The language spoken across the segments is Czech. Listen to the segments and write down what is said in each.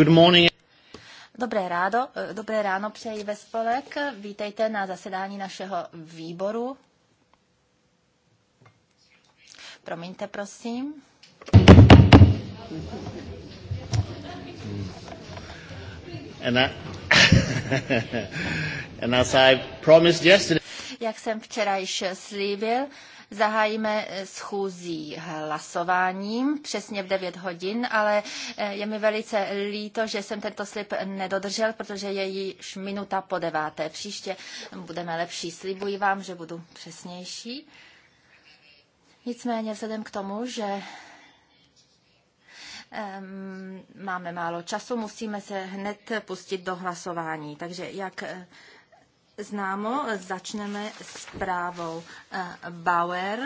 Good morning. Dobré, rádo, eh, dobré ráno přeji ve spolek. Vítejte na zasedání našeho výboru. Promiňte, prosím. And I, and as I promised yesterday, jak jsem včera již slíbil, Zahájíme eh, schůzí hlasováním přesně v 9 hodin, ale eh, je mi velice líto, že jsem tento slib nedodržel, protože je již minuta po deváté. Příště budeme lepší. Slibuji vám, že budu přesnější. Nicméně vzhledem k tomu, že ehm, máme málo času, musíme se hned pustit do hlasování. Takže jak eh, známo, začneme s právou eh, Bauer.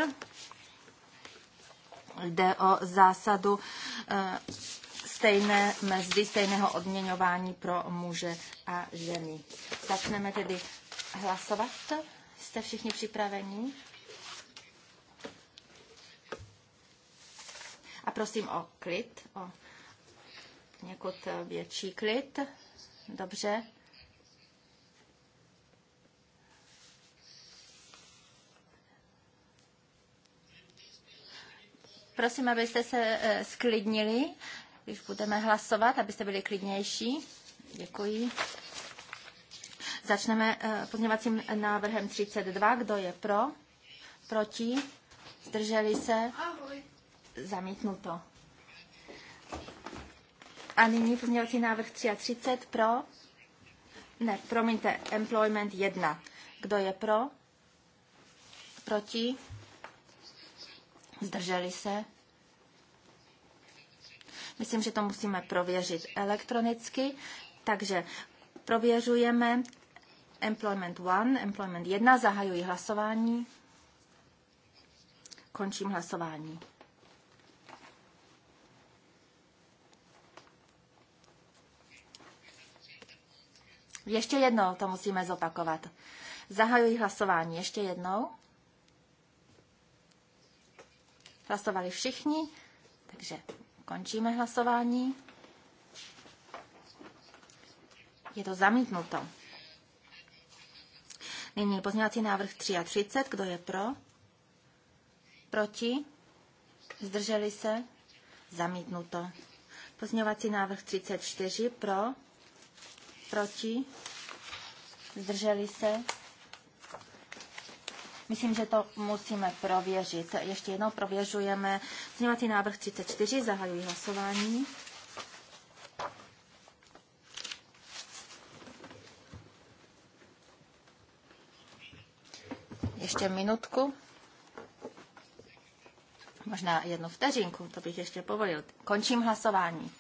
Jde o zásadu eh, stejné mezdy, stejného odměňování pro muže a ženy. Začneme tedy hlasovat. Jste všichni připraveni? A prosím o klid, o někud eh, větší klid. Dobře. Prosím, abyste se sklidnili, eh, když budeme hlasovat, abyste byli klidnější. Děkuji. Začneme eh, pozměňovacím návrhem 32. Kdo je pro? Proti? Zdrželi se? Zamítnuto. A nyní pozměňovací návrh 33 pro? Ne, promiňte, employment 1. Kdo je pro? Proti? Zdrželi se? Myslím, že to musíme prověřit elektronicky, takže prověřujeme Employment 1, Employment 1, zahajuji hlasování, končím hlasování. Ještě jednou to musíme zopakovat. Zahajuji hlasování ještě jednou. Hlasovali všichni, takže končíme hlasování. Je to zamítnuto. Nyní pozměňovací návrh 33. Kdo je pro? Proti? Zdrželi se? Zamítnuto. Pozměňovací návrh 34. Pro? Proti? Zdrželi se? Myslím, že to musíme prověřit. Ještě jednou prověřujeme zněvací návrh 34, zahajuji hlasování. Ještě minutku možná jednu vteřinku, to bych ještě povolil. Končím hlasování.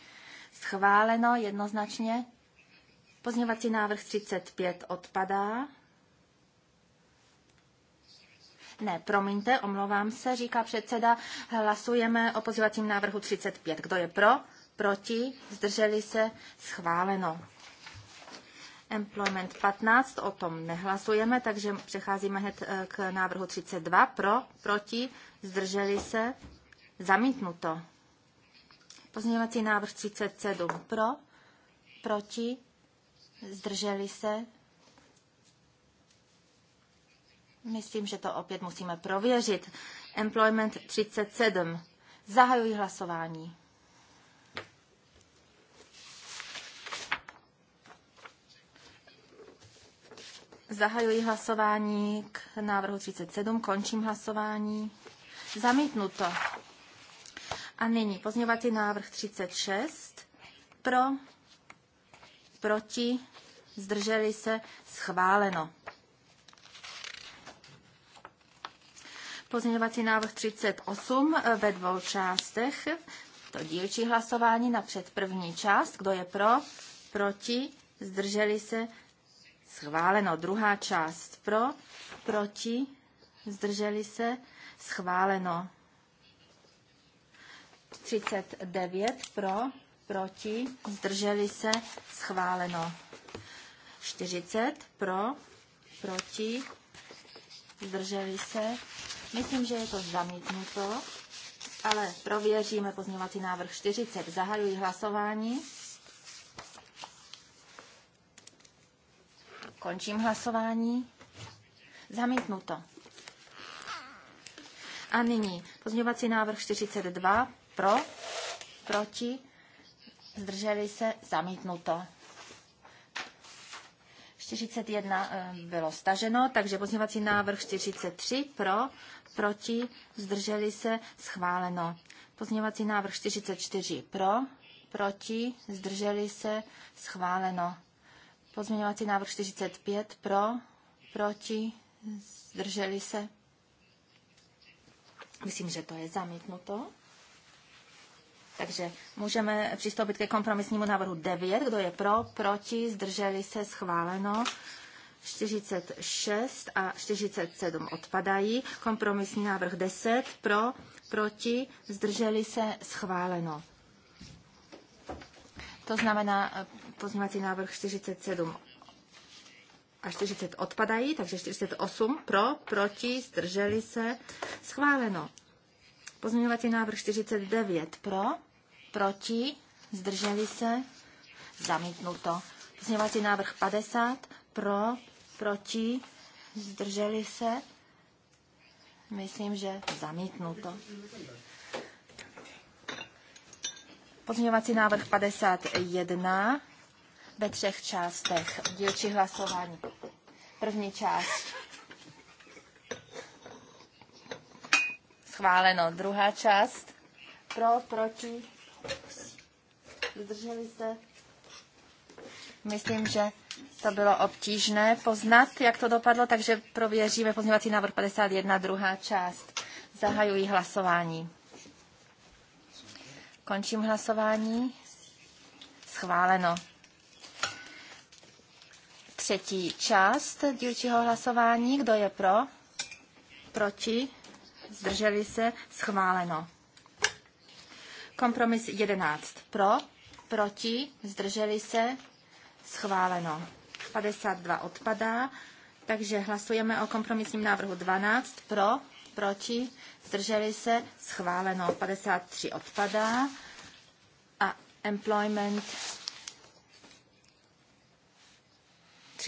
Schváleno jednoznačně. Pozněvací návrh 35 odpadá. Ne, promiňte, omlouvám se, říká předseda. Hlasujeme o pozivacím návrhu 35. Kdo je pro? Proti? Zdrželi se? Schváleno. Employment 15, o tom nehlasujeme, takže přecházíme hned eh, k návrhu 32. Pro, proti, zdrželi se, zamítnuto. Pozměňovací návrh 37. Pro, proti, zdrželi se, Myslím, že to opět musíme prověřit. Employment 37. Zahajuji hlasování. Zahajuji hlasování k návrhu 37, končím hlasování. Zamítnuto. A nyní pozměňovací návrh 36. Pro, proti, zdrželi se, schváleno. Pozměňovací návrh 38 eh, ve dvou částech. To dílčí hlasování napřed první část. Kdo je pro? Proti? Zdrželi se? Schváleno. Druhá část pro? Proti? Zdrželi se? Schváleno. 39 pro, proti, zdrželi se, schváleno. 40 pro, proti, zdrželi se, Myslím, že je to zamítnuto, ale prověříme pozměňovací návrh 40. Zahajuji hlasování. Končím hlasování. Zamítnuto. A nyní pozměňovací návrh 42. Pro, proti, zdrželi se, zamítnuto. 41 eh, bylo staženo, takže pozměňovací návrh 43 pro, proti, zdrželi se, schváleno. Pozměňovací návrh 44 pro, proti, zdrželi se, schváleno. Pozměňovací návrh 45 pro, proti, zdrželi se. Myslím, že to je zamítnuto. Takže můžeme přistoupit ke kompromisnímu návrhu 9. Kdo je pro, proti, zdrželi se, schváleno. 46 a 47 odpadají. Kompromisní návrh 10 pro, proti, zdrželi se, schváleno. To znamená, eh, pozměňovací návrh 47 a 40 odpadají, takže 48 pro, proti, zdrželi se, schváleno. Pozměňovací návrh 49 pro, proti, zdrželi se, zamítnuto. Pozměňovací návrh 50 pro, proti, zdrželi se, myslím, že zamítnuto. Pozměňovací návrh 51 ve třech částech dílčí hlasování. První část Schváleno. Druhá část. Pro, proti. Zdrželi se. Myslím, že to bylo obtížné poznat, jak to dopadlo, takže prověříme pozměňovací návrh 51, druhá část. Zahajuji hlasování. Končím hlasování. Schváleno. Třetí část dílčího hlasování. Kdo je pro? Proti? zdrželi se, schváleno. Kompromis 11 pro, proti, zdrželi se, schváleno. 52 odpadá, takže hlasujeme o kompromisním návrhu 12 pro, proti, zdrželi se, schváleno. 53 odpadá a employment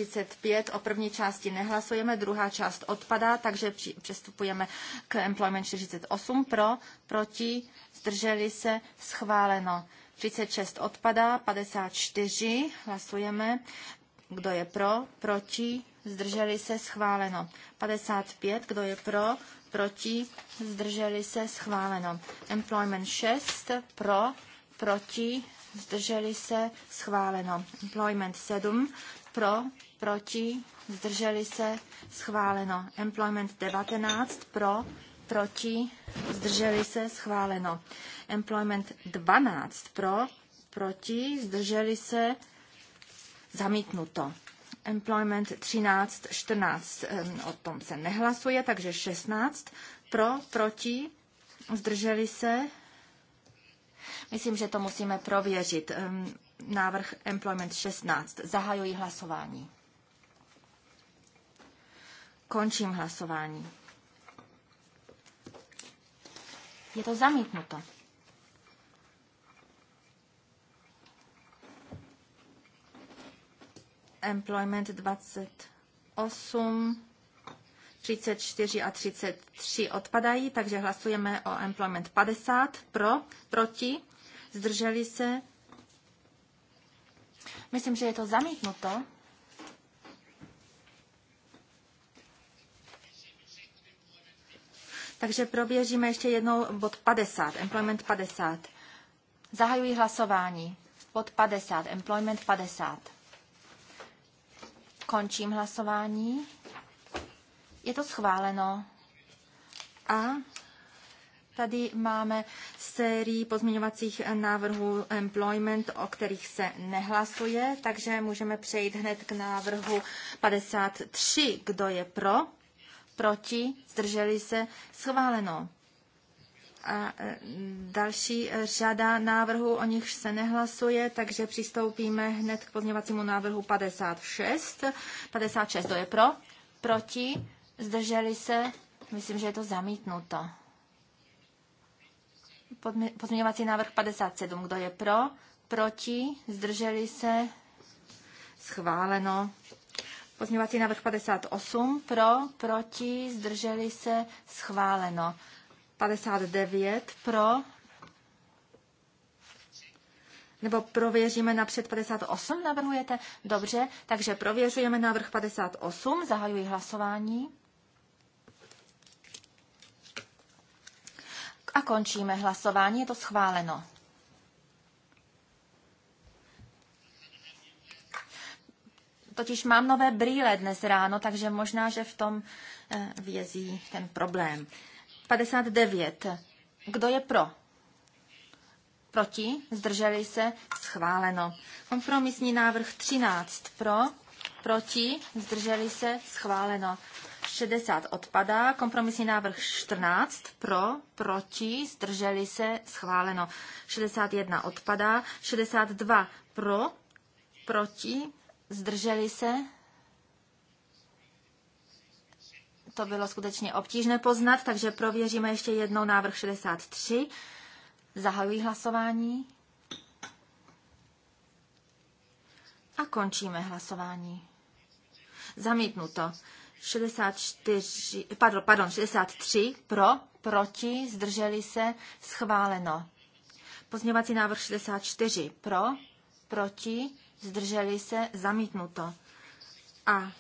35. O první části nehlasujeme, druhá část odpadá, takže přestupujeme k Employment 48. Pro, proti, zdrželi se, schváleno. 36 odpadá, 54 hlasujeme. Kdo je pro, proti, zdrželi se, schváleno. 55, kdo je pro, proti, zdrželi se, schváleno. Employment 6, pro, proti, zdrželi se, schváleno. Employment 7, pro, proti, zdrželi se, schváleno. Employment 19 pro, proti, zdrželi se, schváleno. Employment 12 pro, proti, zdrželi se, zamítnuto. Employment 13, 14, o tom se nehlasuje, takže 16 pro, proti, zdrželi se. Myslím, že to musíme prověřit. Návrh Employment 16. Zahajuji hlasování. Končím hlasování. Je to zamítnuto. Employment 28, 34 a 33 odpadají, takže hlasujeme o Employment 50 pro, proti, zdrželi se. Myslím, že je to zamítnuto. Takže prověříme ještě jednou bod 50, employment 50. Zahajuji hlasování. Bod 50, employment 50. Končím hlasování. Je to schváleno. A Tady máme sérii pozměňovacích návrhů employment, o kterých se nehlasuje, takže můžeme přejít hned k návrhu 53. Kdo je pro? proti, zdrželi se, schváleno. A e, další e, řada návrhů, o nichž se nehlasuje, takže přistoupíme hned k pozměňovacímu návrhu 56. 56, to je pro, proti, zdrželi se, myslím, že je to zamítnuto. Pozměňovací návrh 57, kdo je pro, proti, zdrželi se, schváleno. Pozměňovací návrh 58 pro, proti, zdrželi se, schváleno. 59 pro, nebo prověříme napřed 58, navrhujete? Dobře, takže prověřujeme návrh 58, zahajuji hlasování. A končíme hlasování, je to schváleno. totiž mám nové brýle dnes ráno, takže možná, že v tom eh, vězí ten problém. 59. Kdo je pro? Proti? Zdrželi se? Schváleno. Kompromisní návrh 13. Pro? Proti? Zdrželi se? Schváleno. 60 odpadá. Kompromisní návrh 14 pro, proti, zdrželi se, schváleno. 61 odpadá. 62 pro, proti, Zdrželi se? To bylo skutečně obtížné poznat, takže prověříme ještě jednou návrh 63. Zahajuji hlasování. A končíme hlasování. Zamítnuto. 64, pardon, pardon, 63 pro, proti, zdrželi se, schváleno. Pozměňovací návrh 64 pro, proti, zdrželi se, zamítnuto. A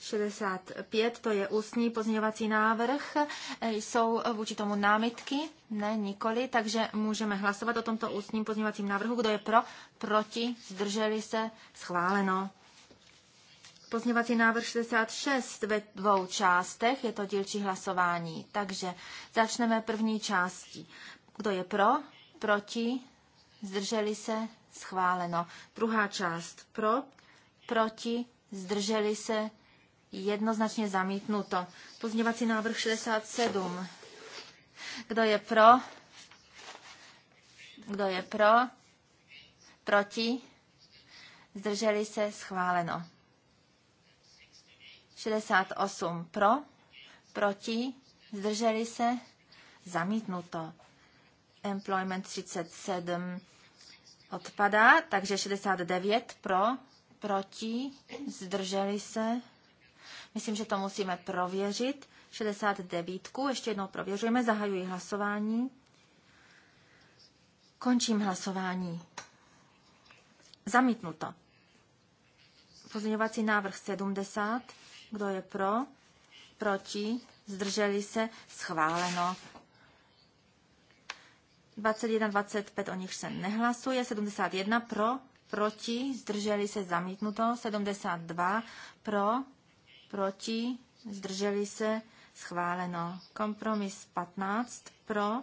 65, to je ústní pozměňovací návrh. E, jsou vůči tomu námitky? Ne, nikoli, takže můžeme hlasovat o tomto ústním pozměňovacím návrhu. Kdo je pro? Proti? Zdrželi se? Schváleno. Pozměňovací návrh 66 ve dvou částech, je to dílčí hlasování. Takže začneme první částí. Kdo je pro? Proti? Zdrželi se? schváleno. Druhá část pro, proti, zdrželi se, jednoznačně zamítnuto. Pozměňovací návrh 67. Kdo je pro? Kdo je pro? Proti? Zdrželi se, schváleno. 68 pro, proti, zdrželi se, zamítnuto. Employment 37 odpadá, takže 69 pro, proti, zdrželi se. Myslím, že to musíme prověřit. 69, ještě jednou prověřujeme, zahajuji hlasování. Končím hlasování. Zamítnuto. Pozměňovací návrh 70. Kdo je pro? Proti? Zdrželi se? Schváleno. 21, 25, o nich se nehlasuje. 71 pro, proti, zdrželi se zamítnuto. 72 pro, proti, zdrželi se schváleno. Kompromis 15 pro,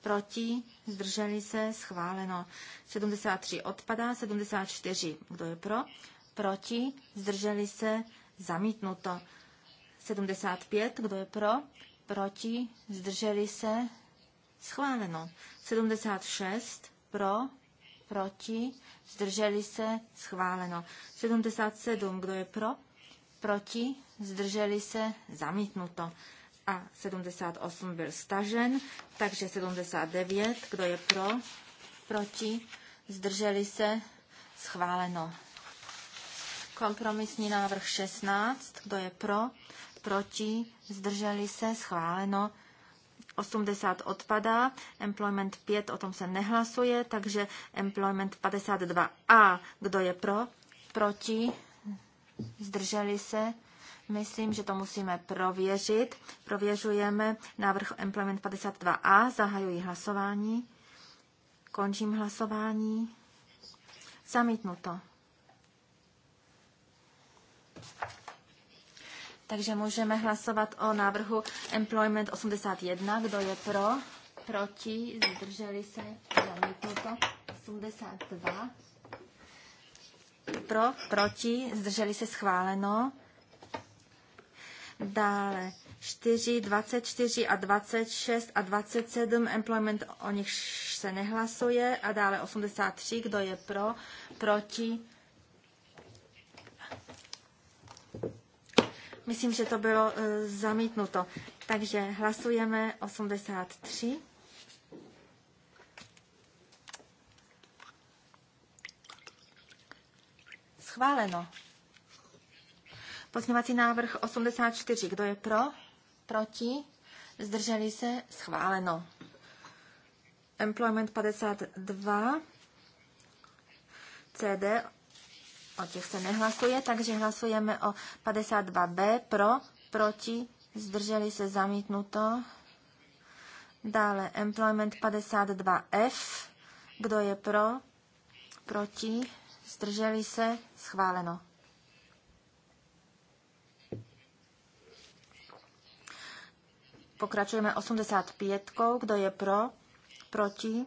proti, zdrželi se schváleno. 73 odpadá, 74 kdo je pro, proti, zdrželi se zamítnuto. 75 kdo je pro, proti, zdrželi se Schváleno. 76 pro, proti, zdrželi se, schváleno. 77, kdo je pro, proti, zdrželi se, zamítnuto. A 78 byl stažen, takže 79, kdo je pro, proti, zdrželi se, schváleno. Kompromisní návrh 16, kdo je pro, proti, zdrželi se, schváleno. 80 odpadá, employment 5 o tom se nehlasuje, takže employment 52a. Kdo je pro? Proti? Zdrželi se? Myslím, že to musíme prověřit. Prověřujeme návrh employment 52a. Zahajuji hlasování. Končím hlasování. Zamítnuto. Takže můžeme hlasovat o návrhu Employment 81. Kdo je pro? Proti? Zdrželi se? Zamítnuto. 82. Pro? Proti? Zdrželi se? Schváleno. Dále 4, 24 a 26 a 27 employment, o nich se nehlasuje. A dále 83, kdo je pro, proti, Myslím, že to bylo e, zamítnuto. Takže hlasujeme 83. Schváleno. Pozměňovací návrh 84. Kdo je pro? Proti? Zdrželi se? Schváleno. Employment 52. CD o těch se nehlasuje, takže hlasujeme o 52b pro, proti, zdrželi se zamítnuto. Dále employment 52f, kdo je pro, proti, zdrželi se, schváleno. Pokračujeme 85, kdo je pro, proti,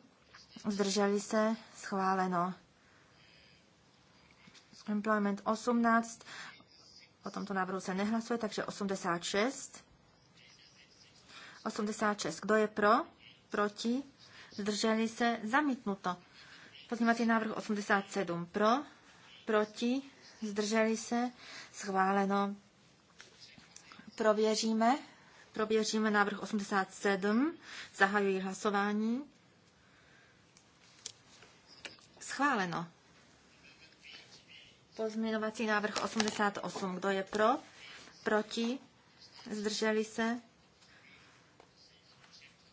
zdrželi se, schváleno. Employment 18, o tomto návrhu se nehlasuje, takže 86. 86. Kdo je pro? Proti? Zdrželi se? Zamítnuto. Pozměňovací návrh 87. Pro? Proti? Zdrželi se? Schváleno. Prověříme. Prověříme návrh 87. Zahajuji hlasování. Schváleno. Pozměňovací návrh 88. Kdo je pro? Proti? Zdrželi se?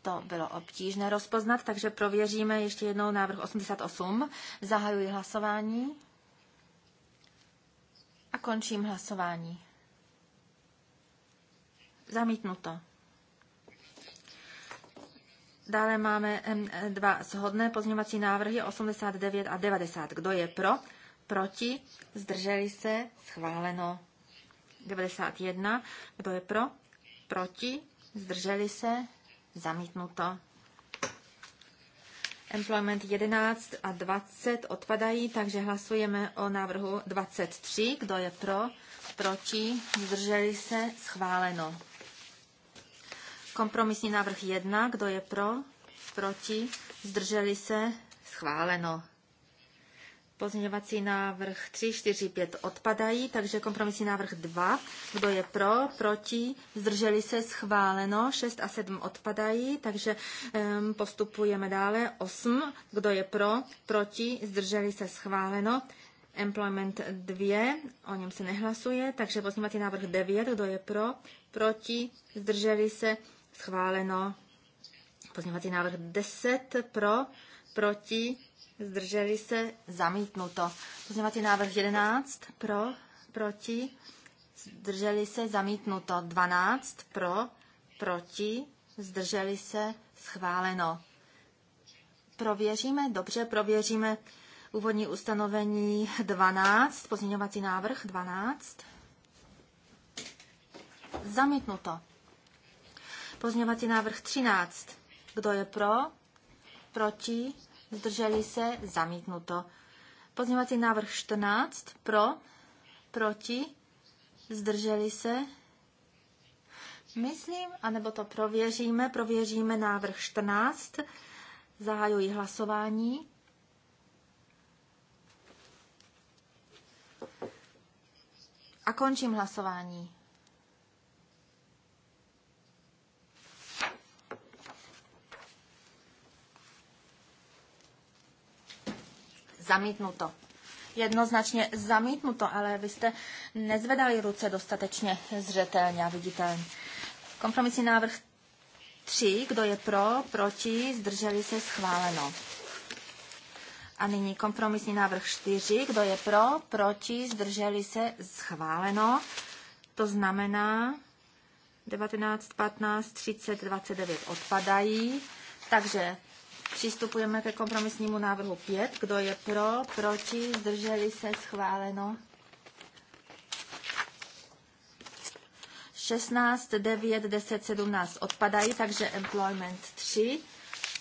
To bylo obtížné rozpoznat, takže prověříme ještě jednou návrh 88. Zahajuji hlasování a končím hlasování. Zamítnuto. Dále máme dva shodné pozměňovací návrhy 89 a 90. Kdo je pro? proti, zdrželi se, schváleno. 91, kdo je pro, proti, zdrželi se, zamítnuto. Employment 11 a 20 odpadají, takže hlasujeme o návrhu 23. Kdo je pro? Proti? Zdrželi se? Schváleno. Kompromisní návrh 1. Kdo je pro? Proti? Zdrželi se? Schváleno. Pozměňovací návrh 3, 4, 5 odpadají, takže kompromisní návrh 2. Kdo je pro, proti, zdrželi se, schváleno. 6 a 7 odpadají, takže um, postupujeme dále. 8. Kdo je pro, proti, zdrželi se, schváleno. Employment 2, o něm se nehlasuje, takže pozměňovací návrh 9. Kdo je pro, proti, zdrželi se, schváleno. Pozměňovací návrh 10 pro, proti, zdrželi se, zamítnuto. Pozměňovací návrh 11, pro, proti, zdrželi se, zamítnuto. 12, pro, proti, zdrželi se, schváleno. Prověříme, dobře, prověříme úvodní ustanovení 12, pozměňovací návrh 12. Zamítnuto. Pozměňovací návrh 13. Kdo je pro? Proti? zdrželi se, zamítnuto. Pozměňovací návrh 14, pro, proti, zdrželi se, myslím, anebo to prověříme, prověříme návrh 14, zahajuji hlasování. A končím hlasování. zamítnuto. Jednoznačně zamítnuto, ale vy jste nezvedali ruce dostatečně zřetelně a viditelně. Kompromisní návrh 3. Kdo je pro, proti, zdrželi se, schváleno. A nyní kompromisní návrh 4. Kdo je pro, proti, zdrželi se, schváleno. To znamená 19, 15, 30, 29 odpadají. Takže Přistupujeme ke kompromisnímu návrhu 5. Kdo je pro, proti, zdrželi se, schváleno. 16, 9, 10, 17 odpadají, takže employment 3,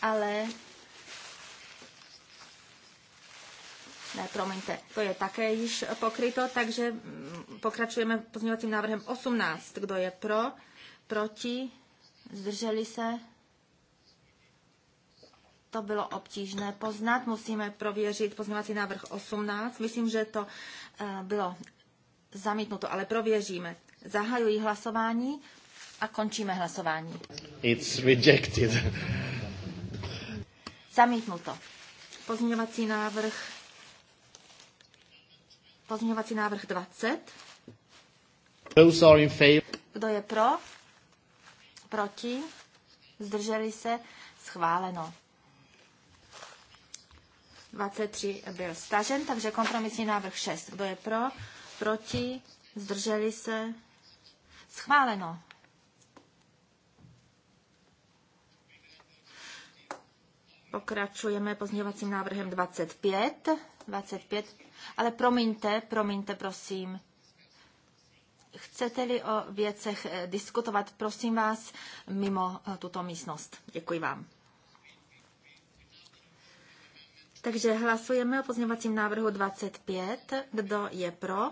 ale ne, promiňte, to je také již pokryto, takže pokračujeme pozměňovacím návrhem 18. Kdo je pro, proti, zdrželi se, to bylo obtížné poznat. Musíme prověřit pozměňovací návrh 18. Myslím, že to eh, bylo zamítnuto, ale prověříme. Zahajuji hlasování a končíme hlasování. It's rejected. Zamítnuto. Pozměňovací návrh Pozměňovací návrh 20. Those are in favor. Kdo je pro? Proti? Zdrželi se? Schváleno. 23 byl stažen, takže kompromisní návrh 6. Kdo je pro? Proti? Zdrželi se? Schváleno. Pokračujeme pozměňovacím návrhem 25. 25. Ale promiňte, promiňte, prosím. Chcete-li o věcech eh, diskutovat, prosím vás, mimo eh, tuto místnost. Děkuji vám. Takže hlasujeme o pozměňovacím návrhu 25. Kdo je pro?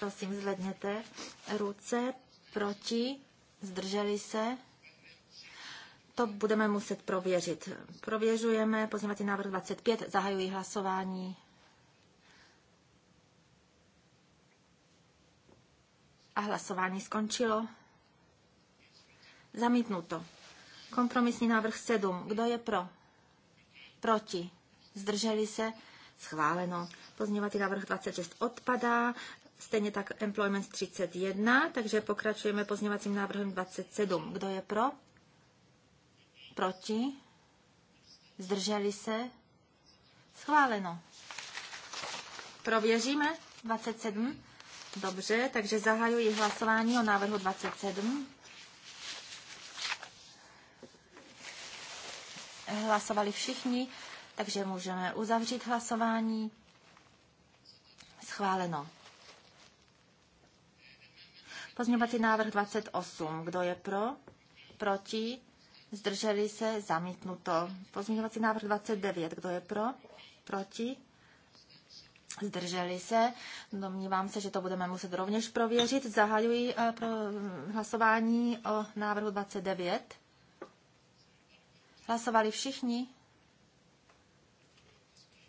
Prosím, zvedněte ruce. Proti? Zdrželi se? To budeme muset prověřit. Prověřujeme pozměňovací návrh 25. Zahajuji hlasování. A hlasování skončilo. Zamítnuto. Kompromisní návrh 7. Kdo je pro? Proti? zdrželi se, schváleno. Pozměňovací návrh 26 odpadá, stejně tak Employment 31, takže pokračujeme pozměňovacím návrhem 27. Kdo je pro? Proti? Zdrželi se? Schváleno. Prověříme 27. Dobře, takže zahajuji hlasování o návrhu 27. Hlasovali všichni takže můžeme uzavřít hlasování. Schváleno. Pozměňovací návrh 28. Kdo je pro? Proti? Zdrželi se? Zamítnuto. Pozměňovací návrh 29. Kdo je pro? Proti? Zdrželi se. Domnívám se, že to budeme muset rovněž prověřit. Zahajuji eh, pro hm, hlasování o návrhu 29. Hlasovali všichni?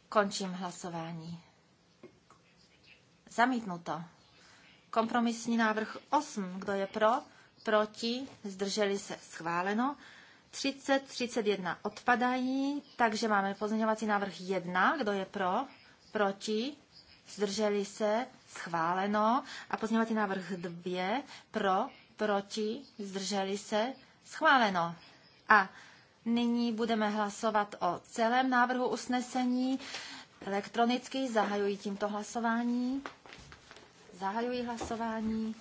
Končím hlasování. Zamítnuto. Kompromisní návrh 8. Kdo je pro? Proti? Zdrželi se? Schváleno. 30, 31 odpadají, takže máme pozměňovací návrh 1. Kdo je pro? Proti? Zdrželi se? Schváleno. A pozměňovací návrh 2. Pro? Proti? Zdrželi se? Schváleno. A Nyní budeme hlasovat o celém návrhu usnesení. Elektronicky zahajuji tímto hlasování. Zahajuji hlasování.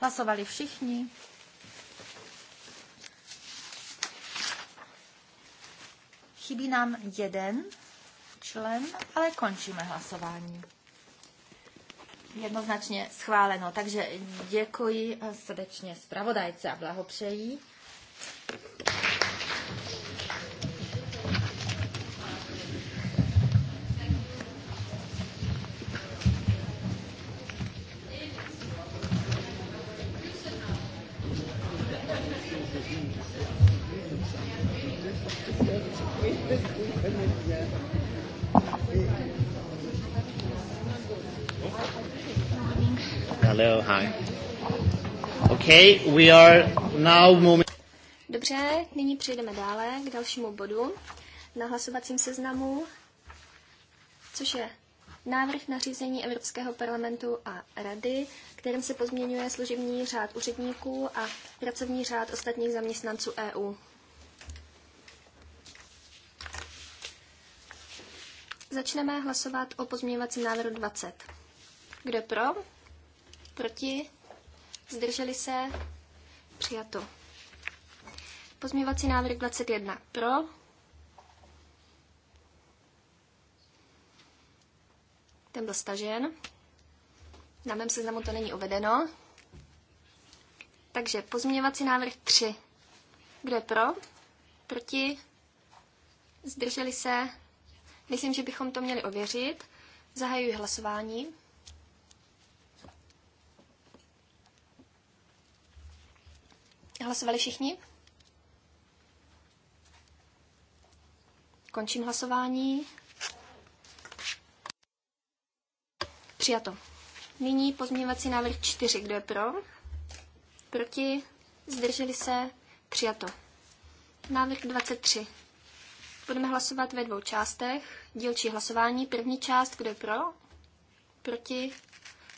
Hlasovali všichni. Chybí nám jeden člen, ale končíme hlasování. Jednoznačně schváleno. Takže děkuji srdečně zpravodajce a blahopřeji. Thank you. hello, hi. Okay, we are now moving... Dobře, nyní přejdeme dále k dalšímu bodu na hlasovacím seznamu, což je návrh nařízení Evropského parlamentu a rady, kterým se pozměňuje služební řád úředníků a pracovní řád ostatních zaměstnanců EU. Začneme hlasovat o pozměňovacím návrhu 20. Kdo pro? Proti? Zdrželi se? Přijato. Pozměvací návrh 21. Pro? Ten byl stažen. Na mém seznamu to není uvedeno. Takže pozměňovací návrh 3. Kdo je pro? Proti? Zdrželi se? Myslím, že bychom to měli ověřit. Zahajuji hlasování. Hlasovali všichni? Končím hlasování. Přijato. Nyní pozměňovací návrh 4. Kdo je pro? Proti? Zdrželi se? Přijato. Návrh 23. Budeme hlasovat ve dvou částech. Dílčí hlasování. První část, kdo je pro? Proti?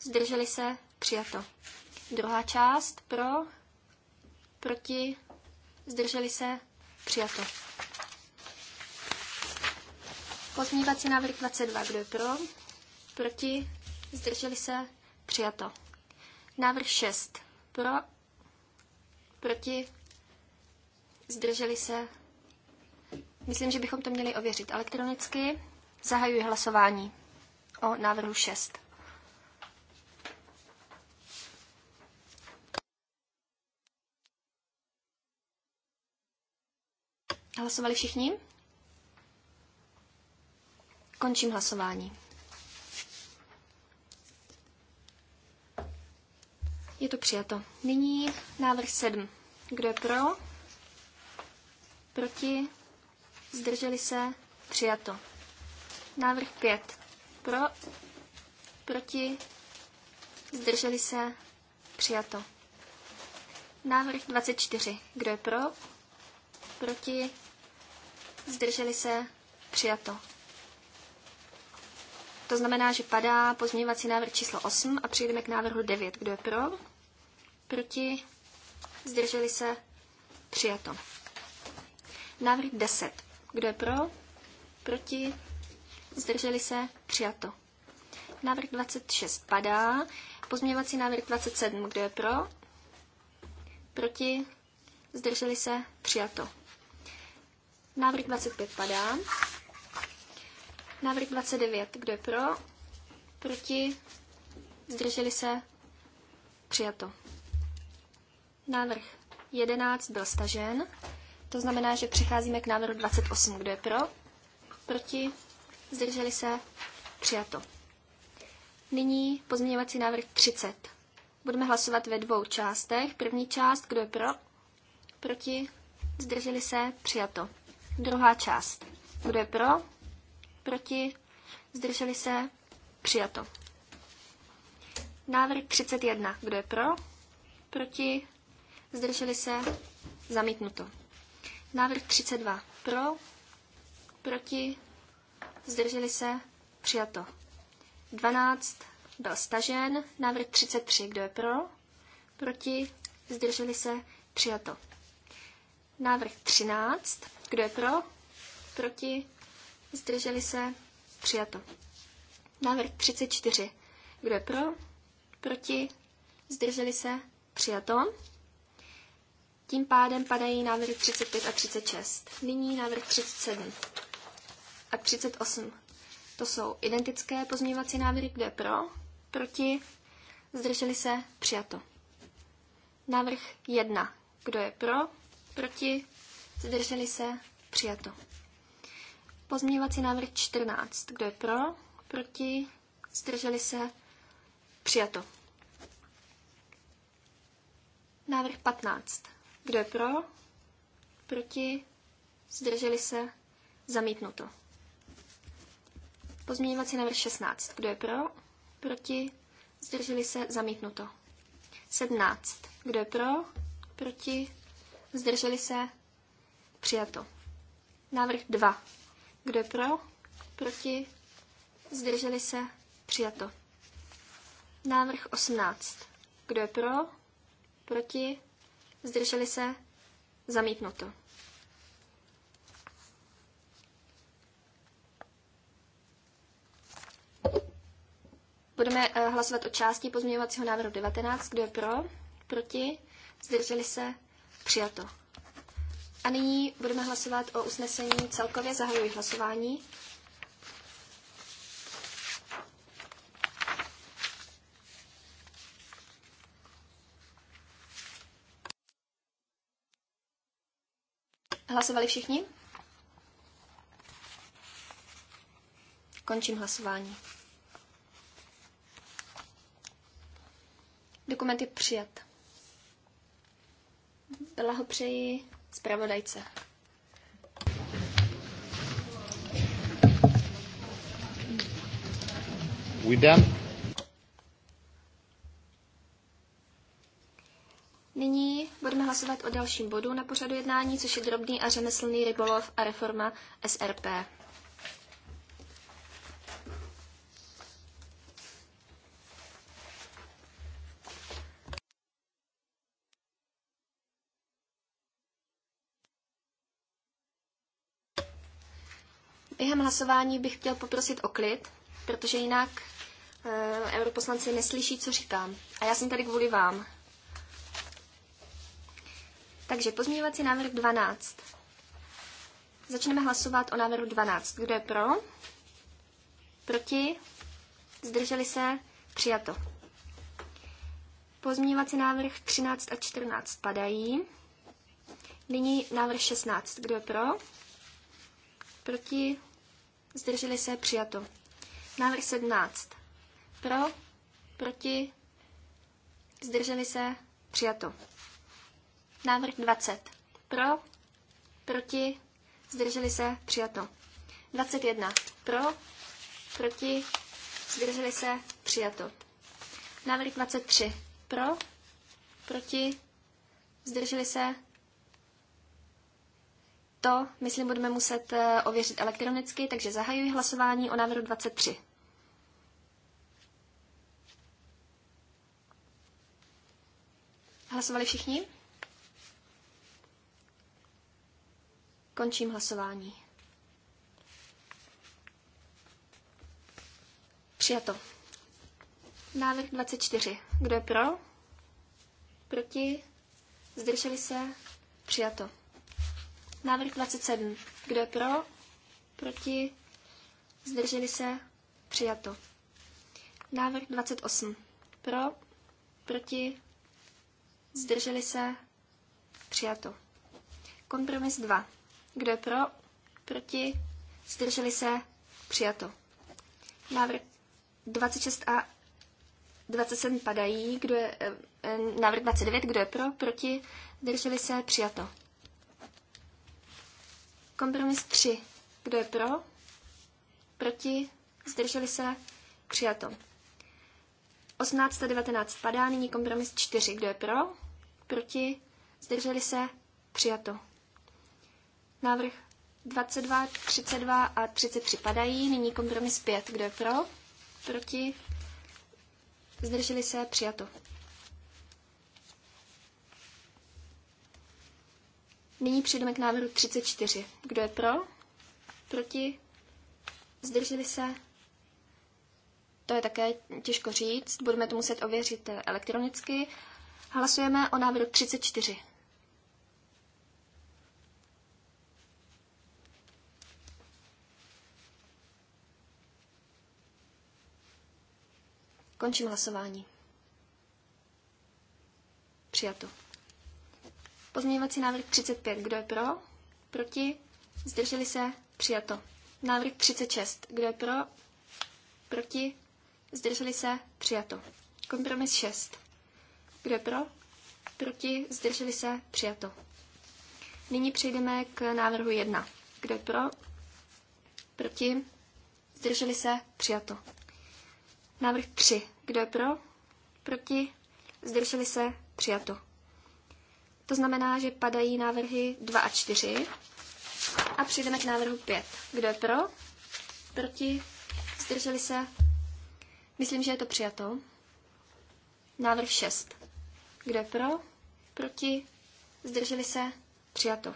Zdrželi se? Přijato. Druhá část pro? proti, zdrželi se, přijato. Pozměňovací návrh 22, kdo je pro, proti, zdrželi se, přijato. Návrh 6, pro, proti, zdrželi se. Myslím, že bychom to měli ověřit elektronicky. Zahajuji hlasování o návrhu 6. Hlasovali všichni? Končím hlasování. Je to přijato. Nyní návrh 7. Kdo je pro? Proti? Zdrželi se? Přijato. Návrh 5. Pro? Proti? Zdrželi se? Přijato. Návrh 24. Kdo je pro? Proti? zdrželi se, přijato. To znamená, že padá pozměňovací návrh číslo 8 a přejdeme k návrhu 9. Kdo je pro? Proti? Zdrželi se? Přijato. Návrh 10. Kdo je pro? Proti? Zdrželi se? Přijato. Návrh 26 padá. Pozměňovací návrh 27. Kdo je pro? Proti? Zdrželi se? Přijato. Návrh 25 padá. Návrh 29, kdo je pro? Proti? Zdrželi se? Přijato. Návrh 11 byl stažen. To znamená, že přicházíme k návrhu 28. Kdo je pro? Proti? Zdrželi se? Přijato. Nyní pozměňovací návrh 30. Budeme hlasovat ve dvou částech. První část, kdo je pro? Proti? Zdrželi se? Přijato. Druhá část. Kdo je pro? Proti? Zdrželi se? Přijato. Návrh 31. Kdo je pro? Proti? Zdrželi se? Zamítnuto. Návrh 32. Pro? Proti? Zdrželi se? Přijato. 12. Byl stažen. Návrh 33. Kdo je pro? Proti? Zdrželi se? Přijato. Návrh 13. Kdo je pro? Proti? Zdrželi se? Přijato. Návrh 34. Kdo je pro? Proti? Zdrželi se? Přijato. Tím pádem padají návrhy 35 a 36. Nyní návrh 37 a 38. To jsou identické pozměňovací návrhy, kde pro, proti, zdrželi se, přijato. Návrh 1. Kdo je pro, proti, Zdrželi se? Přijato. Pozměňovací návrh 14. Kdo je pro? Proti? Zdrželi se? Přijato. Návrh 15. Kdo je pro? Proti? Zdrželi se? Zamítnuto. Pozměňovací návrh 16. Kdo je pro? Proti? Zdrželi se? Zamítnuto. 17. Kdo je pro? Proti? Zdrželi se? Přijato. Návrh 2. Kdo je pro? Proti? Zdrželi se? Přijato. Návrh 18. Kdo je pro? Proti? Zdrželi se? Zamítnuto. Budeme eh, hlasovat o části pozměňovacího návrhu 19. Kdo je pro? Proti? Zdrželi se? Přijato. A nyní budeme hlasovat o usnesení celkově. Zahajuji hlasování. Hlasovali všichni? Končím hlasování. Dokument je přijat. Blahopřeji zpravodajce. We done? Nyní budeme hlasovat o dalším bodu na pořadu jednání, což je drobný a řemeslný rybolov a reforma SRP. hlasování bych chtěl poprosit o klid, protože jinak uh, europoslanci neslyší, co říkám. A já jsem tady kvůli vám. Takže pozměňovací návrh 12. Začneme hlasovat o návrhu 12. Kdo je pro? Proti? Zdrželi se? Přijato. Pozměňovací návrh 13 a 14 padají. Nyní návrh 16. Kdo je pro? Proti? zdrželi se, přijato. Návrh 17. Pro, proti, zdrželi se, přijato. Návrh 20. Pro, proti, zdrželi se, přijato. 21. Pro, proti, zdrželi se, přijato. Návrh 23. Pro, proti, zdrželi se, to, myslím, budeme muset eh, ověřit elektronicky, takže zahajuji hlasování o návrhu 23. Hlasovali všichni? Končím hlasování. Přijato. Návrh 24. Kdo je pro? Proti? Zdrželi se? Přijato. Návrh 27. Kdo je pro? Proti? Zdrželi se? Přijato. Návrh 28. Pro? Proti? Zdrželi se? Přijato. Kompromis 2. Kdo je pro? Proti? Zdrželi se? Přijato. Návrh 26 a 27 padají. Kdo je, eh, eh, návrh 29. Kdo je pro? Proti? Zdrželi se? Přijato. Kompromis 3. Kdo je pro? Proti? Zdrželi se? Přijato. 18 a 19 padá, nyní kompromis 4. Kdo je pro? Proti? Zdrželi se? Přijato. Návrh 22, 32 a 33 padají, nyní kompromis 5. Kdo je pro? Proti? Zdrželi se? Přijato. Nyní přejdeme k návrhu 34. Kdo je pro? Proti? Zdrželi se? To je také těžko říct, budeme to muset ověřit eh, elektronicky. Hlasujeme o návrhu 34. Končím hlasování. Přijato. Pozměňovací návrh 35. Kdo je pro? Proti? Zdrželi se? Přijato. Návrh 36. Kdo je pro? Proti? Zdrželi se? Přijato. Kompromis 6. Kdo je pro? Proti? Zdrželi se? Přijato. Nyní přejdeme k návrhu 1. Kdo je pro? Proti? Zdrželi se? Přijato. Návrh 3. Kdo je pro? Proti? Zdrželi se? Přijato. To znamená, že padají návrhy 2 a 4 a přijdeme k návrhu 5. Kdo je pro? Proti? Zdrželi se? Myslím, že je to přijato. Návrh 6. Kdo je pro? Proti? Zdrželi se? Přijato.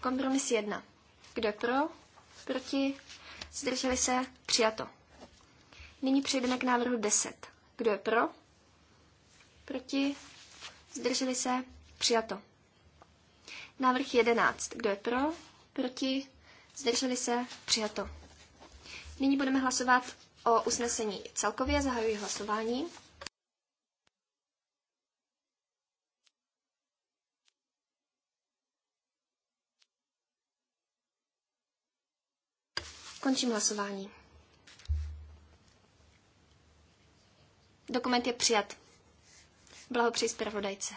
Kompromis 1. Kdo je pro? Proti? Zdrželi se? Přijato. Nyní přejdeme k návrhu 10. Kdo je pro? Proti? Zdrželi se? Přijato. Návrh 11. Kdo je pro? Proti? Zdrželi se? Přijato. Nyní budeme hlasovat o usnesení celkově. Zahajuji hlasování. Končím hlasování. Dokument je přijat. Blahopřeji zpravodajce.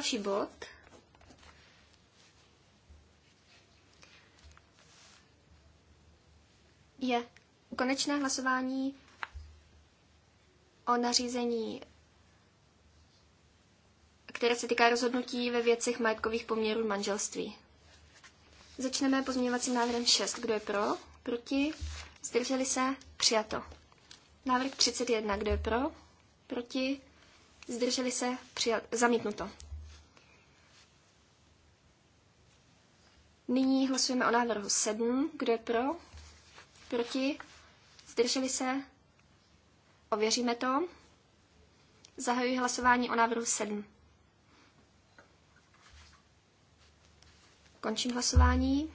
další bod. Je konečné hlasování o nařízení, které se týká rozhodnutí ve věcech majetkových poměrů manželství. Začneme pozměňovacím návrhem 6. Kdo je pro? Proti? Zdrželi se? Přijato. Návrh 31. Kdo je pro? Proti? Zdrželi se? Přijato. zamítnuto. Nyní hlasujeme o návrhu 7. Kdo je pro? Proti? Zdrželi se? Ověříme to. Zahajuji hlasování o návrhu 7. Končím hlasování.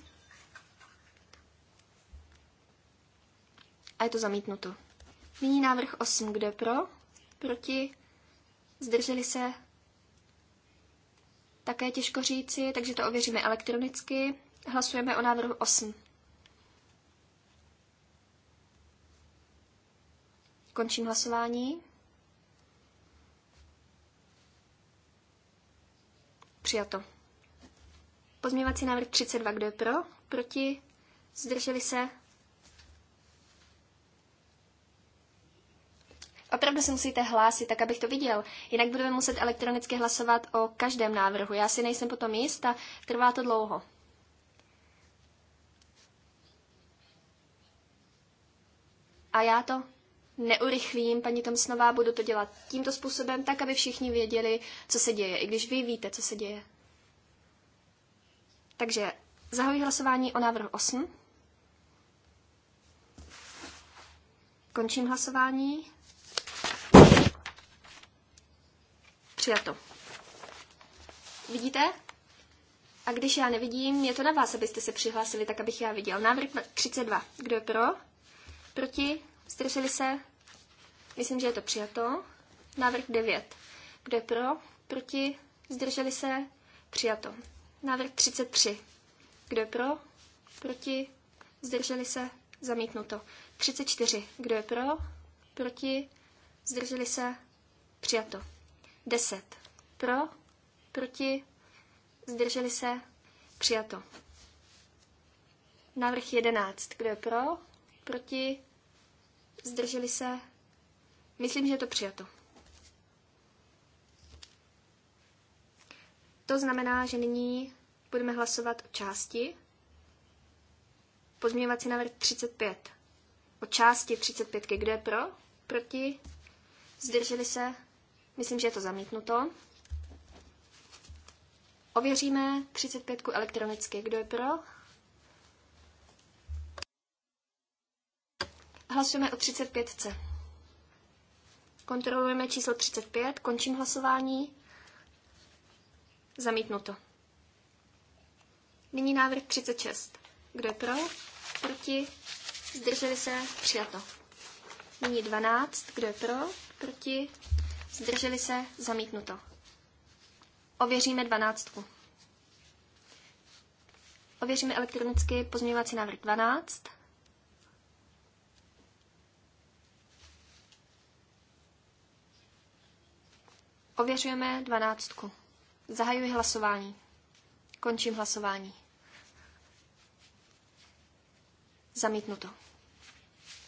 A je to zamítnuto. Nyní návrh 8. Kdo je pro? Proti? Zdrželi se? Také těžko říci, takže to ověříme elektronicky. Hlasujeme o návrhu 8. Končím hlasování. Přijato. Pozměňovací návrh 32, kdo je pro? Proti? Zdrželi se? Opravdu se musíte hlásit, tak abych to viděl. Jinak budeme muset elektronicky hlasovat o každém návrhu. Já si nejsem potom jist a trvá to dlouho. A já to neurychlím, paní Tomsnová, budu to dělat tímto způsobem, tak, aby všichni věděli, co se děje, i když vy víte, co se děje. Takže zahajuji hlasování o návrhu 8. Končím hlasování. Přijato. Vidíte? A když já nevidím, je to na vás, abyste se přihlásili, tak abych já viděl. Návrh 32. Kdo je pro? Proti? Zdrželi se? Myslím, že je to přijato. Návrh 9. Kdo je pro? Proti? Zdrželi se? Přijato. Návrh 33. Kdo je pro? Proti? Zdrželi se? Zamítnuto. 34. Kdo je pro? Proti? Zdrželi se? Přijato. 10. Pro? Proti? Zdrželi se? Přijato. Návrh 11. Kdo je pro? proti, zdrželi se, myslím, že je to přijato. To znamená, že nyní budeme hlasovat o části. Pozměňovací návrh 35. O části 35. Kdo je pro? Proti? Zdrželi se? Myslím, že je to zamítnuto. Ověříme 35 elektronicky. Kdo je pro? Hlasujeme o 35. Kontrolujeme číslo 35, končím hlasování. Zamítnuto. Nyní návrh 36. Kdo je pro? Proti? Zdrželi se? Přijato. Nyní 12. Kdo je pro? Proti? Zdrželi se? Zamítnuto. Ověříme 12. Ověříme elektronicky pozměňovací návrh 12. Ověřujeme dvanáctku. Zahajuji hlasování. Končím hlasování. Zamítnuto.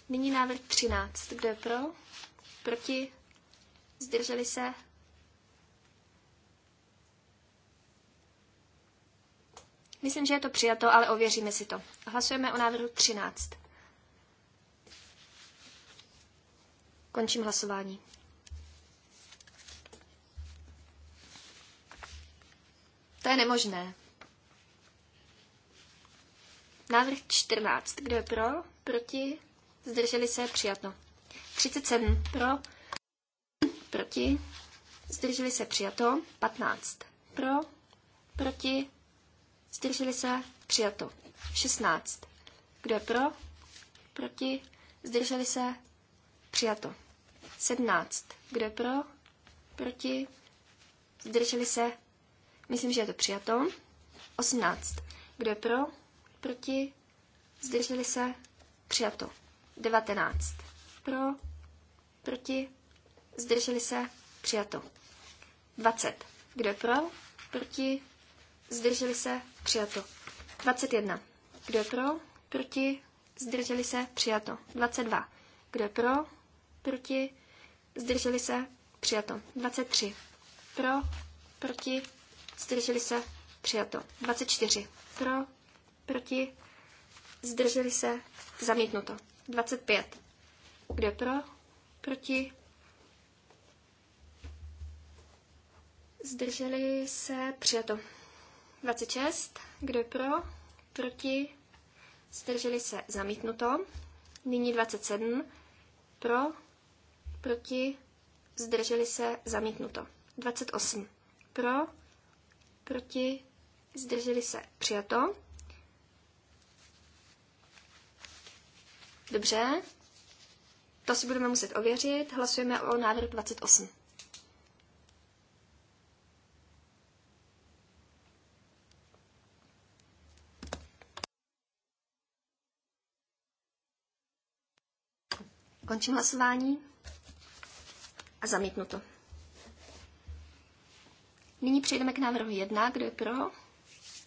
Nyní návrh 13. Kdo je pro? Proti? Zdrželi se? Myslím, že je to přijato, ale ověříme si to. Hlasujeme o návrhu 13. Končím hlasování. To je nemožné. Návrh 14. Kdo je pro? Proti? Zdrželi se? Přijato. 37. Pro? Proti? Zdrželi se? Přijato. 15. Pro? Proti? Zdrželi se? Přijato. 16. Kdo je pro? Proti? Zdrželi se? Přijato. 17. Kdo je pro? Proti? Zdrželi se? Myslím, že je to přijato. 18. Kdo je pro? Proti? Zdrželi se? Přijato. 19. Pro? Proti? Zdrželi se? Přijato. 20. Kdo je pro? Proti? Zdrželi se? Přijato. 21. Kdo je pro? Proti? Zdrželi se? Přijato. 22. Kdo je pro? Proti? Zdrželi se? Přijato. 23. Pro? Proti? zdrželi se, přijato. 24 pro, proti, zdrželi se, zamítnuto. 25. Kdo pro, proti, zdrželi se, přijato. 26. Kdo pro, proti, zdrželi se, zamítnuto. Nyní 27. Pro, proti, zdrželi se, zamítnuto. 28. Pro, proti, zdrželi se, přijato. Dobře, to si budeme muset ověřit. Hlasujeme o návrh 28. Končím hlasování a zamítnu to. Nyní přejdeme k návrhu 1. Kdo je pro?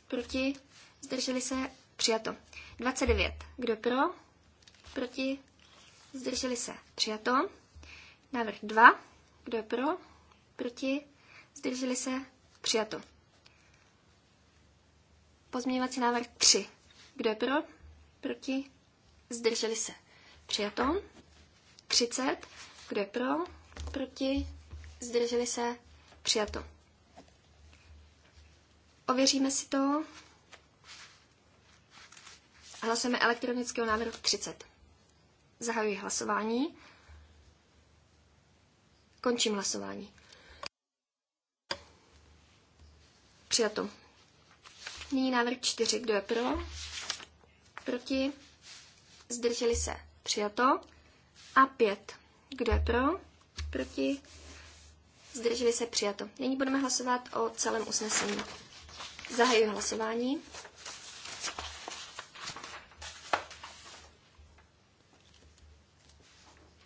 Proti? Zdrželi se? Přijato. 29. Kdo je pro? Proti? Zdrželi se? Přijato. Návrh 2. Kdo je pro? Proti? Zdrželi se? Přijato. Pozměňovací návrh 3. Kdo je pro? Proti? Zdrželi se? Přijato. 30. Kdo je pro? Proti? Zdrželi se? Přijato. Ověříme si to. Hlasujeme elektronického návrhu 30. Zahajuji hlasování. Končím hlasování. Přijato. Nyní návrh 4. Kdo je pro? Proti? Zdrželi se. Přijato. A 5. Kdo je pro? Proti? Zdrželi se. Přijato. Nyní budeme hlasovat o celém usnesení. Zahajuji hlasování.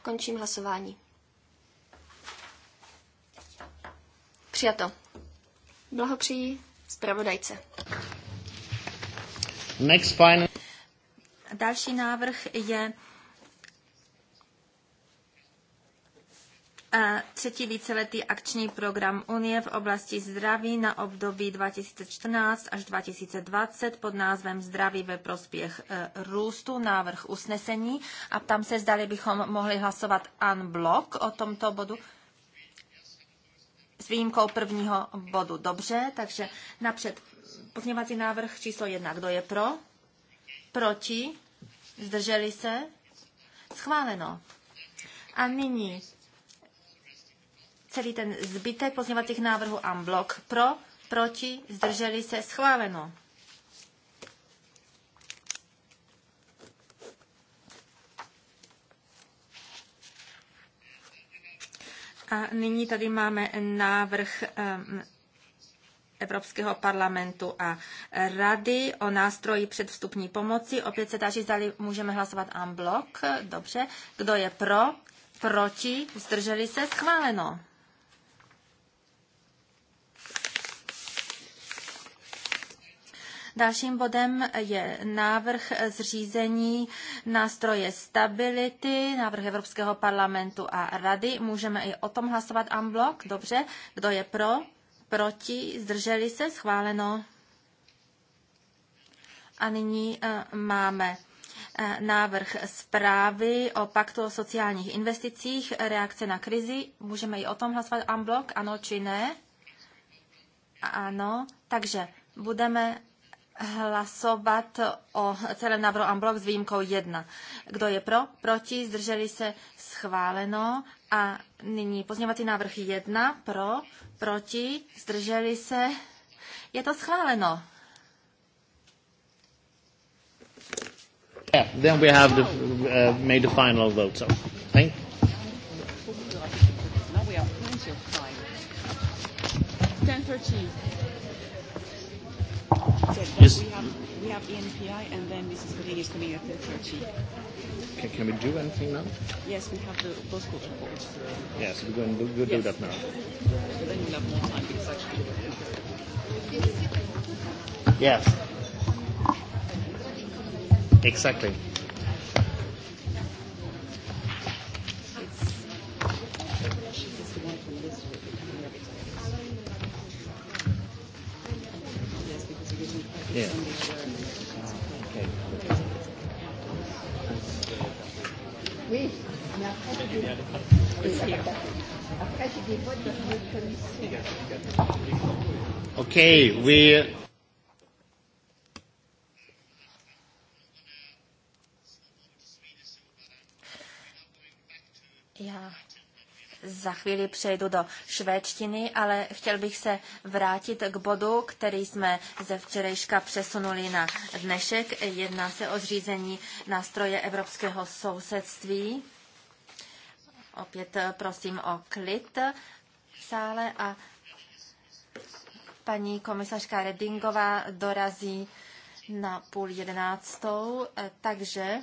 Končím hlasování. Přijato. Blahopřeji zpravodajce. Next final. Další návrh je třetí víceletý akční program Unie v oblasti zdraví na období 2014 až 2020 pod názvem Zdraví ve prospěch e, růstu, návrh usnesení. A tam se zdali bychom mohli hlasovat blok o tomto bodu s výjimkou prvního bodu. Dobře, takže napřed pozměňovací návrh číslo jedna. Kdo je pro? Proti? Zdrželi se? Schváleno. A nyní celý ten zbytek pozměňovacích návrhů blok pro, proti, zdrželi se, schváleno. A nyní tady máme návrh ehm, Evropského parlamentu a rady o nástroji předvstupní pomoci. Opět se táží, zdali můžeme hlasovat en bloc. Dobře. Kdo je pro? Proti? Zdrželi se? Schváleno. Dalším bodem je návrh zřízení nástroje stability, návrh Evropského parlamentu a rady. Můžeme i o tom hlasovat en Dobře, kdo je pro? Proti? Zdrželi se? Schváleno. A nyní e, máme e, návrh zprávy o paktu o sociálních investicích, reakce na krizi. Můžeme i o tom hlasovat en ano či ne? Ano, takže budeme hlasovat o celém návrhu Amblok s výjimkou 1. Kdo je pro? Proti? Zdrželi se? Schváleno. A nyní pozměňovací návrh 1. Pro? Proti? Zdrželi se? Je to schváleno. Yeah, then we have the, uh, made the final vote. So, thank you. Thank you yes. we, have, we have ENPI and then Mrs. Godin is coming at 10.30. Can, can we do anything now? Yes, we have the Bosco report. Yes, we're going to we'll do yes. that now. Then we'll have more time because actually... Yes. Exactly. Oui, mais après, tu dis, oui, après, tu dis, votre commission. Okay, we Za chvíli přejdu do švédštiny, ale chtěl bych se vrátit k bodu, který jsme ze včerejška přesunuli na dnešek. Jedná se o zřízení nástroje evropského sousedství. Opět eh, prosím o klid v sále a paní komisařka Redingová dorazí na půl jedenáctou, eh, takže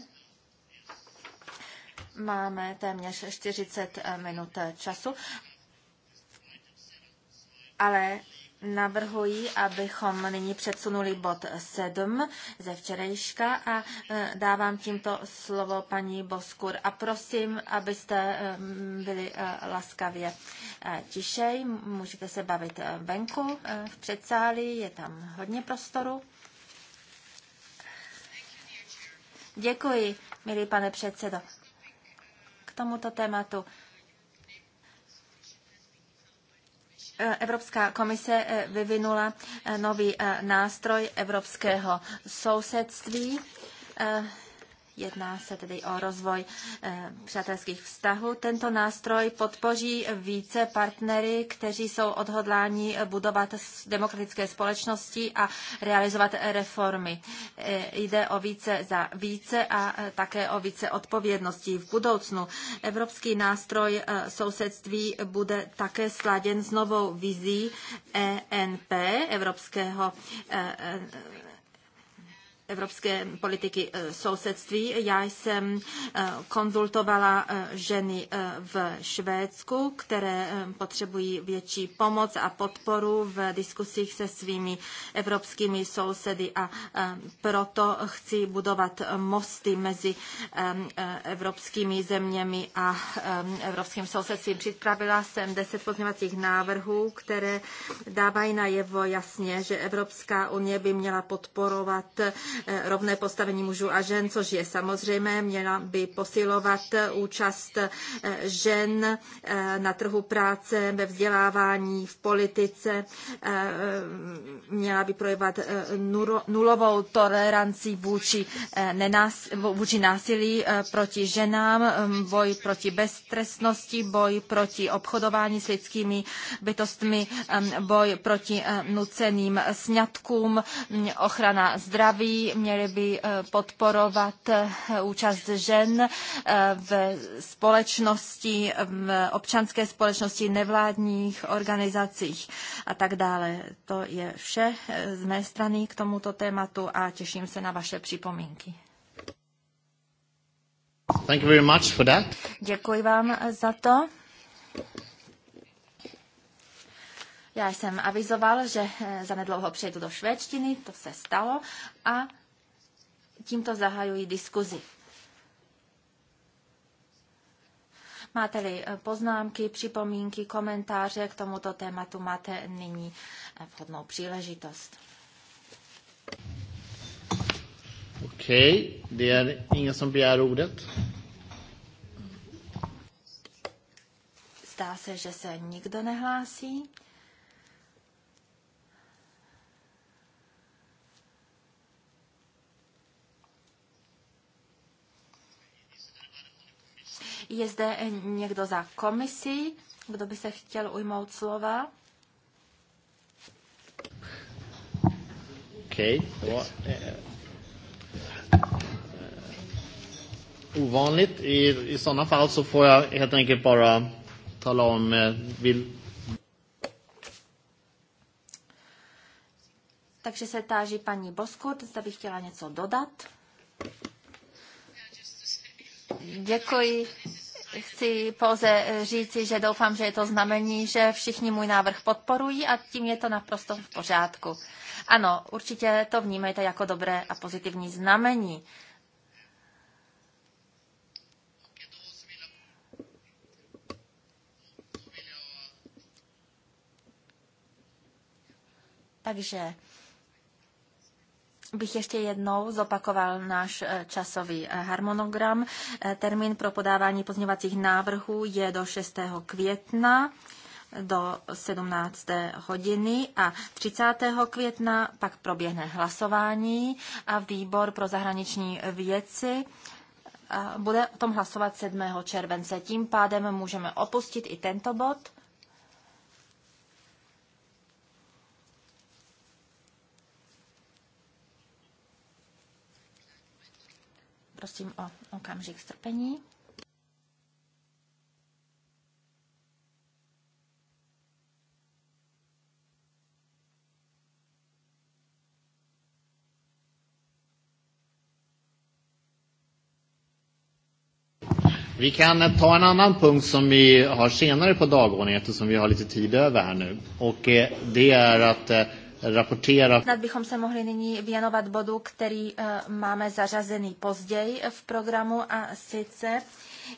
Máme téměř 40 eh, minut eh, času, ale navrhuji, abychom nyní předsunuli bod 7 ze včerejška a eh, dávám tímto slovo paní Boskur a prosím, abyste byli laskavě tišej. Můžete se bavit venku v předsáli, je tam hodně prostoru. Děkuji, milý pane předsedo tomuto tématu. Eh, Evropská komise eh, vyvinula eh, nový nástroj evropského sousedství Jedná se tedy o rozvoj eh, přátelských vztahů. Tento nástroj podpoří více partnery, kteří jsou odhodláni budovat demokratické společnosti a realizovat reformy. Eh, jde o více za více a eh, také o více odpovědností v budoucnu. Evropský nástroj sousedství bude také sladěn s novou vizí ENP, Evropského evropské politiky eh, sousedství. Já jsem eh, konzultovala eh, ženy v Švédsku, které potřebují větší pomoc a podporu v diskusích se svými evropskými sousedy a proto chci budovat mosty mezi evropskými zeměmi a evropským sousedstvím. Připravila jsem deset pozměňovacích návrhů, které dávají najevo jasně, že Evropská unie by měla podporovat Eh, rovné postavení mužů a žen, což je samozřejmé, měla by posilovat účast eh, žen eh, na trhu práce, ve vzdělávání, v politice, měla by projevovat nulovou toleranci vůči, nenás, vůči násilí proti ženám, boj proti beztrestnosti, boj proti obchodování s lidskými bytostmi, boj proti nuceným sňatkům, mm, ochrana zdraví, měli by eh, podporovat eh, účast žen eh, v společnosti, v občanské společnosti, nevládních organizacích a tak dále. To je vše z mé strany k tomuto tématu a těším se na vaše připomínky. Thank you very much for that. Děkuji vám za to. Já jsem avizoval, že zanedlouho přejdu do švédštiny, to se stalo a tímto zahajuji diskuzi. Máte-li eh, poznámky, připomínky, komentáře k tomuto tématu, máte nyní eh, vhodnou příležitost. OK, je som Zdá se, že se nikdo nehlásí. Je zde někdo za komisi, kdo by se chtěl ujmout slova? Okay. Eh, eh, ovanligt. I, I sådana fall så får jag helt enkelt bara tala om eh, vill... Takže se táží paní Boskot, zda by chtěla něco dodat. Děkuji. Chci pouze eh, říci, že doufám, že je to znamení, že všichni můj návrh podporují a tím je to naprosto v pořádku. Ano, určitě to vnímejte jako dobré a pozitivní znamení. Takže bych ještě jednou zopakoval náš eh, časový eh, harmonogram. Eh, termín pro podávání pozměňovacích návrhů je do 6. května do 17. hodiny a 30. května pak proběhne hlasování a výbor pro zahraniční věci bude o tom hlasovat 7. července. Tím pádem můžeme opustit i tento bod poprosím o okamžik strpení. Vi kan ta en annan punkt som vi har senare på dagordningen eftersom vi har lite tid över här nu. Och eh, det är att eh, rapporterat. Snad bychom se mohli nyní věnovat bodu, který eh, máme zařazený později v programu a sice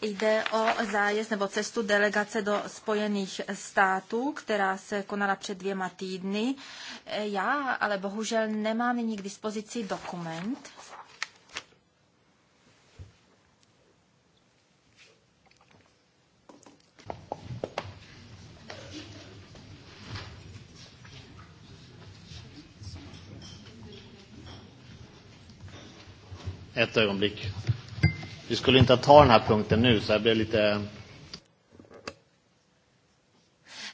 jde o zájezd nebo cestu delegace do Spojených států, která se konala před dvěma týdny. Eh, já ale bohužel nemám nyní k dispozici dokument, Ett ögonblick. Vi skulle inte ta den här punkten nu, så jag blev lite...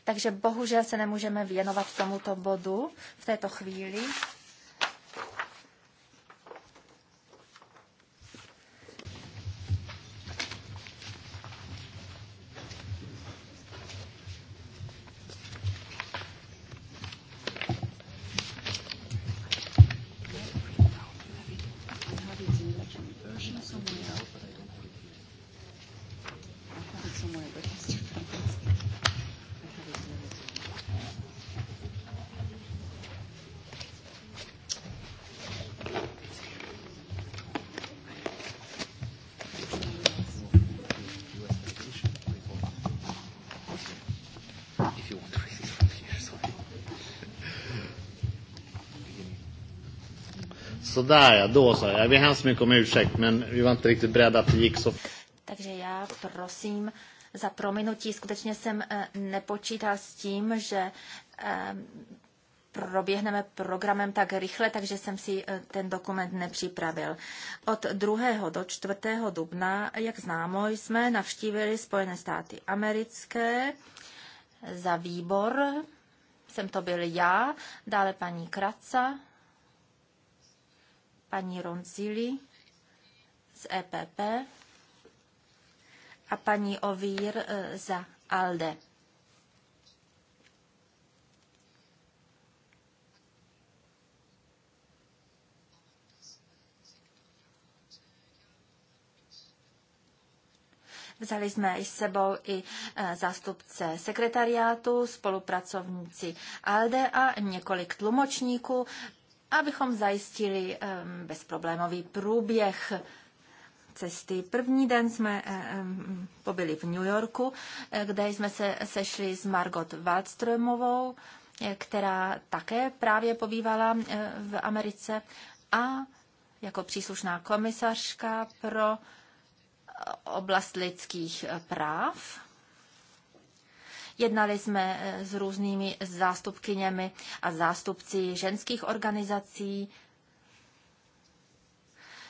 Takže bohužel se nemůžeme věnovat tomuto bodu v této chvíli. sådär ja, då så. Jag ber hemskt mycket om ursäkt men vi var inte riktigt beredda att det gick så. Takže já prosím za prominutí. Skutečně jsem eh, nepočítal s tím, že eh, proběhneme programem tak rychle, takže jsem si eh, ten dokument nepřipravil. Od 2. do 4. dubna, jak známo, jsme navštívili Spojené státy americké za výbor. Jsem to byl já, dále paní Kraca, paní Ronzili z EPP a paní Ovír e, za ALDE. Vzali jsme i s sebou i e, zástupce sekretariátu, spolupracovníci ALDE a několik tlumočníků abychom zajistili bezproblémový průběh cesty. První den jsme pobyli v New Yorku, eh, kde jsme se sešli s Margot Waldströmovou, eh, která také právě pobývala eh, v Americe a jako příslušná komisařka pro oblast lidských práv Jednali jsme eh, s různými zástupkyněmi a zástupci ženských organizací,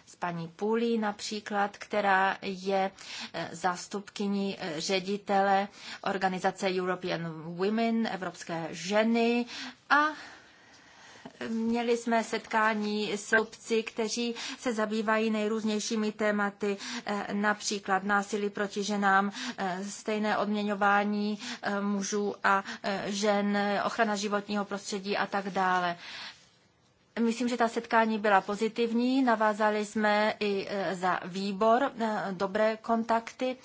s paní Půlí například, která je eh, zástupkyní eh, ředitele organizace European Women, Evropské ženy a Měli jsme setkání s obci, kteří se zabývají nejrůznějšími tématy, eh, například násilí proti ženám, eh, stejné odměňování eh, mužů a žen, ochrana životního prostředí a tak dále. Myslím, že ta setkání byla pozitivní, navázali jsme i e, za výbor e, dobré kontakty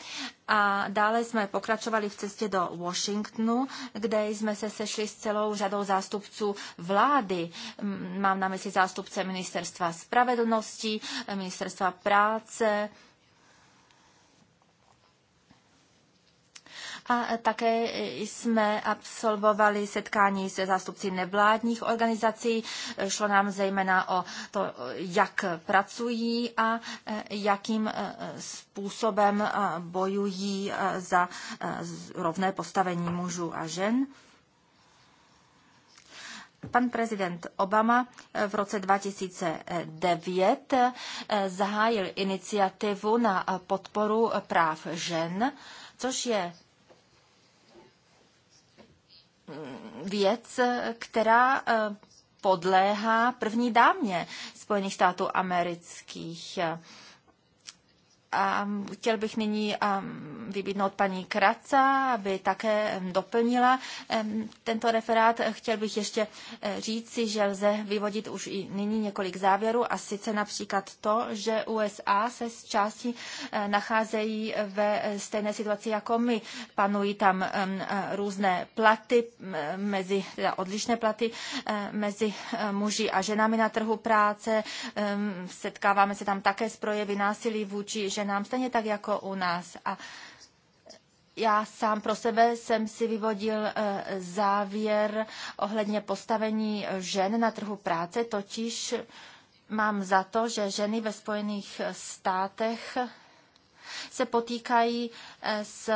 a dále jsme pokračovali v cestě do Washingtonu, kde jsme se sešli s celou řadou zástupců vlády. Mám na mysli zástupce ministerstva spravedlnosti, ministerstva práce, a také jsme absolvovali setkání se zástupci nevládních organizací. Šlo nám zejména o to, jak pracují a jakým způsobem bojují za rovné postavení mužů a žen. Pan prezident Obama v roce 2009 zahájil iniciativu na podporu práv žen, což je věc, která eh, podléhá první dámě Spojených států amerických. A chtěl bych nyní um, vybídnout paní Kraca, aby také um, doplnila um, tento referát. Chtěl bych ještě uh, říci, že lze vyvodit už i nyní několik závěrů a sice například to, že USA se z části uh, nacházejí ve uh, stejné situaci jako my. Panují tam různé platy, mezi, teda odlišné platy mezi muži a ženami na trhu práce. Setkáváme se tam také s projevy násilí vůči ženám ženám, stejně tak jako u nás. A já sám pro sebe jsem si vyvodil eh, závěr ohledně postavení žen na trhu práce, totiž mám za to, že ženy ve Spojených státech se potýkají eh, s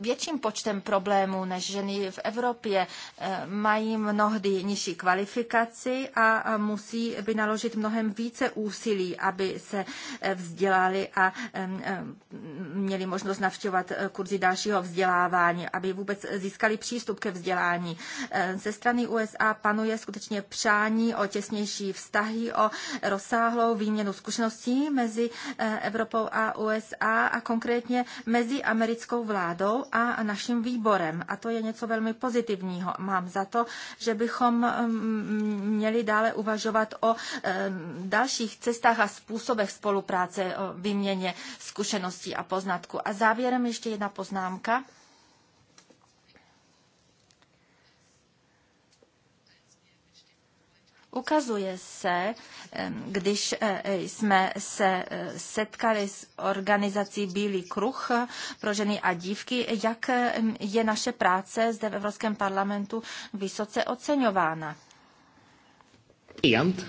větším počtem problémů než ženy v Evropě. Eh, mají mnohdy nižší kvalifikaci a musí vynaložit mnohem více úsilí, aby se eh, vzdělali a měli možnost navštěvovat eh, kurzy dalšího vzdělávání, aby vůbec získali přístup ke vzdělání. Ze strany USA panuje skutečně přání o těsnější vztahy, o rozsáhlou výměnu zkušeností mezi Evropou a USA a konkrétně mezi americkou vládou a naším výborem. A to je něco velmi pozitivního. Mám za to, že bychom mm, měli dále uvažovat o dalších cestách a způsobech spolupráce, o výměně zkušeností a poznatků. A závěrem ještě jedna poznámka. Ukazuje se, když e, e, jsme se e, setkali s organizací Bílý kruh pro ženy a dívky, jak je naše práce zde v Evropském parlamentu vysoce oceňována. Jant.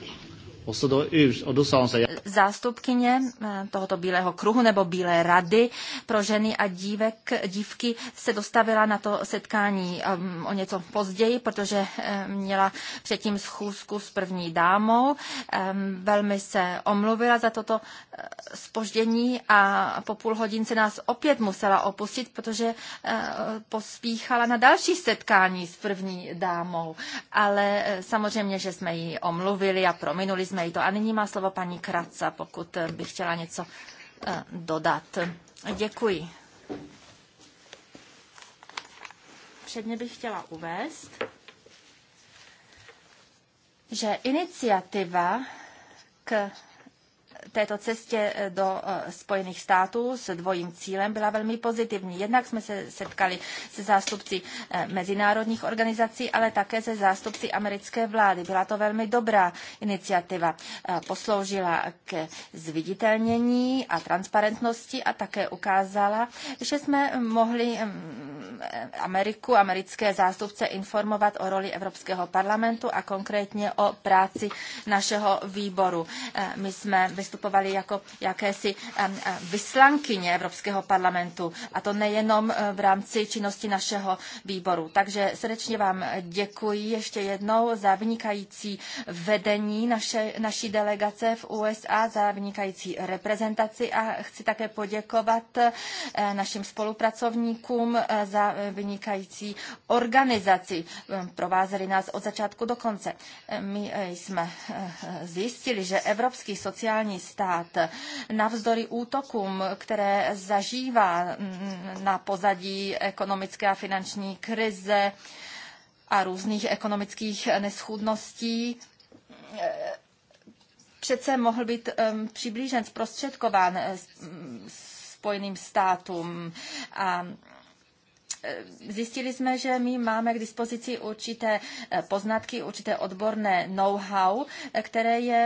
Zástupkyně eh, tohoto bílého kruhu nebo bílé rady pro ženy a dívek, dívky se dostavila na to setkání ehm, o něco později, protože eh, měla předtím schůzku s první dámou. Ehm, velmi se omluvila za toto spoždění eh, a po půl hodince nás opět musela opustit, protože pospíchala na další setkání s první dámou. Ale samozřejmě, že jsme ji omluvili a prominuli jsme jí to. A nyní má slovo paní Kraca, pokud eh, by chtěla něco eh, dodat. Děkuji. Předně bych chtěla uvést, že iniciativa k této cestě eh, do eh, Spojených států s dvojím cílem byla velmi pozitivní. Jednak jsme se setkali se zástupci eh, mezinárodních organizací, ale také se zástupci americké vlády. Byla to velmi dobrá iniciativa. Posloužila k zviditelnění a transparentnosti a také ukázala, že jsme mohli mm, Ameriku, americké zástupce informovat o roli Evropského parlamentu a konkrétně o práci našeho výboru. My jsme vystupovali jako jakési vyslankyně Evropského parlamentu a to nejenom eh, v rámci činnosti našeho výboru. Takže srdečně vám děkuji ještě jednou za vynikající vedení naše, naší delegace v USA, za vynikající reprezentaci a chci také poděkovat eh, našim spolupracovníkům eh, za vynikající organizaci. Ehm, provázeli nás od začátku do konce. Ehm, my jsme zjistili, že evropský sociální stát. Navzdory útokům, které zažívá mm, na pozadí ekonomické a finanční krize a různých ekonomických neschůdností, eh, přece mohl být přiblížen, zprostředkován eh, Spojeným státům. A Eh, zjistili jsme, že my máme k dispozici určité eh, poznatky, určité odborné know-how, eh, které je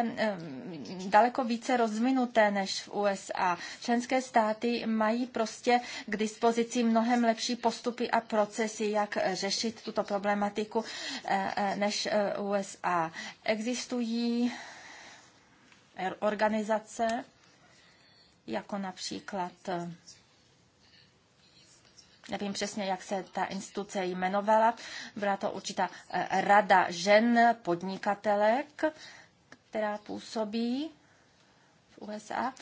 daleko více rozvinuté než v USA. Členské státy mají prostě k dispozici mnohem lepší postupy a procesy, jak řešit tuto problematiku než USA. Existují organizace, jako například nevím přesně, jak se ta instituce jmenovala, byla to určitá eh, rada žen podnikatelek, která působí v USA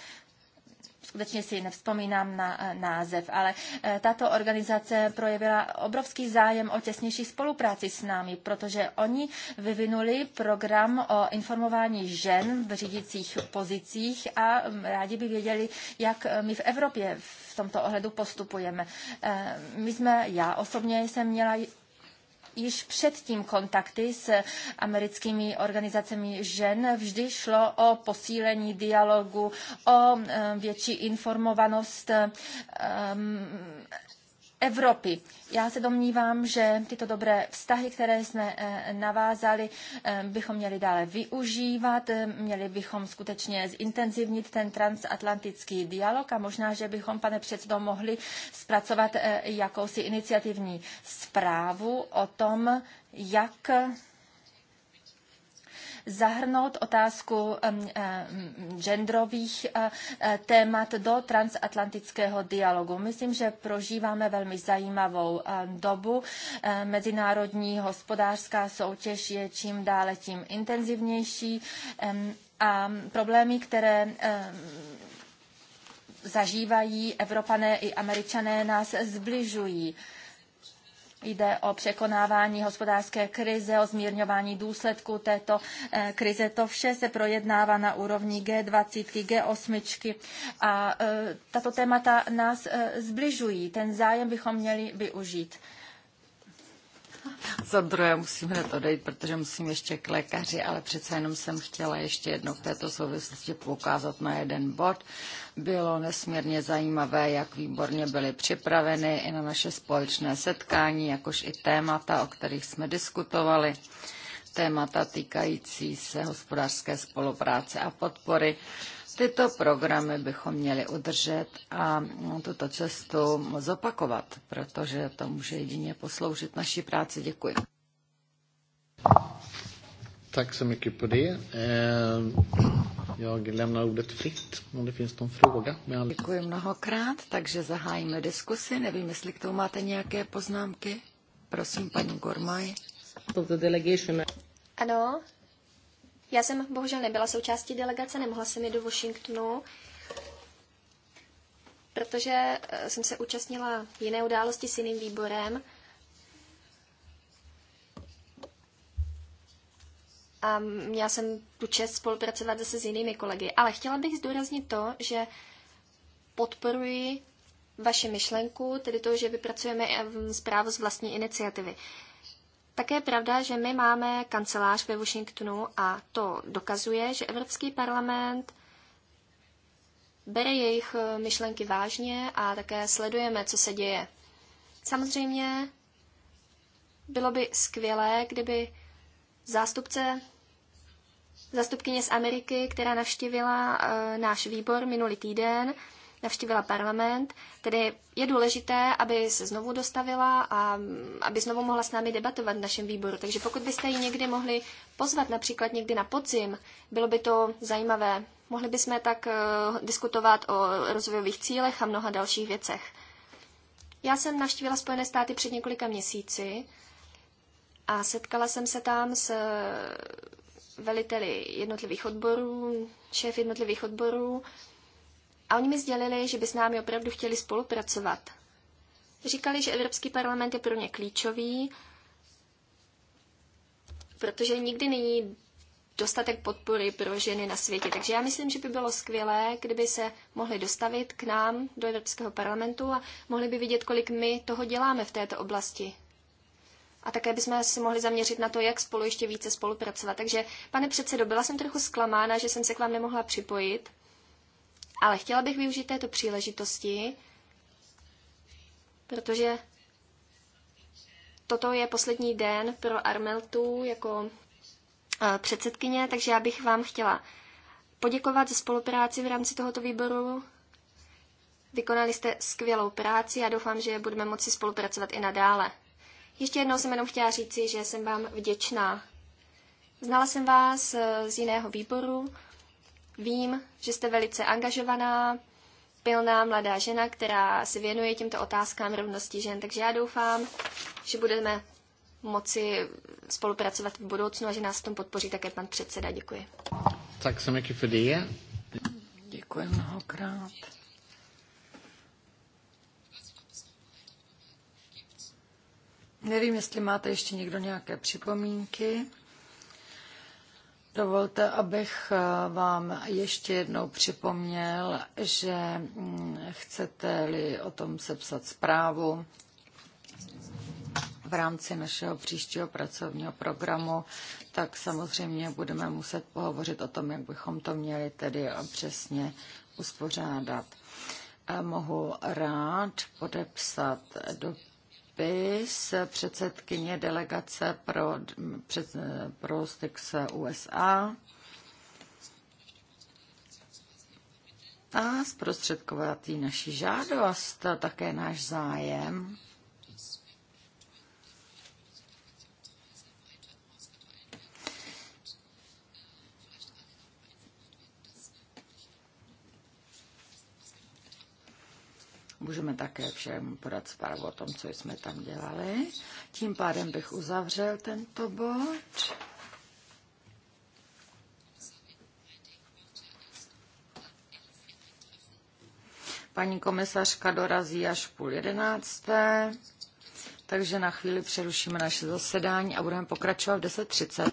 skutečně si nevzpomínám na eh, název, ale eh, tato organizace projevila obrovský zájem o těsnější spolupráci s námi, protože oni vyvinuli program o informování žen v řídících pozicích a mm, rádi by věděli, jak eh, my v Evropě v tomto ohledu postupujeme. My jsme, já osobně jsem měla již předtím kontakty s americkými organizacemi žen. Vždy šlo o posílení dialogu, o eh, větší informovanost eh, Evropy. Já se domnívám, že tyto dobré vztahy, které jsme eh, navázali, eh, bychom měli dále využívat, eh, měli bychom skutečně zintenzivnit ten transatlantický dialog a možná, že bychom, pane předsedo, mohli zpracovat jakousi iniciativní zprávu o tom, jak zahrnout otázku genderových eh, eh, témat do transatlantického dialogu. Myslím, že prožíváme velmi zajímavou dobu. Eh, mezinárodní hospodářská soutěž je čím dále tím intenzivnější a problémy, které zažívají Evropané i Američané, nás zbližují. Jde o překonávání hospodářské krize, o zmírňování důsledků této eh, krize. To vše se projednává na úrovni G20, G8 a eh, tato témata nás eh, zbližují. Ten zájem bychom měli využít. Za druhé musíme na to dojít, protože musím ještě k lékaři, ale přece jenom jsem chtěla ještě jednou v této souvislosti poukázat na jeden bod. Bylo nesmírně zajímavé, jak výborně byly připraveny i na naše společné setkání, jakož i témata, o kterých jsme diskutovali témata týkající se hospodářské spolupráce a podpory. Tyto programy bychom měli udržet a tuto cestu zopakovat, protože to může jedině posloužit naší práci. Děkuji. Eh, ordet fritt om det finns någon fråga. Děkuji mnohokrát, takže zahájíme diskusi. Nevím, jestli k tomu máte nějaké poznámky. Prosím, paní Gormaj. Ano, já jsem bohužel nebyla součástí delegace, nemohla jsem jít do Washingtonu, protože eh, jsem se účastnila jiné události s jiným výborem. A měla jsem tu čest spolupracovat zase s jinými kolegy. Ale chtěla bych zdůraznit to, že podporuji vaši myšlenku, tedy to, že vypracujeme eh, zprávu z vlastní iniciativy. Také je pravda, že my máme kancelář ve Washingtonu a to dokazuje, že Evropský parlament bere jejich eh, myšlenky vážně a také sledujeme, co se děje. Samozřejmě bylo by skvělé, kdyby zástupce, zástupkyně z Ameriky, která navštívila e, náš výbor minulý týden, navštívila parlament, tedy je důležité, aby se znovu dostavila a aby znovu mohla s námi debatovat v našem výboru. Takže pokud byste ji někdy mohli pozvat, například někdy na podzim, bylo by to zajímavé. Mohli bychom tak eh, diskutovat o rozvojových cílech a mnoha dalších věcech. Já jsem navštívila Spojené státy před několika měsíci a setkala jsem se tam s eh, veliteli jednotlivých odborů, šéf jednotlivých odborů, a oni mi sdělili, že by s námi opravdu chtěli spolupracovat. Říkali, že Evropský parlament je pro ně klíčový, protože nikdy není dostatek podpory pro ženy na světě. Takže já myslím, že by bylo skvělé, kdyby se mohli dostavit k nám do Evropského parlamentu a mohli by vidět, kolik my toho děláme v této oblasti. A také bychom se mohli zaměřit na to, jak spolu ještě více spolupracovat. Takže, pane předsedo, byla jsem trochu zklamána, že jsem se k vám nemohla připojit. Ale chtěla bych využít této příležitosti, protože toto je poslední den pro Armeltu jako eh, předsedkyně, takže já bych vám chtěla poděkovat za spolupráci v rámci tohoto výboru. Vykonali jste skvělou práci a doufám, že budeme moci spolupracovat i nadále. Ještě jednou jsem jenom chtěla říci, že jsem vám vděčná. Znala jsem vás eh, z jiného výboru Vím, že jste velice angažovaná, pilná mladá žena, která se věnuje těmto otázkám rovnosti žen. Takže já doufám, že budeme moci spolupracovat v budoucnu a že nás v tom podpoří také pan předseda. Děkuji. Tak se mycket för Děkuji mnohokrát. Nevím, jestli máte ještě někdo nějaké připomínky. Dovolte, abych eh, vám ještě jednou připomněl, že mm, chcete-li o tom sepsat zprávu v rámci našeho příštího pracovního programu, tak samozřejmě budeme muset pohovořit o tom, jak bychom to měli tedy přesně uspořádat. Eh, mohu rád podepsat dopis dopis předsedkyně delegace pro, před, pro styk s USA a zprostředkovat jí naši žádost, také náš zájem Můžeme také všem podat zprávu o tom, co jsme tam dělali. Tím pádem bych uzavřel tento bod. Paní komisařka dorazí až půl jedenácté, takže na chvíli přerušíme naše zasedání a budeme pokračovat v 10.30.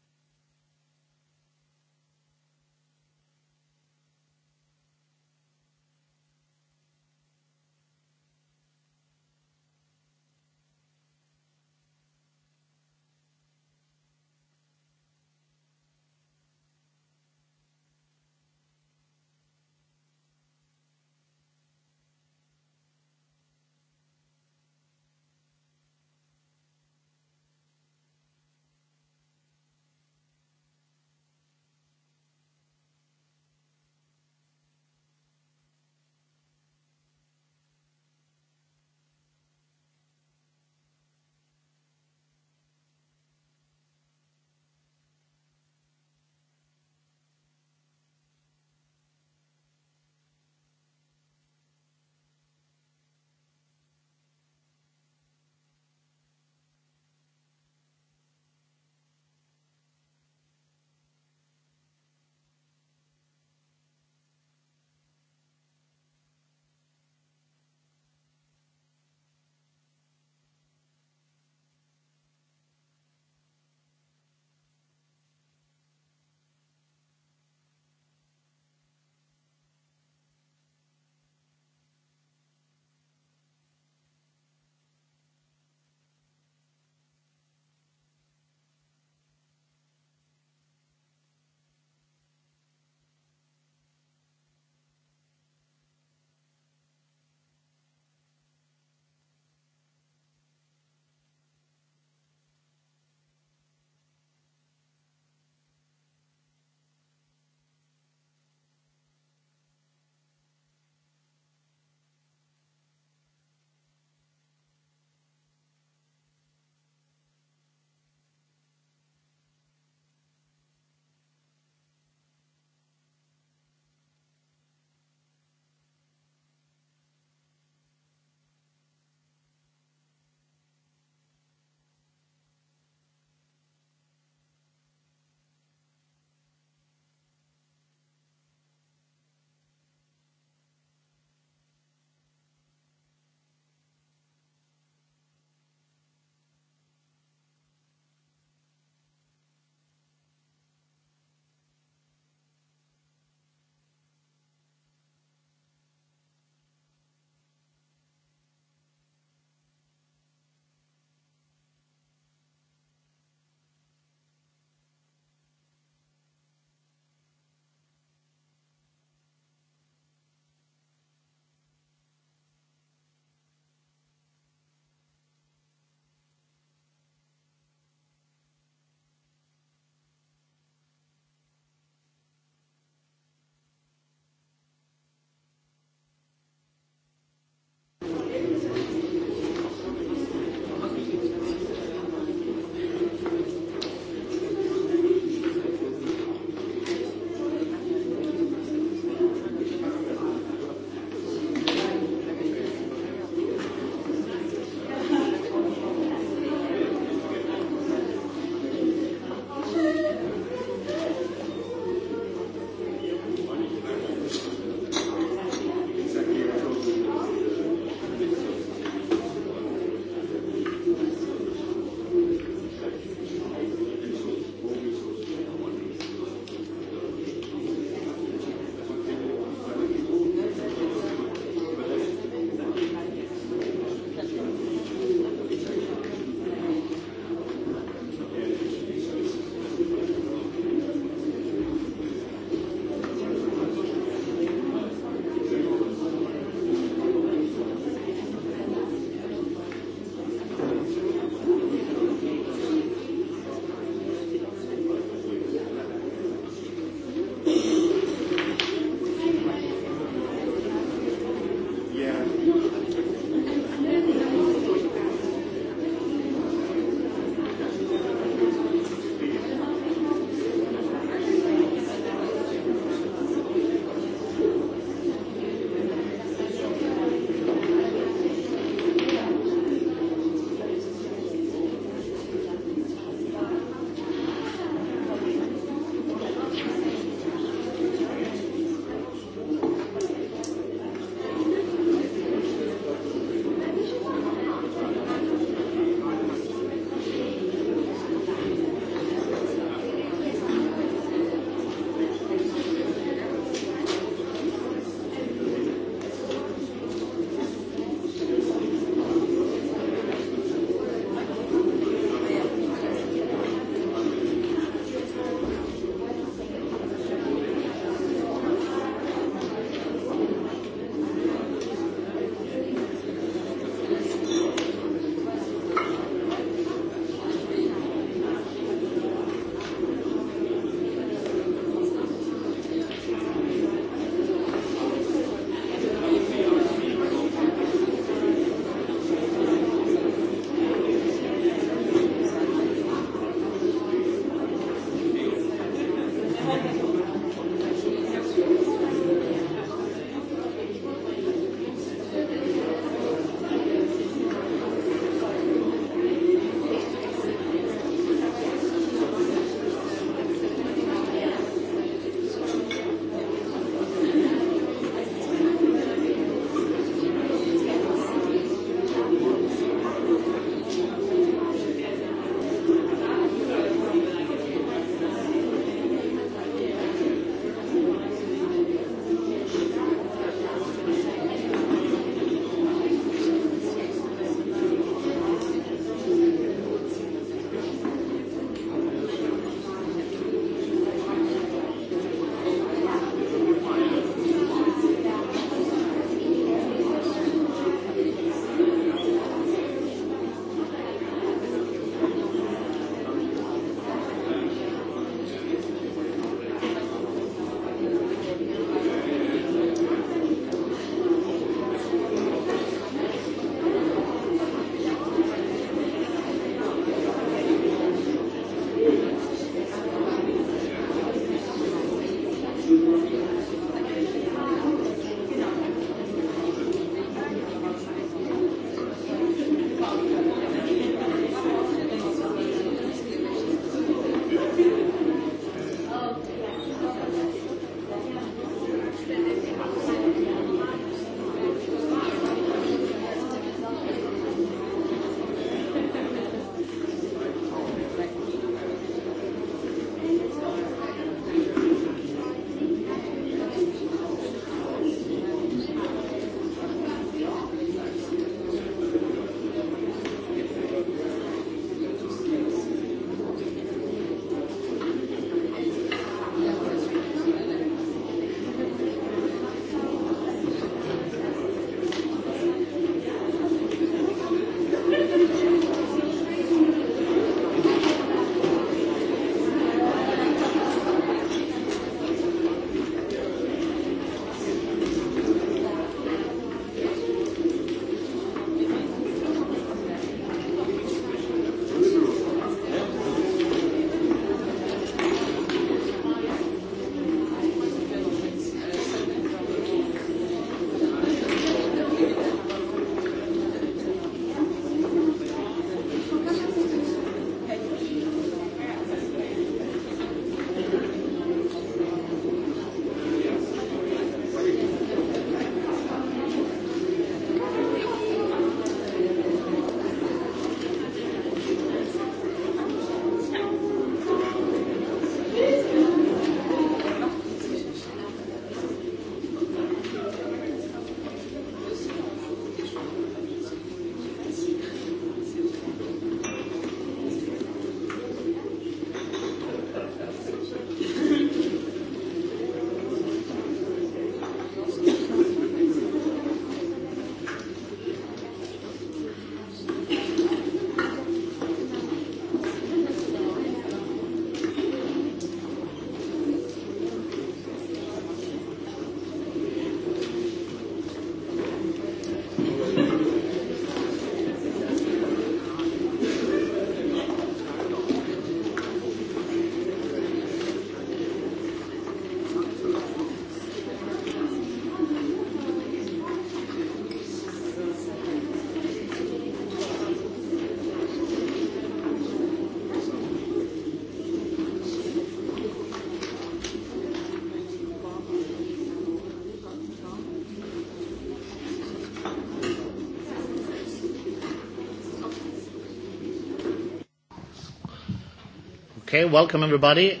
Okay, welcome everybody.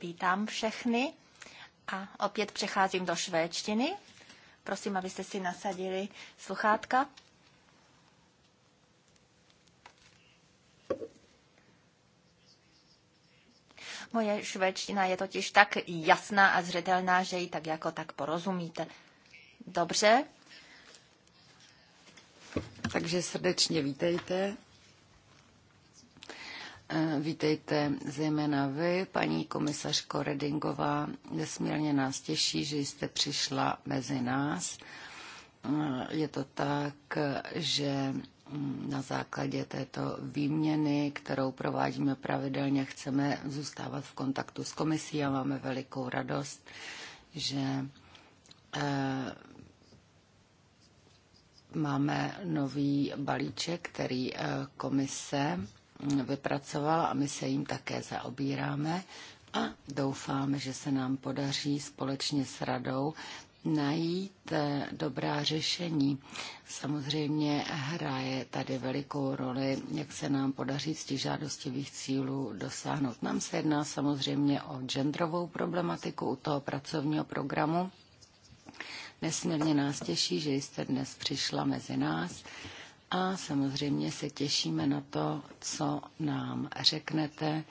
Vítám všechny a opět přecházím do švédštiny. Prosím, abyste si nasadili sluchátka. Moje švédština je totiž tak jasná a zřetelná, že ji tak jako tak porozumíte. Dobře. Takže srdečně vítejte Eh, vítejte zejména vy, paní komisařko Redingová. Nesmírně nás těší, že jste přišla mezi nás. Eh, je to tak, že hm, na základě této výměny, kterou provádíme pravidelně, chceme zůstávat v kontaktu s komisí a máme velikou radost, že eh, máme nový balíček, který komise vypracoval a my se jim také zaobíráme a doufáme, že se nám podaří společně s radou najít eh, dobrá řešení. Samozřejmě hraje tady velikou roli, jak se nám podaří z těch žádostivých cílů dosáhnout. Nám se jedná samozřejmě o genderovou problematiku u toho pracovního programu. Nesmírně nás těší, že jste dnes přišla mezi nás a samozřejmě se těšíme na to, co nám řeknete.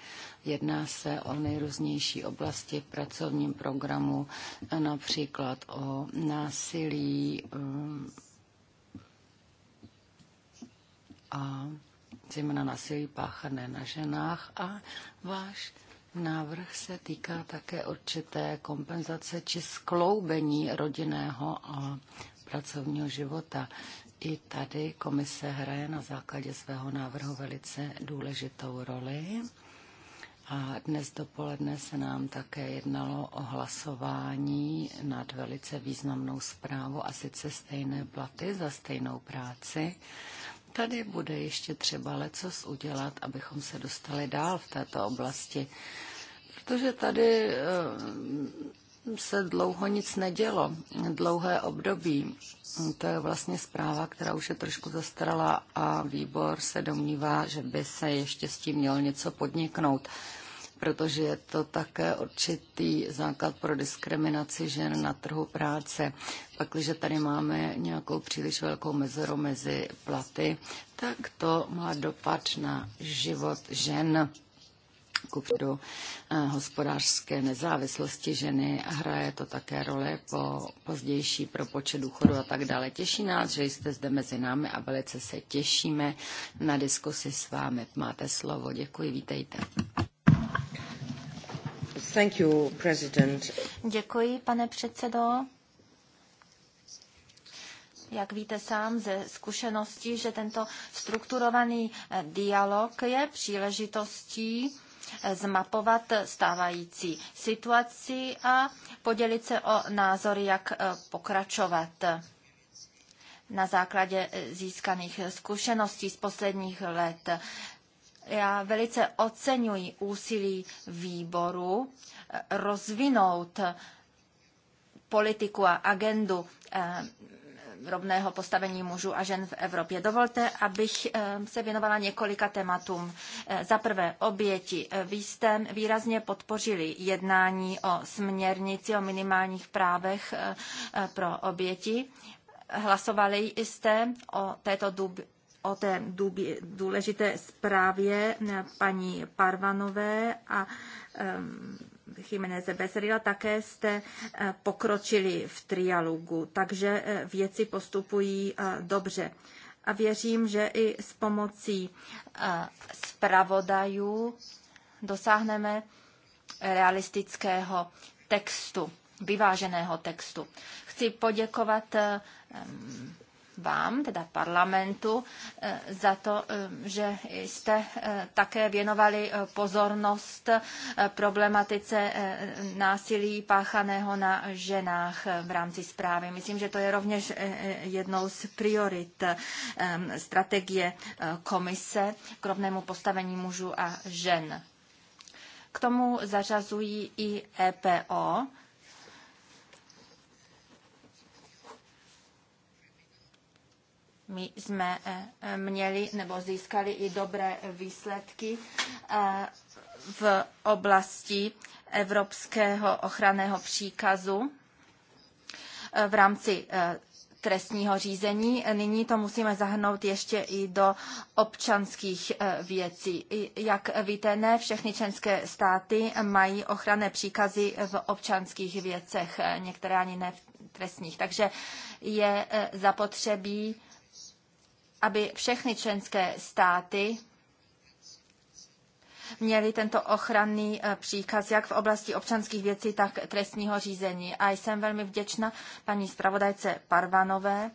Jedná se o nejrůznější oblasti v pracovním programu, například o násilí eh, a zejména násilí páchané na ženách a váš návrh se týká také určité kompenzace či skloubení rodinného a pracovního života. I tady komise hraje na základě svého návrhu velice důležitou roli. A dnes dopoledne se nám také jednalo o hlasování nad velice významnou zprávu a sice stejné platy za stejnou práci. Tady bude ještě třeba lecos udělat, abychom se dostali dál v této oblasti, protože tady eh, se dlouho nic nedělo, dlouhé období. To je vlastně zpráva, která už je trošku zastarala a výbor se domnívá, že by se ještě s tím měl něco podniknout, protože je to také určitý základ pro diskriminaci žen na trhu práce. Pak, když tady máme nějakou příliš velkou mezeru mezi platy, tak to má dopad na život žen kupru eh, hospodářské nezávislosti ženy a hraje to také role po pozdější propočet důchodu a tak dále. Těší nás, že jste zde mezi námi a velice se těšíme na diskusi s vámi. Máte slovo. Děkuji, vítejte. Thank you, president. Děkuji, pane předsedo. Jak víte sám ze zkušeností, že tento strukturovaný eh, dialog je příležitostí Eh, zmapovat stávající situaci a podělit se o názory, jak eh, pokračovat na základě eh, získaných zkušeností z posledních let. Já velice oceňuji úsilí výboru rozvinout politiku a agendu rovného postavení mužů a žen v Evropě. Dovolte, abych eh, se věnovala několika tématům. Eh, za prvé oběti. Eh, vy jste výrazně podpořili jednání o směrnici o minimálních právech pro oběti. Hlasovali jste o této důb o té důležité zprávě paní Parvanové a ehm, Jiménez Becerril, také jste eh, pokročili v trialogu, takže eh, věci postupují eh, dobře. A věřím, že i s pomocí zpravodajů dosáhneme realistického textu, vyváženého textu. Chci poděkovat vám, teda parlamentu, eh, za to, eh, že jste eh, také věnovali pozornost problematice násilí páchaného na ženách v rámci zprávy. Myslím, že to je rovněž jednou z priorit strategie komise k rovnému postavení mužů a žen. K tomu zařazují i EPO, My jsme eh, měli nebo získali i dobré výsledky eh, v oblasti evropského ochranného příkazu eh, v rámci trestního řízení. Nyní to musíme zahrnout ještě i do občanských věcí. Jak víte, ne všechny členské státy mají ochranné příkazy v občanských věcech, některé ani ne v trestních. Takže je zapotřebí aby všechny členské státy měli tento ochranný eh, příkaz jak v oblasti občanských věcí, tak trestního řízení. A jsem velmi vděčna paní zpravodajce Parvanové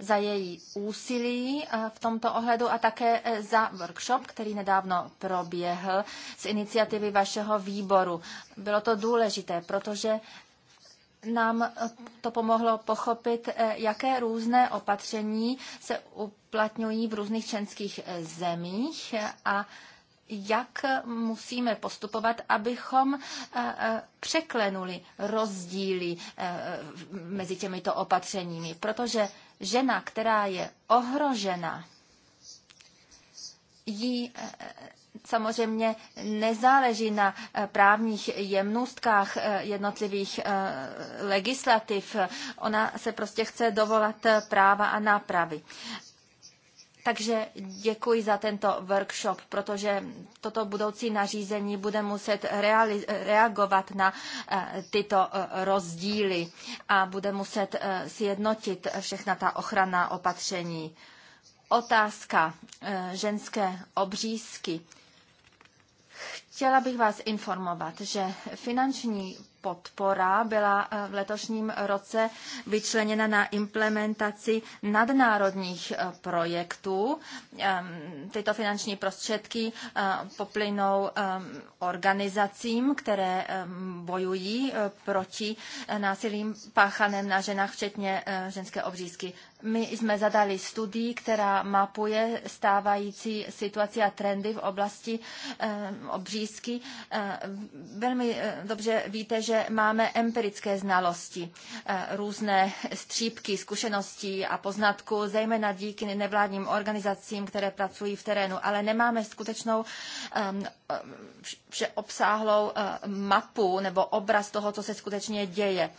za její úsilí eh, v tomto ohledu a také eh, za workshop, který nedávno proběhl z iniciativy vašeho výboru. Bylo to důležité, protože nám eh, to pomohlo pochopit, eh, jaké různé opatření se uplatňují v různých členských eh, zemích a jak musíme postupovat, abychom překlenuli rozdíly mezi těmito opatřeními. Protože žena, která je ohrožena, jí eh, samozřejmě nezáleží na eh, právních jemnostkách eh, jednotlivých legislativ. Ona se prostě chce dovolat práva a nápravy. Takže děkuji za tento workshop, protože toto budoucí nařízení bude muset reagovat na tyto rozdíly a bude muset sjednotit všechna ta ochranná opatření otázka eh, ženské obřízky. Chtěla bych vás informovat, že finanční podpora byla eh, v letošním roce vyčleněna na implementaci nadnárodních eh, projektů. Ehm, tyto finanční prostředky poplynou ehm, organizacím, které ehm, bojují proti násilím páchaném na ženách, včetně ženské obřízky. My jsme zadali studii, která mapuje stávající situaci a trendy v oblasti eh, obřízky. Eh, velmi eh, dobře víte, že máme empirické znalosti, různé střípky zkušeností a poznatků, zejména díky nevládním organizacím, které pracují v terénu, ale nemáme skutečnou ehm, všeobsáhlou mapu nebo obraz toho, co se skutečně děje.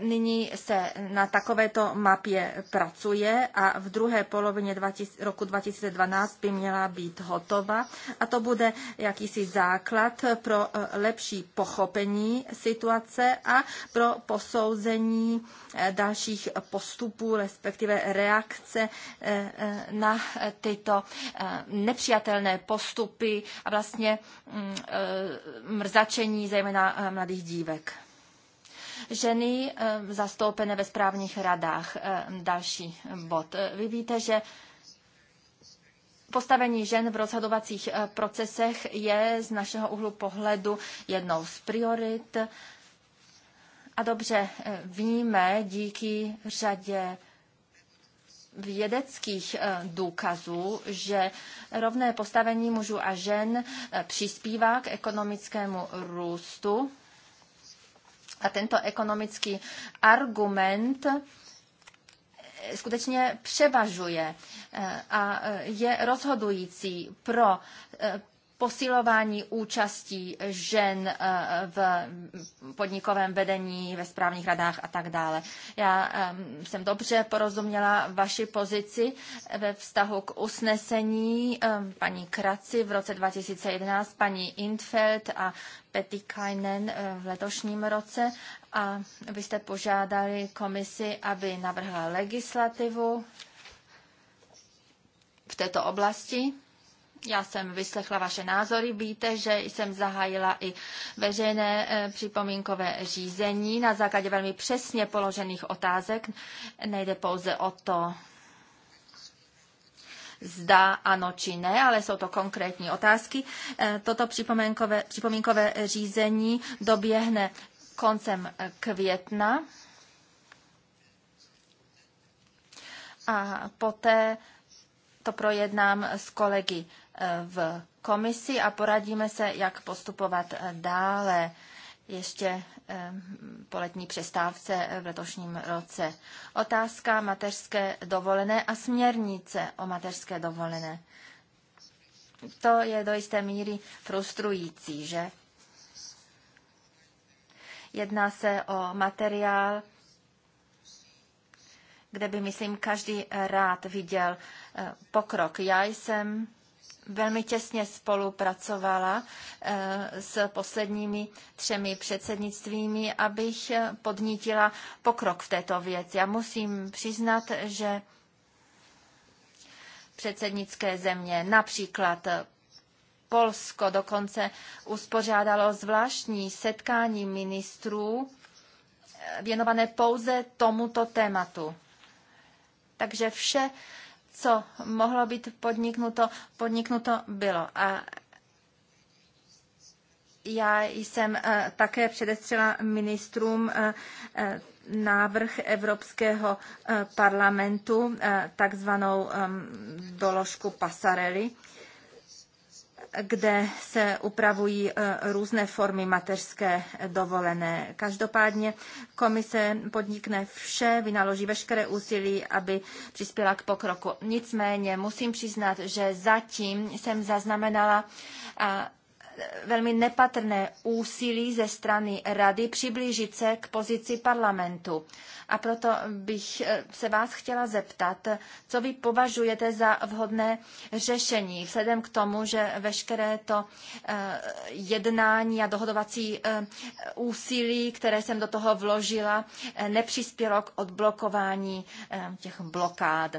Nyní se na takovéto mapě pracuje a v druhé polovině 20, roku 2012 by měla být hotova a to bude jakýsi základ pro eh, lepší pochopení situace a pro posouzení eh, dalších postupů, respektive reakce eh, na tyto nepřijatelné postupy a vlastně mm, mrzačení zejména mladých dívek ženy eh, zastoupené ve správních radách. Eh, další bod. Eh, vy víte, že Postavení žen v rozhodovacích procesech je z našeho úhlu pohledu jednou z priorit. A dobře víme díky řadě vědeckých důkazů, že rovné postavení mužů a žen přispívá k ekonomickému růstu a tento ekonomický argument eh, skutečně převažuje eh, a eh, je rozhodující pro posilování účastí žen eh, v podnikovém vedení, ve správních radách a tak dále. Já jsem dobře porozuměla vaši pozici ve vztahu k usnesení paní Kraci v roce 2011, paní Intfeld a Petty Kainen eh, v letošním roce a vy jste požádali komisi, aby navrhla legislativu v této oblasti já jsem vyslechla vaše názory. Víte, že jsem zahájila i veřejné eh, připomínkové řízení na základě velmi přesně položených otázek. Nejde pouze o to, zda ano či ne, ale jsou to konkrétní otázky. Eh, toto připomínkové, připomínkové řízení doběhne koncem eh, května a poté to projednám s kolegy v komisi a poradíme se, jak postupovat dále ještě po letní přestávce v letošním roce. Otázka mateřské dovolené a směrnice o mateřské dovolené. To je do jisté míry frustrující, že? Jedná se o materiál, kde by, myslím, každý rád viděl eh, pokrok. Já jsem velmi těsně spolupracovala eh, s posledními třemi předsednictvími, abych eh, podnítila pokrok v této věci. Já musím přiznat, že předsednické země, například eh, Polsko dokonce uspořádalo zvláštní setkání ministrů věnované pouze tomuto tématu. Takže vše co mohlo být podniknuto, podniknuto bylo. A já jsem eh, také předestřela ministrům eh, eh, návrh Evropského parlamentu, takzvanou ehm, doložku Passarelli, kde se upravují e, různé formy mateřské dovolené. Každopádně komise podnikne vše, vynaloží veškeré úsilí, aby přispěla k pokroku. Nicméně musím přiznat, že zatím jsem zaznamenala velmi nepatrné úsilí ze strany Rady přiblížit se k pozici parlamentu. A proto bych eh, se vás chtěla zeptat, co vy považujete za vhodné řešení, vzhledem k tomu, že veškeré to eh, jednání a dohodovací eh, úsilí, které jsem do toho vložila, nepřispělo k odblokování těch blokád.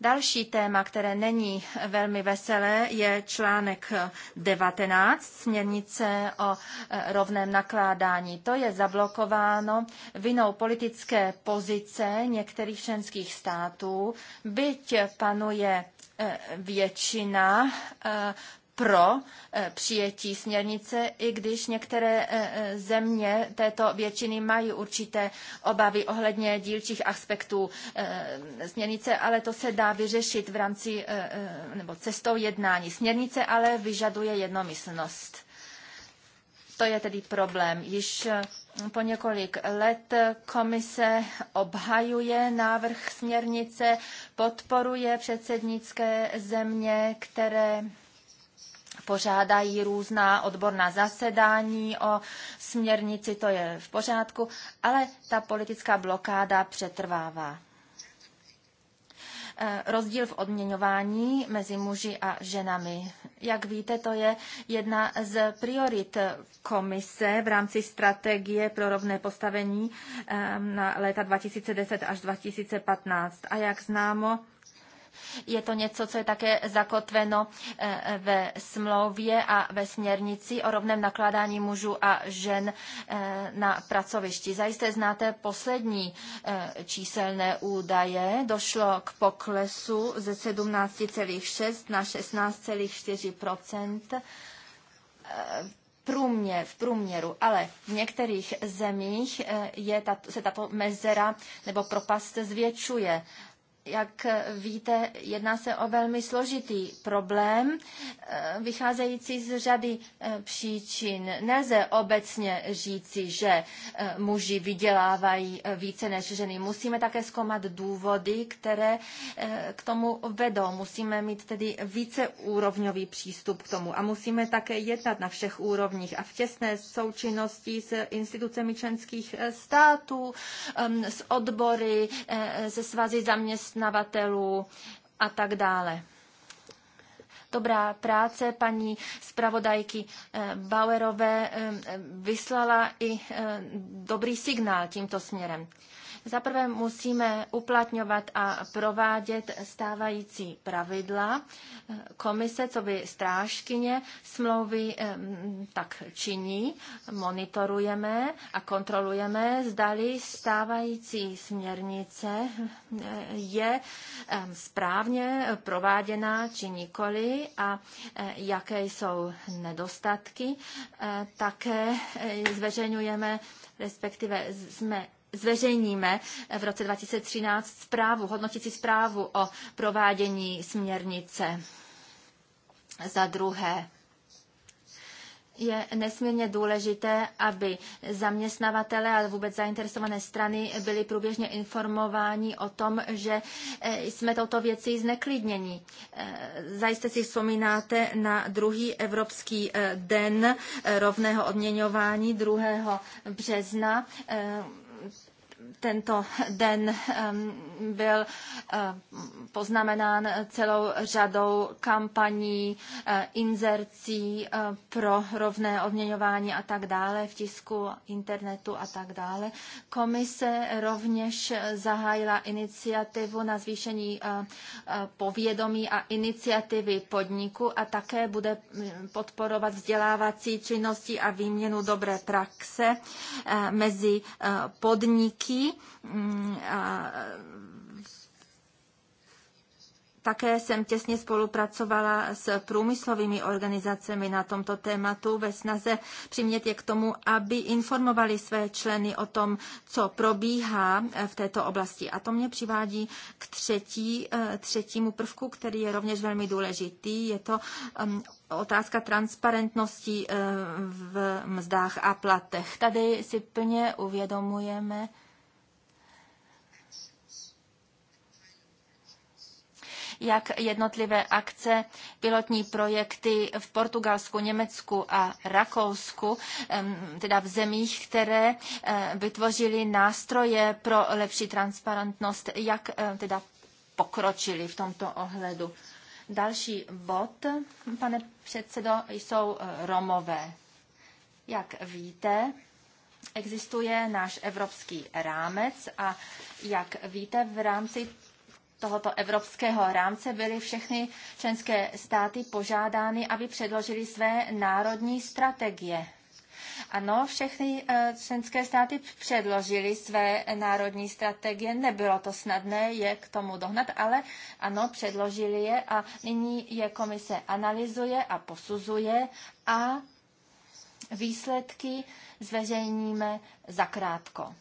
Další téma, které není velmi veselé, je článek 19 směrnice o eh, rovném nakládání. To je zablokováno vinou politické pozice některých členských států, byť panuje eh, většina eh, pro eh, přijetí směrnice, i když některé eh, eh, země této většiny mají určité obavy ohledně dílčích aspektů směrnice, ale to se dá vyřešit v rámci nebo cestou jednání. Směrnice ale vyžaduje jednomyslnost. To je tedy problém. Již po několik let komise obhajuje návrh směrnice, podporuje předsednické země, které pořádají různá odborná zasedání o směrnici, to je v pořádku, ale ta politická blokáda přetrvává. Eh, rozdíl v odměňování mezi muži a ženami. Jak víte, to je jedna z priorit komise v rámci strategie pro rovné postavení eh, na léta 2010 až 2015. A jak známo, je to něco, co je také zakotveno eh, ve smlouvě a ve směrnici o rovném nakládání mužů a žen eh, na pracovišti. Zajisté znáte poslední eh, číselné údaje. Došlo k poklesu ze 17,6 na 16,4 průměr, v průměru, ale v některých zemích je tato, se tato mezera nebo propast zvětšuje. Jak víte, jedná se o velmi složitý problém, eh, vycházející z řady eh, příčin. Nelze obecně říci, že eh, muži vydělávají více než ženy. Musíme také zkoumat důvody, které k tomu vedou. Musíme mít tedy více úrovňový přístup k tomu a musíme také jednat na všech úrovních a v těsné součinnosti s institucemi členských států, ehm, s odbory, se svazy zaměstnanců zaměstnavatelů a tak dále. Dobrá práce paní zpravodajky eh, Bauerové eh, vyslala i eh, dobrý signál tímto směrem. Zaprvé musíme uplatňovat a provádět stávající pravidla. Komise, co by strážkyně smlouvy tak činí, monitorujeme a kontrolujeme, zdali stávající směrnice eh, je správně prováděná či nikoli a eh, jaké jsou nedostatky. Eh, také zveřejňujeme, respektive jsme zveřejníme v roce 2013 zprávu, hodnotící zprávu o provádění směrnice. Za druhé, je nesmírně důležité, aby zaměstnavatele a vůbec zainteresované strany byli průběžně informováni o tom, že e, jsme touto věcí zneklidněni. E, Zajistě si vzpomínáte na druhý Evropský e, den rovného odměňování 2. března tento den byl poznamenán celou řadou kampaní, e, inzercí e, pro rovné odměňování a tak dále v tisku, internetu a tak dále. Komise rovněž zahájila iniciativu na zvýšení e, povědomí a iniciativy podniku a také bude podporovat vzdělávací činnosti a výměnu dobré praxe mezi podniky Mm, a také jsem těsně spolupracovala s průmyslovými organizacemi na tomto tématu ve snaze přimět je k tomu, aby informovali své členy o tom, co probíhá v této oblasti. A to mě přivádí k třetí, e, třetímu prvku, který je rovněž velmi důležitý. Je to otázka transparentnosti e, v mzdách a platech. Tady si plně uvědomujeme, jak jednotlivé akce, pilotní projekty v Portugalsku, Německu a Rakousku, teda v zemích, které eh, vytvořily nástroje pro lepší transparentnost, jak eh, teda pokročili v tomto ohledu. Další bod, pane předsedo, jsou eh, Romové. Jak víte, existuje náš evropský rámec a jak víte, v rámci tohoto evropského rámce byly všechny členské státy požádány, aby předložili své národní strategie. Ano, všechny eh, členské státy předložili své národní strategie. Nebylo to snadné je k tomu dohnat, ale ano, předložili je a nyní je komise analyzuje a posuzuje a výsledky zveřejníme zakrátko.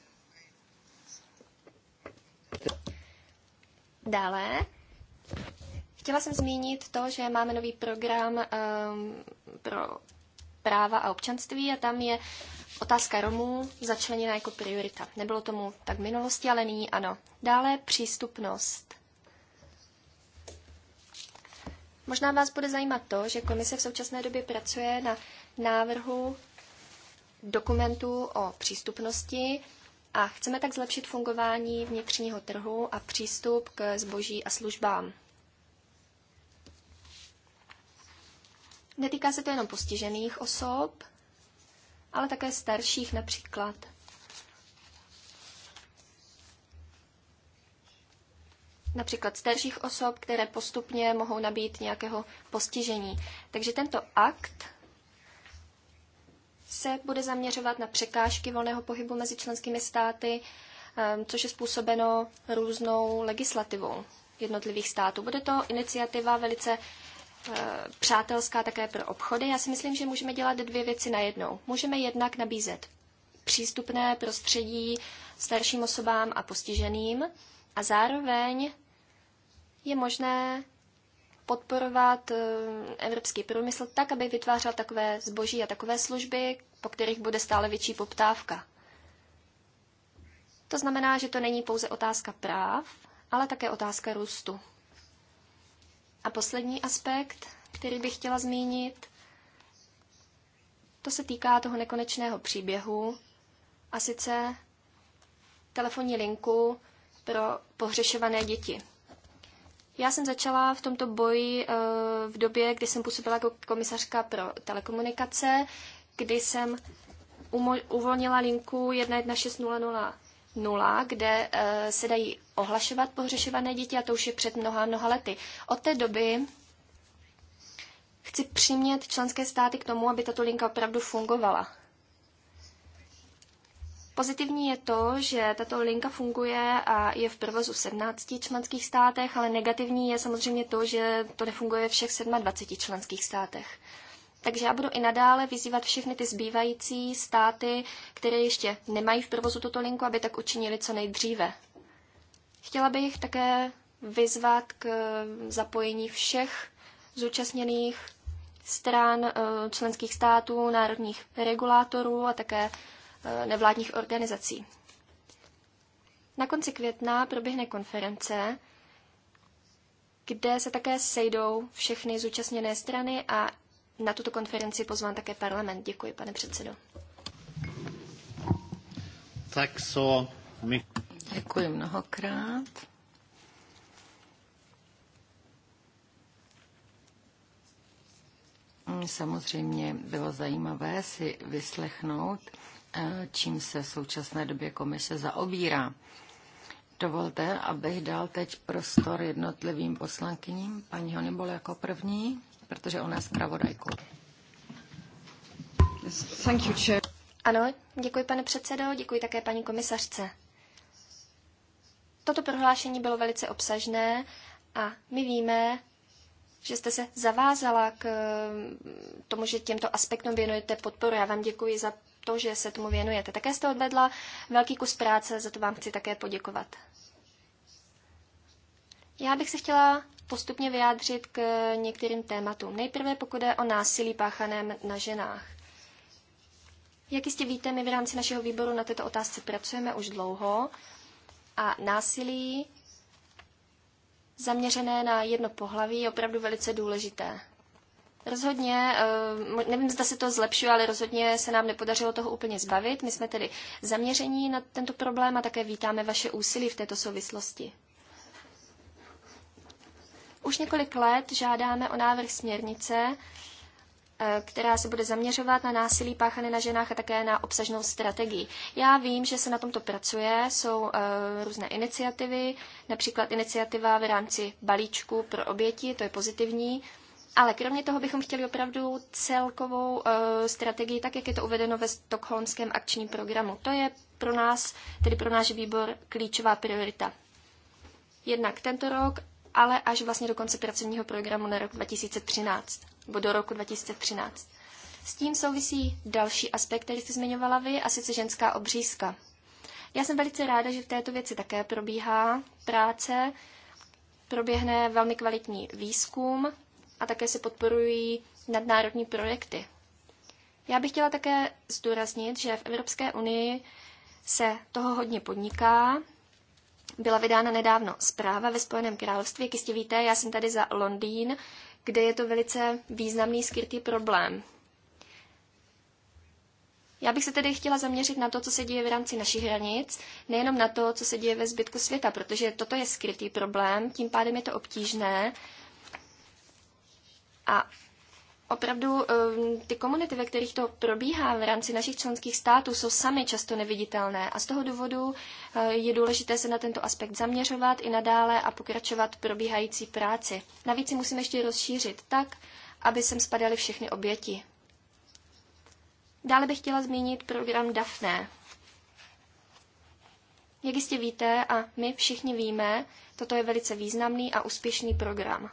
Dále chtěla jsem zmínit to, že máme nový program um, pro práva a občanství a tam je otázka Romů začleněna jako priorita. Nebylo tomu tak v minulosti, ale nyní ano. Dále přístupnost. Možná vás bude zajímat to, že komise v současné době pracuje na návrhu dokumentů o přístupnosti, a chceme tak zlepšit fungování vnitřního trhu a přístup k zboží a službám. Netýká se to jenom postižených osob, ale také starších například. Například starších osob, které postupně mohou nabít nějakého postižení. Takže tento akt se bude zaměřovat na překážky volného pohybu mezi členskými státy, ehm, což je způsobeno různou legislativou jednotlivých států. Bude to iniciativa velice eh, přátelská také pro obchody. Já si myslím, že můžeme dělat dvě věci najednou. Můžeme jednak nabízet přístupné prostředí starším osobám a postiženým a zároveň je možné podporovat eh, evropský průmysl tak, aby vytvářel takové zboží a takové služby, po kterých bude stále větší poptávka. To znamená, že to není pouze otázka práv, ale také otázka růstu. A poslední aspekt, který bych chtěla zmínit, to se týká toho nekonečného příběhu, a sice telefonní linku pro pohřešované děti. Já jsem začala v tomto boji eh, v době, kdy jsem působila jako komisařka pro telekomunikace, kdy jsem uvolnila linku 116000, kde eh, se dají ohlašovat pohřešované děti a to už je před mnoha, mnoha lety. Od té doby chci přimět členské státy k tomu, aby tato linka opravdu fungovala. Pozitivní je to, že tato linka funguje a je v provozu v 17 členských státech, ale negativní je samozřejmě to, že to nefunguje ve všech 27 členských státech. Takže já budu i nadále vyzývat všechny ty zbývající státy, které ještě nemají v provozu tuto linku, aby tak učinili co nejdříve. Chtěla bych také vyzvat k zapojení všech zúčastněných stran eh, členských států, národních regulátorů a také Eh, nevládních organizací. Na konci května proběhne konference, kde se také sejdou všechny zúčastněné strany a na tuto konferenci pozván také parlament. Děkuji, pane předsedo. Tak so, my... Děkuji mnohokrát. Samozřejmě bylo zajímavé si vyslechnout Eh, čím se v současné době komise zaobírá. Dovolte, abych dal teď prostor jednotlivým poslankyním. Paní Honibol jako první, protože ona je zpravodajkou. Thank you, Ano, děkuji pane předsedo, děkuji také paní komisařce. Toto prohlášení bylo velice obsažné a my víme, že jste se zavázala k eh, tomu, že těmto aspektům věnujete podporu. Já vám děkuji za to, že se tomu věnujete. Také jste odvedla velký kus práce, za to vám chci také poděkovat. Já bych se chtěla postupně vyjádřit k některým tématům. Nejprve pokud je o násilí páchaném na ženách. Jak jistě víte, my v rámci našeho výboru na této otázce pracujeme už dlouho a násilí zaměřené na jedno pohlaví je opravdu velice důležité. Rozhodně, eh, nevím, zda se to zlepšuje, ale rozhodně se nám nepodařilo toho úplně zbavit. My jsme tedy zaměření na tento problém a také vítáme vaše úsilí v této souvislosti. Už několik let žádáme o návrh směrnice, eh, která se bude zaměřovat na násilí páchané na ženách a také na obsažnou strategii. Já vím, že se na tomto pracuje, jsou eh, různé iniciativy, například iniciativa v rámci balíčku pro oběti, to je pozitivní. Ale kromě toho bychom chtěli opravdu celkovou uh, strategii, tak jak je to uvedeno ve Stockholmském akčním programu. To je pro nás, tedy pro náš výbor, klíčová priorita. Jednak tento rok, ale až vlastně do konce pracovního programu na rok 2013, nebo do roku 2013. S tím souvisí další aspekt, který jste zmiňovala vy, a sice ženská obřízka. Já jsem velice ráda, že v této věci také probíhá práce, proběhne velmi kvalitní výzkum, a také se podporují nadnárodní projekty. Já bych chtěla také zdůraznit, že v Evropské unii se toho hodně podniká. Byla vydána nedávno zpráva ve Spojeném království. Jak jistě víte, já jsem tady za Londýn, kde je to velice významný skrytý problém. Já bych se tedy chtěla zaměřit na to, co se děje v rámci našich hranic, nejenom na to, co se děje ve zbytku světa, protože toto je skrytý problém, tím pádem je to obtížné a opravdu ehm, ty komunity, ve kterých to probíhá v rámci našich členských států, jsou sami často neviditelné a z toho důvodu eh, je důležité se na tento aspekt zaměřovat i nadále a pokračovat probíhající práci. Navíc si musíme ještě rozšířit tak, aby sem spadaly všechny oběti. Dále bych chtěla zmínit program DAFNE. Jak jistě víte a my všichni víme, toto je velice významný a úspěšný program.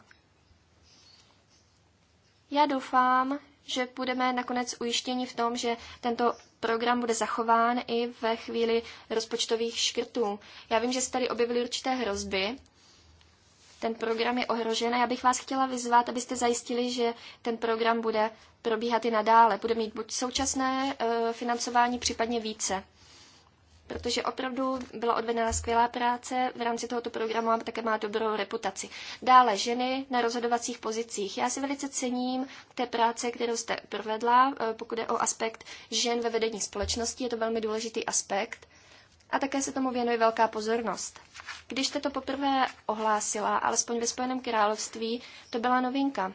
Já doufám, že budeme nakonec ujištěni v tom, že tento program bude zachován i ve chvíli rozpočtových škrtů. Já vím, že se tady objevily určité hrozby. Ten program je ohrožen a já bych vás chtěla vyzvat, abyste zajistili, že ten program bude probíhat i nadále. Bude mít buď současné eh, financování, případně více protože opravdu byla odvedena skvělá práce v rámci tohoto programu a také má dobrou reputaci. Dále ženy na rozhodovacích pozicích. Já si velice cením té práce, kterou jste provedla, eh, pokud je o aspekt žen ve vedení společnosti, je to velmi důležitý aspekt. A také se tomu věnuje velká pozornost. Když jste to poprvé ohlásila, alespoň ve Spojeném království, to byla novinka.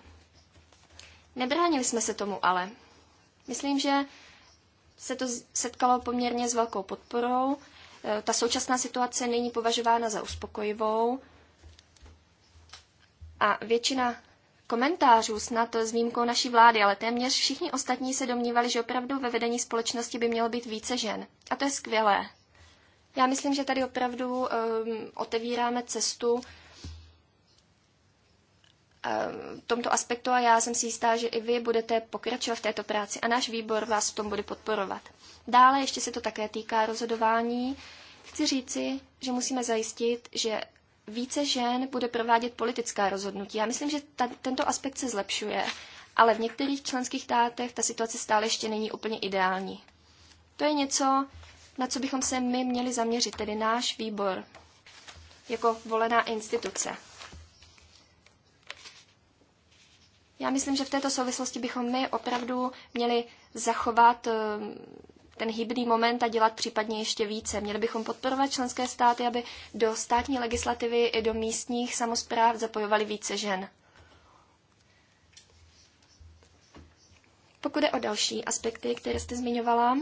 Nebránili jsme se tomu ale. Myslím, že se to setkalo poměrně s velkou podporou. E, ta současná situace není považována za uspokojivou a většina komentářů, snad s výjimkou naší vlády, ale téměř všichni ostatní se domnívali, že opravdu ve vedení společnosti by mělo být více žen. A to je skvělé. Já myslím, že tady opravdu um, otevíráme cestu tomto aspektu a já jsem si jistá, že i vy budete pokračovat v této práci a náš výbor vás v tom bude podporovat. Dále ještě se to také týká rozhodování. Chci říci, že musíme zajistit, že více žen bude provádět politická rozhodnutí. Já myslím, že ta, tento aspekt se zlepšuje, ale v některých členských státech ta situace stále ještě není úplně ideální. To je něco, na co bychom se my měli zaměřit, tedy náš výbor, jako volená instituce. Já myslím, že v této souvislosti bychom my opravdu měli zachovat eh, ten hybný moment a dělat případně ještě více. Měli bychom podporovat členské státy, aby do státní legislativy i do místních samozpráv zapojovali více žen. Pokud je o další aspekty, které jste zmiňovala,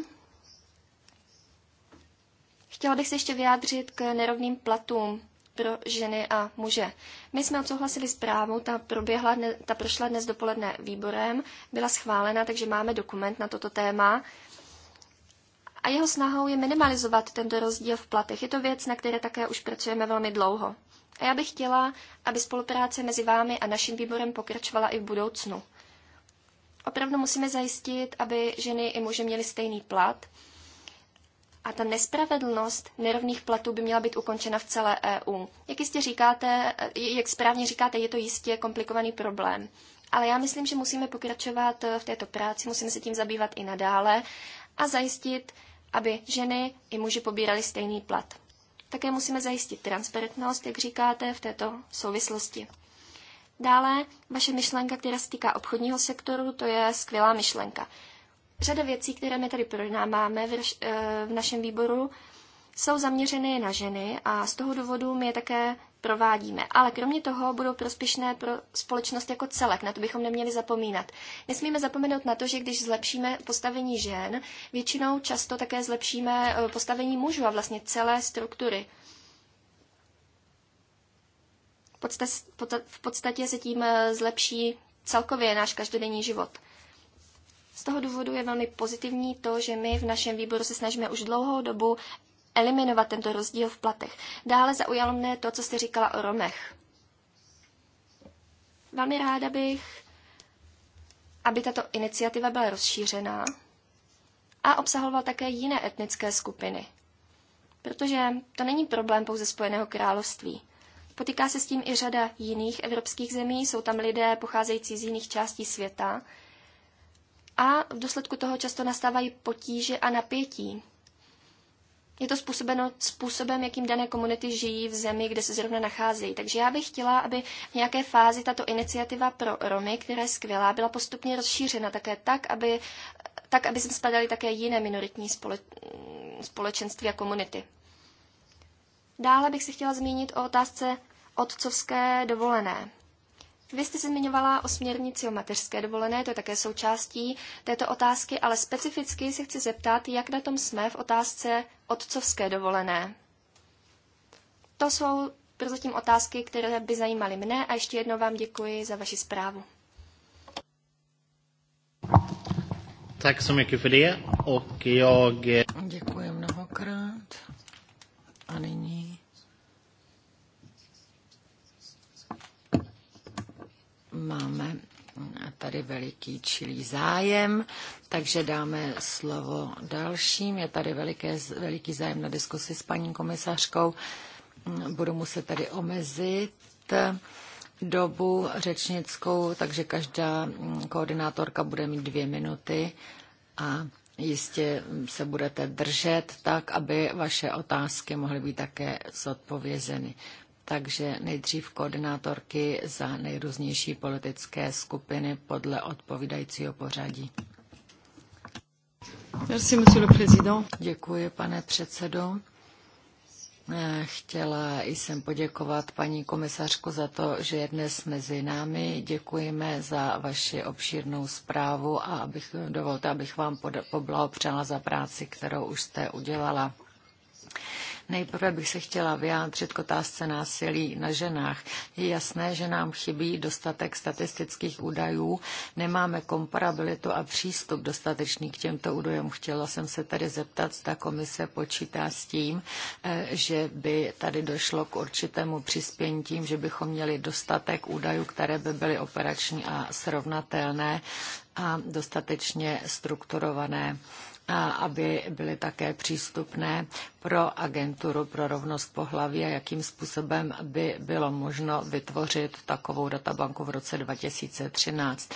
chtěla bych se ještě vyjádřit k nerovným platům pro ženy a muže. My jsme odsouhlasili zprávu, ta, proběhla, dne, ta prošla dnes dopoledne výborem, byla schválena, takže máme dokument na toto téma. A jeho snahou je minimalizovat tento rozdíl v platech. Je to věc, na které také už pracujeme velmi dlouho. A já bych chtěla, aby spolupráce mezi vámi a naším výborem pokračovala i v budoucnu. Opravdu musíme zajistit, aby ženy i muži měli stejný plat, a ta nespravedlnost nerovných platů by měla být ukončena v celé EU. Jak jistě říkáte, jak správně říkáte, je to jistě komplikovaný problém. Ale já myslím, že musíme pokračovat v této práci, musíme se tím zabývat i nadále a zajistit, aby ženy i muži pobírali stejný plat. Také musíme zajistit transparentnost, jak říkáte, v této souvislosti. Dále, vaše myšlenka, která se týká obchodního sektoru, to je skvělá myšlenka. Řada věcí, které my tady projednáváme v, eh, v našem výboru, jsou zaměřeny na ženy a z toho důvodu my je také provádíme. Ale kromě toho budou prospěšné pro společnost jako celek, na to bychom neměli zapomínat. Nesmíme zapomenout na to, že když zlepšíme postavení žen, většinou často také zlepšíme eh, postavení mužů a vlastně celé struktury. V podstatě se tím eh, zlepší celkově náš každodenní život. Z toho důvodu je velmi pozitivní to, že my v našem výboru se snažíme už dlouhou dobu eliminovat tento rozdíl v platech. Dále zaujalo mne to, co jste říkala o Romech. Velmi ráda bych, aby tato iniciativa byla rozšířená a obsahoval také jiné etnické skupiny. Protože to není problém pouze Spojeného království. Potýká se s tím i řada jiných evropských zemí, jsou tam lidé pocházející z jiných částí světa, a v důsledku toho často nastávají potíže a napětí. Je to způsobeno způsobem, jakým dané komunity žijí v zemi, kde se zrovna nacházejí. Takže já bych chtěla, aby v nějaké fázi tato iniciativa pro Romy, která je skvělá, byla postupně rozšířena také tak, aby, tak, aby se spadaly také jiné minoritní spole, společenství a komunity. Dále bych se chtěla zmínit o otázce otcovské dovolené. Vy jste se zmiňovala o směrnici o mateřské dovolené, to je také součástí této otázky, ale specificky se chci zeptat, jak na tom jsme v otázce otcovské dovolené. To jsou prozatím otázky, které by zajímaly mne a ještě jednou vám děkuji za vaši zprávu. Tak så mycket Děkuji Máme tady veliký čilý zájem, takže dáme slovo dalším. Je tady veliké, veliký zájem na diskusi s paní komisařkou. Budu muset tady omezit dobu řečnickou, takže každá koordinátorka bude mít dvě minuty a jistě se budete držet tak, aby vaše otázky mohly být také zodpovězeny takže nejdřív koordinátorky za nejrůznější politické skupiny podle odpovídajícího pořadí. Merci, monsieur le président. Děkuji, pane předsedo. Eh, chtěla jsem poděkovat paní komisařku za to, že je dnes mezi námi. Děkujeme za vaši obšírnou zprávu a abych, dovolte, abych vám poblahopřála za práci, kterou už jste udělala. Nejprve bych se chtěla vyjádřit k otázce násilí na ženách. Je jasné, že nám chybí dostatek statistických údajů, nemáme komparabilitu a přístup dostatečný k těmto údajům. Chtěla jsem se tady zeptat, zda komise počítá s tím, eh, že by tady došlo k určitému přispění tím, že bychom měli dostatek údajů, které by byly operační a srovnatelné a dostatečně strukturované a aby byly také přístupné pro agenturu pro rovnost pohlaví a jakým způsobem by bylo možno vytvořit takovou databanku v roce 2013.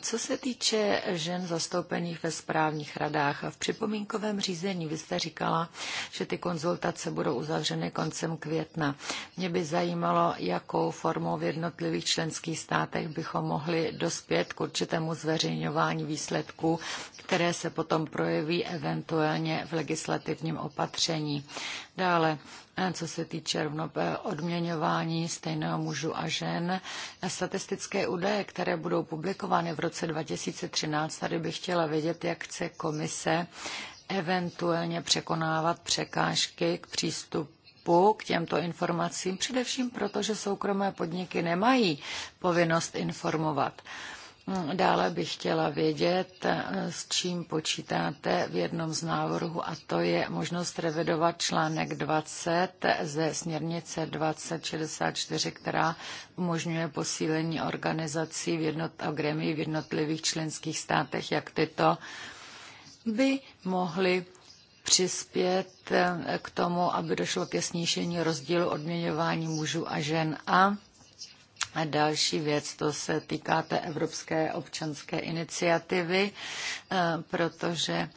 Co se týče žen zastoupených ve správních radách, v připomínkovém řízení vy jste říkala, že ty konzultace budou uzavřeny koncem května. Mě by zajímalo, jakou formou v jednotlivých členských státech bychom mohli dospět k určitému zveřejnění zveřejňování výsledků, které se potom projeví eventuálně v legislativním opatření. Dále, co se týče odměňování stejného mužu a žen, statistické údaje, které budou publikovány v roce 2013, tady bych chtěla vědět, jak chce komise eventuálně překonávat překážky k přístupu přístupu k těmto informacím, především proto, že soukromé podniky nemají povinnost informovat. Dále bych chtěla vědět, s čím počítáte v jednom z návrhů, a to je možnost revidovat článek 20 ze směrnice 2064, která umožňuje posílení organizací v jednot, a gremi v jednotlivých členských státech, jak tyto by mohly přispět eh, k tomu, aby došlo ke snížení rozdílu odměňování mužů a žen a a další věc, to se týká té Evropské občanské iniciativy, eh, protože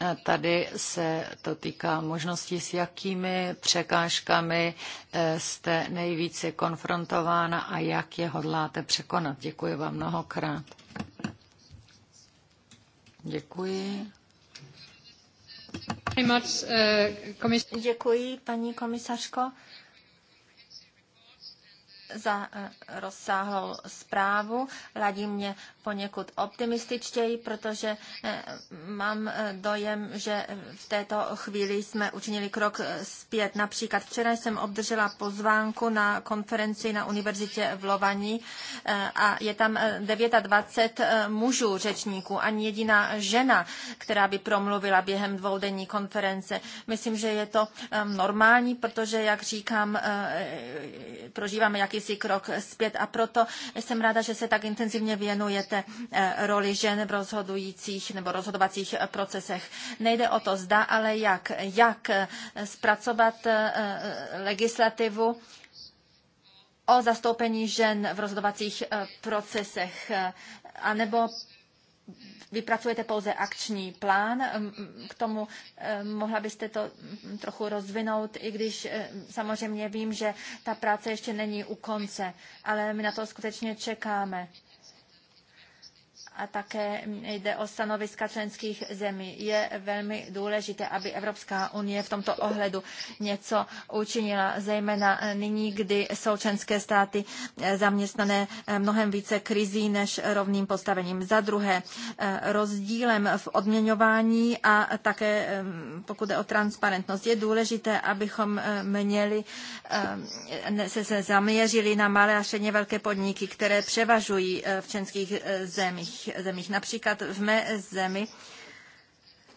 eh, Tady se to týká možností, s jakými překážkami eh, jste nejvíce konfrontována a jak je hodláte překonat. Děkuji vám mnohokrát. Děkuji. Děkuji, paní komisařko za eh, rozsáhlou zprávu. Ladí mě poněkud optimističtěji, protože eh, mám eh, dojem, že v této chvíli jsme učinili krok zpět. Například včera jsem obdržela pozvánku na konferenci na univerzitě v Lovaní a je tam 29 mužů řečníků, ani jediná žena, která by promluvila během dvoudenní konference. Myslím, že je to normální, protože, jak říkám, prožíváme jaký jakýsi krok zpět a proto jsem ráda, že se tak intenzivně věnujete eh, roli žen v rozhodujících nebo rozhodovacích eh, procesech. Nejde o to zda, ale jak. Jak eh, zpracovat legislativu o zastoupení žen v rozhodovacích procesech, anebo vypracujete pouze akční plán. K tomu eh, mohla byste to trochu rozvinout, i když eh, samozřejmě vím, že ta práce ještě není u konce, ale my na to skutečně čekáme a také jde o stanoviska členských zemí. Je velmi důležité, aby Evropská unie v tomto ohledu něco učinila, zejména nyní, kdy jsou členské státy zaměstnané mnohem více krizí než rovným postavením. Za druhé, rozdílem v odměňování a také mm, pokud je o transparentnost, je důležité, abychom mm, měli, mm, se, se zaměřili na malé a středně velké podniky, které převažují v členských zemích zemích. Například v mé zemi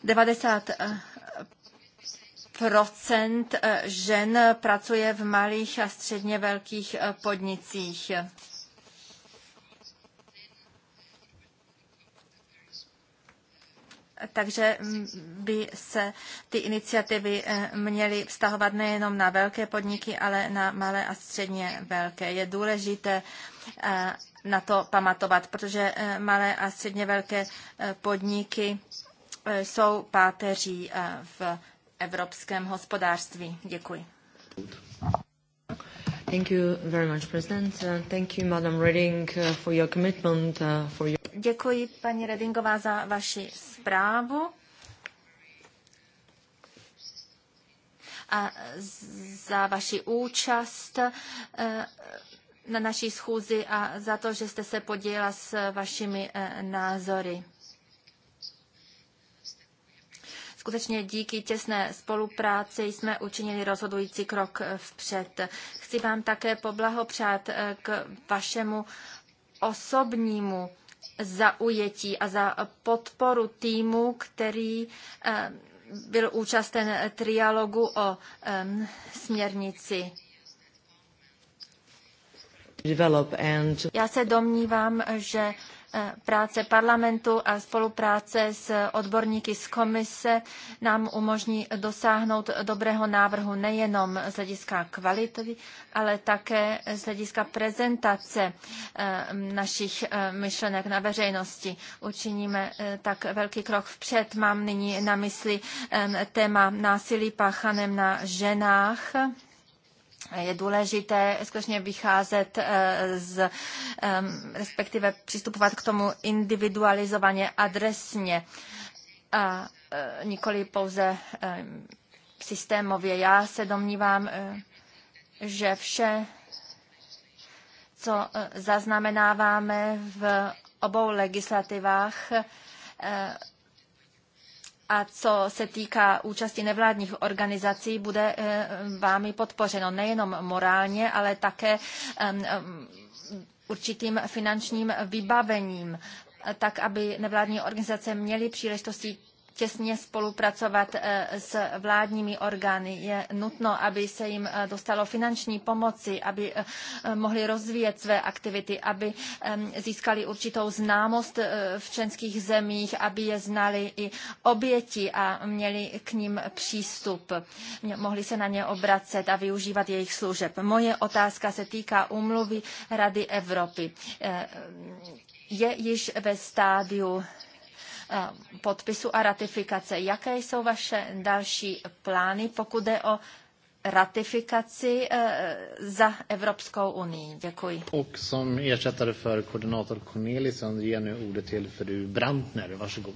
90 eh, procent eh, žen pracuje v malých a středně velkých eh, podnicích. Takže mm, by se ty iniciativy měly vztahovat nejenom na velké podniky, ale na malé a středně velké. Je důležité na to pamatovat, protože eh, malé a středně velké eh, podniky eh, jsou páteří v evropském hospodářství. Děkuji. Thank you very much, President. Uh, thank you, Madam Reding, uh, for your commitment. Uh, Děkuji, paní Redingová, za vaši zprávu. a za vaši účast na naší schůzi a za to, že jste se podělila s vašimi eh, názory. Skutečně díky těsné spolupráci jsme učinili rozhodující krok eh, vpřed. Chci vám také poblahopřát eh, k vašemu osobnímu zaujetí a za podporu týmu, který byl účasten trialogu o směrnici já se domnívám, že eh, práce parlamentu a spolupráce s odborníky z komise nám umožní dosáhnout dobrého návrhu nejenom z hlediska kvality, ale také z hlediska prezentace eh, našich eh, myšlenek na veřejnosti. Učiníme tak velký krok vpřed. Mám nyní na mysli téma násilí páchaném na ženách je důležité skutečně vycházet eh, z, ehm, respektive přistupovat k tomu individualizovaně, adresně a eh, nikoli pouze ehm, systémově. Já se domnívám, eh, že vše, co zaznamenáváme v obou legislativách, a co se týká účasti nevládních organizací, bude eh, vámi podpořeno nejenom morálně, ale také určitým finančním vybavením tak aby nevládní organizace měly příležitosti těsně spolupracovat eh, s vládními orgány. Je nutno, aby se jim eh, dostalo finanční pomoci, aby eh, mohli rozvíjet své aktivity, aby získali určitou známost v členských zemích, aby je znali i oběti a měli k ním přístup. Mohli se na ně obracet a využívat jejich služeb. Moje otázka se týká úmluvy Rady Evropy. Je již ve stádiu podpisu a ratifikace. Jaké jsou vaše další plány, pokud jde o ratifikaci e, za Evropskou unii. Děkuji. Och som ersättare för koordinator Corneliusson ger nu ordet till fru Brandner. Varsågod.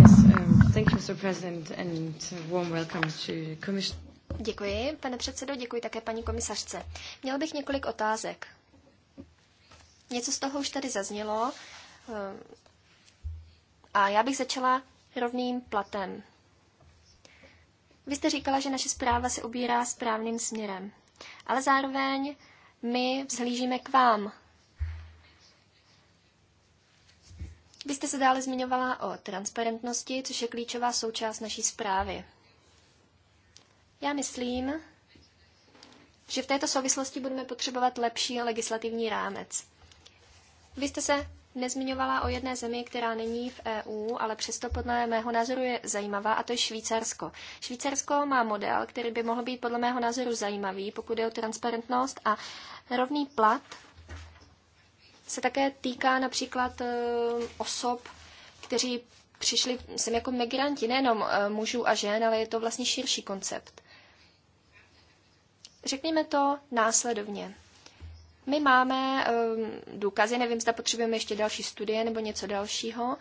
Yes, um, thank you, Mr. President, and warm welcome to commission. Děkuji, pane předsedo, děkuji také paní komisařce. Měl bych několik otázek. Něco z toho už tady zaznělo. Um, a já bych začala rovným platem. Vy jste říkala, že naše zpráva se ubírá správným směrem, ale zároveň my vzhlížíme k vám. Vy jste se dále zmiňovala o transparentnosti, což je klíčová součást naší zprávy. Já myslím, že v této souvislosti budeme potřebovat lepší legislativní rámec. Vy jste se nezmiňovala o jedné zemi, která není v EU, ale přesto podle mého názoru je zajímavá, a to je Švýcarsko. Švýcarsko má model, který by mohl být podle mého názoru zajímavý, pokud je o transparentnost a rovný plat se také týká například e, osob, kteří přišli sem jako migranti, nejenom e, mužů a žen, ale je to vlastně širší koncept. Řekněme to následovně. My máme ehm, důkazy, nevím, zda potřebujeme ještě další studie nebo něco dalšího.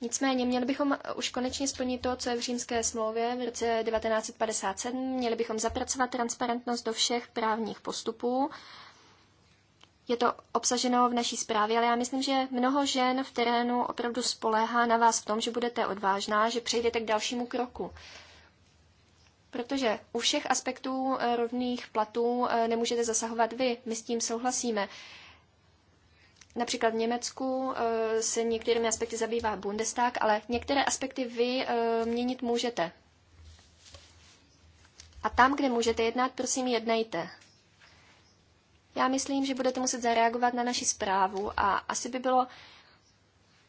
Nicméně měli bychom eh, už konečně splnit to, co je v římské smlouvě v roce 1957. Měli bychom zapracovat transparentnost do všech právních postupů. Je to obsaženo v naší zprávě, ale já myslím, že mnoho žen v terénu opravdu spoléhá na vás v tom, že budete odvážná, že přejdete k dalšímu kroku. Protože u všech aspektů eh, rovných platů eh, nemůžete zasahovat vy, my s tím souhlasíme. Například v Německu eh, se některými aspekty zabývá Bundestag, ale některé aspekty vy měnit můžete. A tam, kde můžete jednat, prosím jednejte. Já myslím, že budete muset zareagovat na naši zprávu a asi by bylo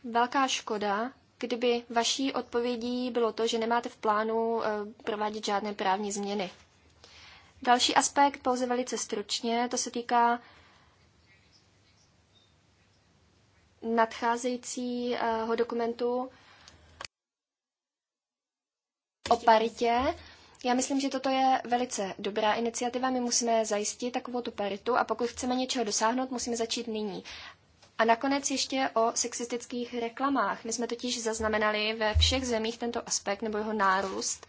velká škoda, kdyby vaší odpovědí bylo to, že nemáte v plánu eh, provádět žádné právní změny. Další aspekt, pouze velice stručně, to se týká nadcházejícího dokumentu o paritě. Já myslím, že toto je velice dobrá iniciativa. My musíme zajistit takovou tu paritu a pokud chceme něčeho dosáhnout, musíme začít nyní. A nakonec ještě o sexistických reklamách. My jsme totiž zaznamenali ve všech zemích tento aspekt nebo jeho nárůst.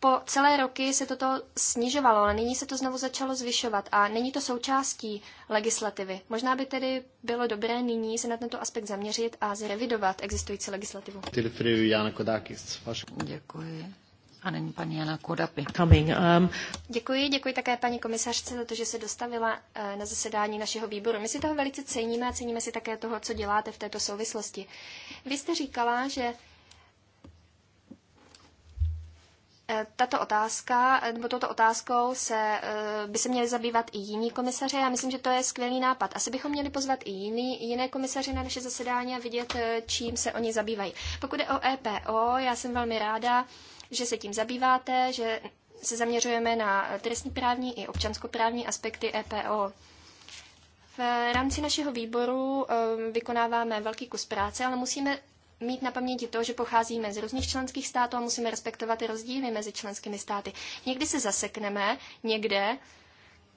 Po celé roky se toto snižovalo, ale nyní se to znovu začalo zvyšovat a není to součástí legislativy. Možná by tedy bylo dobré nyní se na tento aspekt zaměřit a zrevidovat existující legislativu. Děkuji. A paní Jana Kodapy. Coming, um... Děkuji, děkuji také paní komisařce za to, že se dostavila eh, na zasedání našeho výboru. My si toho velice ceníme a ceníme si také toho, co děláte v této souvislosti. Vy jste říkala, že Eh, tato otázka, eh, nebo touto otázkou se, eh, by se měli zabývat i jiní komisaři. Já myslím, že to je skvělý nápad. Asi bychom měli pozvat i jiný, jiné komisaře na naše zasedání a vidět, čím se oni zabývají. Pokud je o EPO, já jsem velmi ráda, že se tím zabýváte, že se zaměřujeme na trestní právní i občanskoprávní aspekty EPO. V rámci našeho výboru vykonáváme velký kus práce, ale musíme mít na paměti to, že pocházíme z různých členských států a musíme respektovat i rozdíly mezi členskými státy. Někdy se zasekneme, někde,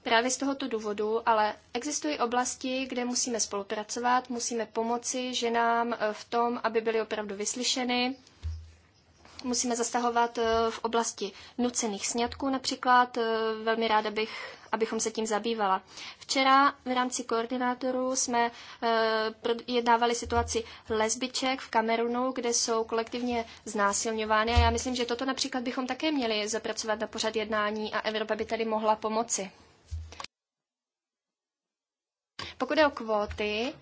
Právě z tohoto důvodu, ale existují oblasti, kde musíme spolupracovat, musíme pomoci ženám eh, v tom, aby byly opravdu vyslyšeny. Musíme zastahovat eh, v oblasti nucených sňatků například. Eh, velmi ráda bych abychom se tím zabývala. Včera v rámci koordinátorů jsme e, jednávali situaci lesbiček v Kamerunu, kde jsou kolektivně znásilňovány a já myslím, že toto například bychom také měli zapracovat na pořad jednání a Evropa by tady mohla pomoci. Pokud je o kvóty,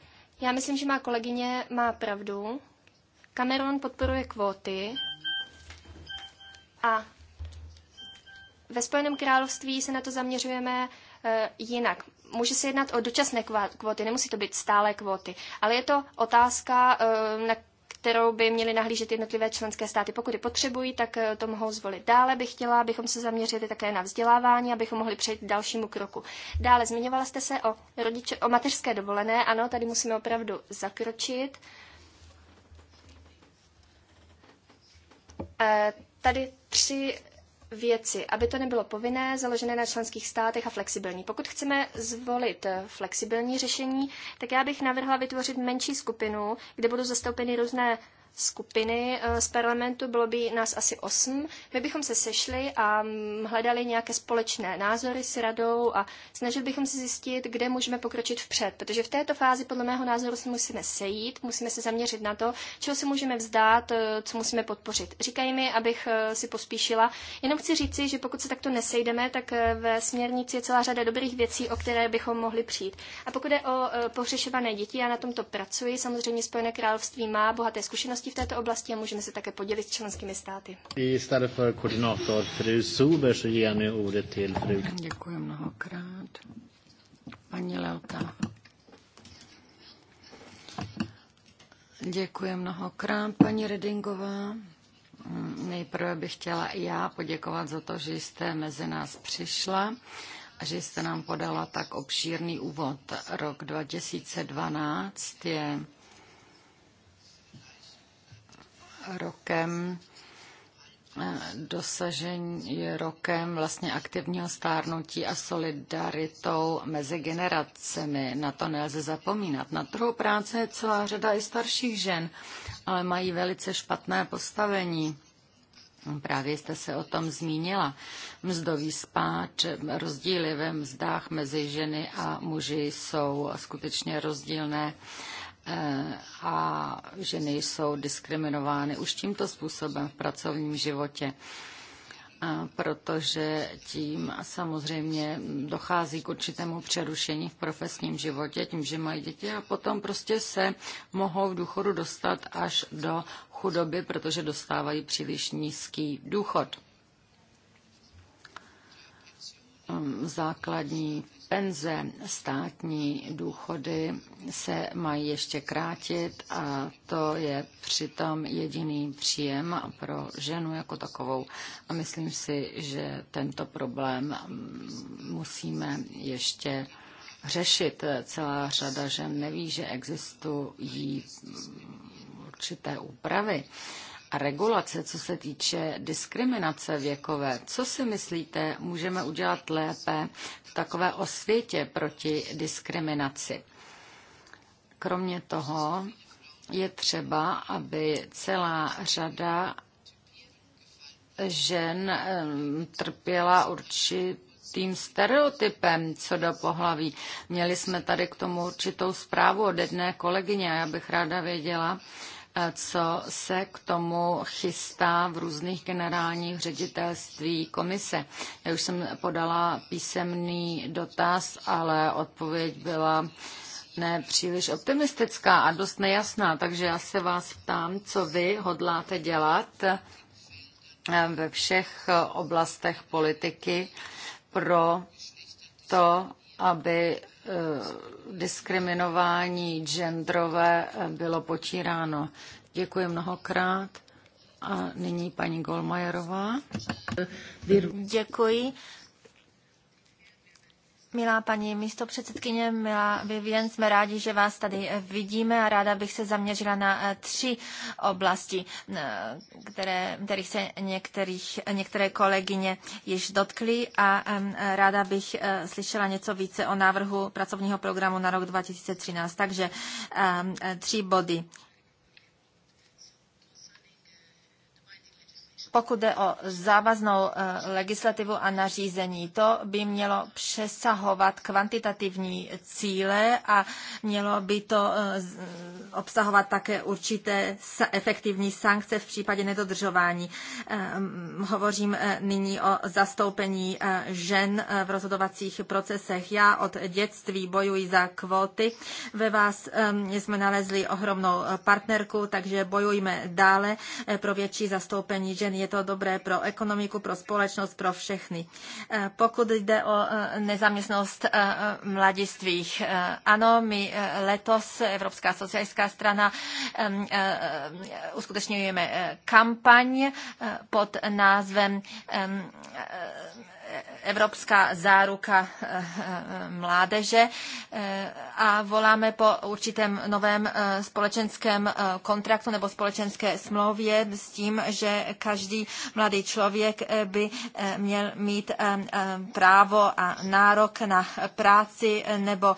já myslím, že má kolegyně má pravdu. Kamerun podporuje kvóty a ve Spojeném království se na to zaměřujeme eh, jinak. Může se jednat o dočasné kvóty, nemusí to být stále kvóty, ale je to otázka, eh, na kterou by měly nahlížet jednotlivé členské státy. Pokud je potřebují, tak eh, to mohou zvolit. Dále bych chtěla, abychom se zaměřili také na vzdělávání, abychom mohli přejít k dalšímu kroku. Dále zmiňovala jste se o, rodiče, o mateřské dovolené. Ano, tady musíme opravdu zakročit. Tady tři věci, aby to nebylo povinné, založené na členských státech a flexibilní. Pokud chceme zvolit flexibilní řešení, tak já bych navrhla vytvořit menší skupinu, kde budou zastoupeny různé skupiny eh, z parlamentu, bylo by nás asi osm. My bychom se sešli a mm, hledali nějaké společné názory s radou a snažili bychom se zjistit, kde můžeme pokročit vpřed, protože v této fázi podle mého názoru se musíme sejít, musíme se zaměřit na to, čeho se můžeme vzdát, eh, co musíme podpořit. Říkají mi, abych eh, si pospíšila. Jenom chci říci, že pokud se takto nesejdeme, tak ve směrnici je celá řada dobrých věcí, o které bychom mohli přijít. A pokud je o pohřešované děti, já na tomto pracuji. Samozřejmě Spojené království má bohaté zkušenosti v této oblasti a můžeme se také podělit s členskými státy. Děkuji mnohokrát. Paní Lelka. Děkuji mnohokrát, paní Redingová. Nejprve bych chtěla i já poděkovat za to, že jste mezi nás přišla a že jste nám podala tak obšírný úvod. Rok 2012 je rokem eh, dosažení rokem vlastně aktivního stárnutí a solidaritou mezi generacemi. Na to nelze zapomínat. Na trhu práce je celá řada i starších žen, ale mají velice špatné postavení. Právě jste se o tom zmínila. Mzdový spáč, rozdíly ve mzdách mezi ženy a muži jsou skutečně rozdílné. Uh, Eh, a že nejsou diskriminovány už tímto způsobem v pracovním životě eh, protože tím samozřejmě dochází k určitému přerušení v profesním životě, tím, že mají děti a potom prostě se mohou v důchodu dostat až do chudoby, protože dostávají příliš nízký důchod. Ehm, základní penze, státní důchody se mají ještě krátit a to je přitom jediný příjem pro ženu jako takovou. A myslím si, že tento problém musíme ještě řešit. Celá řada žen neví, že existují určité úpravy a regulace, co se týče diskriminace věkové. Co si myslíte, můžeme udělat lépe v takové osvětě proti diskriminaci? Kromě toho je třeba, aby celá řada žen trpěla určitě stereotypem co do pohlaví. Měli jsme tady k tomu určitou zprávu od jedné kolegyně a já bych ráda věděla, Eh, co se k tomu chystá v různých generálních ředitelství komise. Já už jsem podala písemný dotaz, ale odpověď byla ne příliš optimistická a dost nejasná, takže já se vás ptám, co vy hodláte dělat eh, ve všech oblastech politiky pro to, aby Eh, diskriminování genderové eh, bylo potíráno. Děkuji mnohokrát. A nyní paní Golmajerová. Děkuji. Milá paní místo předsedkyně, milá Vivien, jsme rádi, že vás tady eh, vidíme a ráda bych se zaměřila na eh, tři oblasti, eh, které, kterých se některých, některé kolegyně již dotkly a ráda bych slyšela něco více o návrhu pracovního programu na rok 2013. Takže tři body. pokud jde o závaznou eh, legislativu a nařízení, to by mělo přesahovat kvantitativní cíle a mělo by to eh, obsahovat také určité efektivní sankce v případě nedodržování. Ehm, hovořím eh, nyní o zastoupení žen v rozhodovacích procesech. Já od dětství bojuji za kvóty. Ve vás ehm, jsme nalezli ohromnou partnerku, takže bojujme dále pro větší zastoupení ženy je to dobré pro ekonomiku, pro společnost, pro všechny. Eh, pokud jde o eh, nezaměstnost eh, mladistvých, ano, my letos Evropská socialistická strana uskutečňujeme kampaň pod názvem Evropská záruka eh, eh, mládeže eh, a voláme po určitém novém společenském kontraktu nebo společenské smlouvě s tím, že každý mladý člověk by měl mít právo a nárok na práci nebo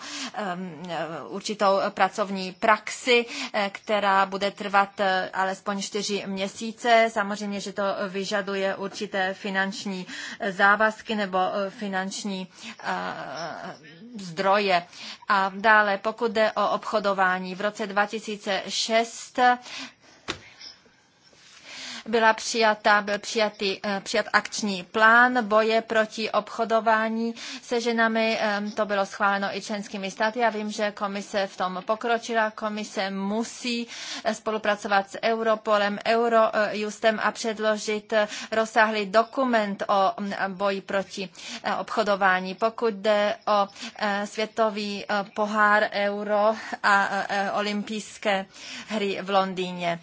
určitou pracovní praxi, která bude trvat alespoň čtyři měsíce. Samozřejmě, že to vyžaduje určité finanční závazky prostředky nebo eh, finanční eh, zdroje. A dále, pokud jde o obchodování, v roce 2006 byla přijata, byl přijatý, eh, přijat akční plán boje proti obchodování se ženami. To bylo schváleno i členskými státy. Já vím, že komise v tom pokročila. Komise musí eh, spolupracovat s Europolem, Eurojustem a předložit eh, rozsáhlý dokument o mm, boji proti obchodování. Pokud jde o světový pohár euro a olympijské hry v Londýně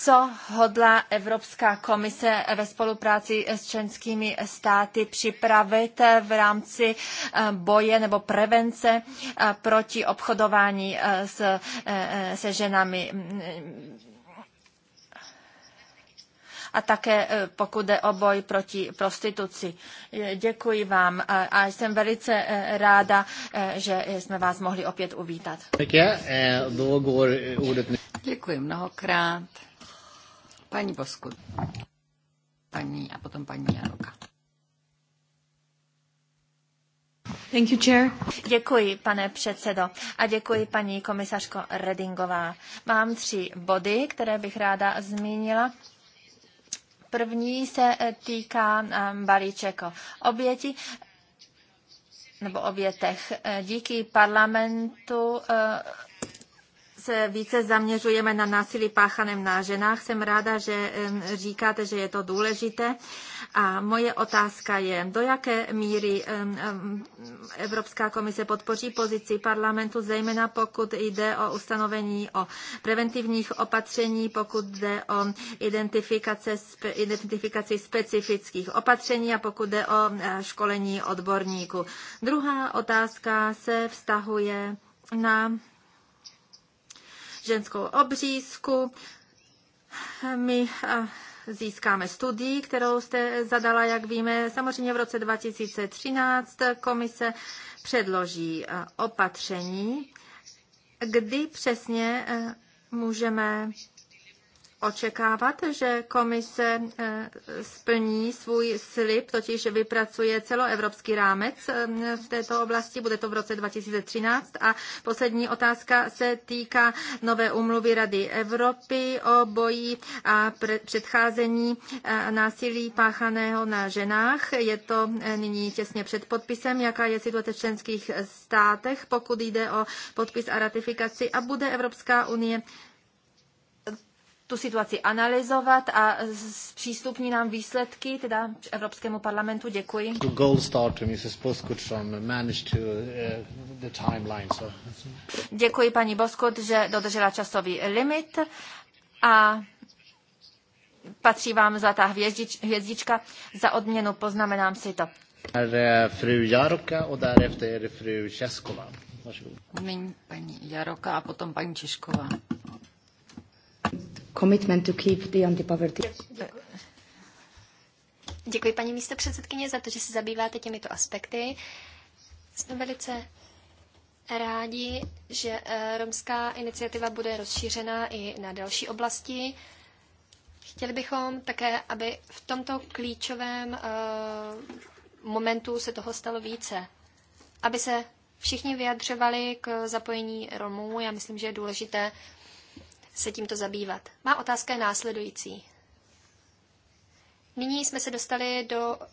co hodlá Evropská komise ve spolupráci s členskými státy připravit v rámci eh, boje nebo prevence eh, proti obchodování eh, s, se ženami a také pokud jde o boj proti prostituci. Děkuji vám a jsem velice ráda, že jsme vás mohli opět uvítat. Děkuji mnohokrát. Paní Bosku. Paní a potom paní Jaroka. Thank you, chair. Děkuji, pane předsedo, a děkuji, paní komisařko Redingová. Mám tři body, které bych ráda zmínila. První se eh, týká eh, balíček oběti nebo obětech. Eh, díky parlamentu se více zaměřujeme na násilí páchaném na ženách. Jsem ráda, že říkáte, že je to důležité. A moje otázka je, do jaké míry Evropská komise podpoří pozici parlamentu, zejména pokud jde o ustanovení o preventivních opatření, pokud jde o identifikace, identifikaci specifických opatření a pokud jde o e, školení odborníků. Druhá otázka se vztahuje na ženskou obřízku. My získáme studii, kterou jste zadala, jak víme. Samozřejmě v roce 2013 komise předloží opatření, kdy přesně můžeme očekávat, že komise eh, splní svůj slib, totiž vypracuje celoevropský rámec eh, v této oblasti, bude to v roce 2013. A poslední otázka se týká nové umluvy Rady Evropy o boji a předcházení eh, násilí páchaného na ženách. Je to nyní těsně před podpisem, jaká je situace v členských státech, pokud jde o podpis a ratifikaci a bude Evropská unie tu situaci analyzovat a zpřístupní nám výsledky, teda Evropskému parlamentu. Děkuji. Uh, Děkuji paní Boskot, že dodržela časový limit a patří vám za hvězdič, hvězdička. Za odměnu poznamenám si to. Jaroka Nyní paní Jaroka a potom paní Češková commitment to keep the anti-poverty. Děkuji paní místo předsedkyně za to, že se zabýváte těmito aspekty. Jsme velice rádi, že eh, romská iniciativa bude rozšířena i na další oblasti. Chtěli bychom také, aby v tomto klíčovém eh, momentu se toho stalo více. Aby se všichni vyjadřovali k zapojení Romů. Já myslím, že je důležité se tímto zabývat. Má otázka je následující. Nyní jsme se dostali do uh,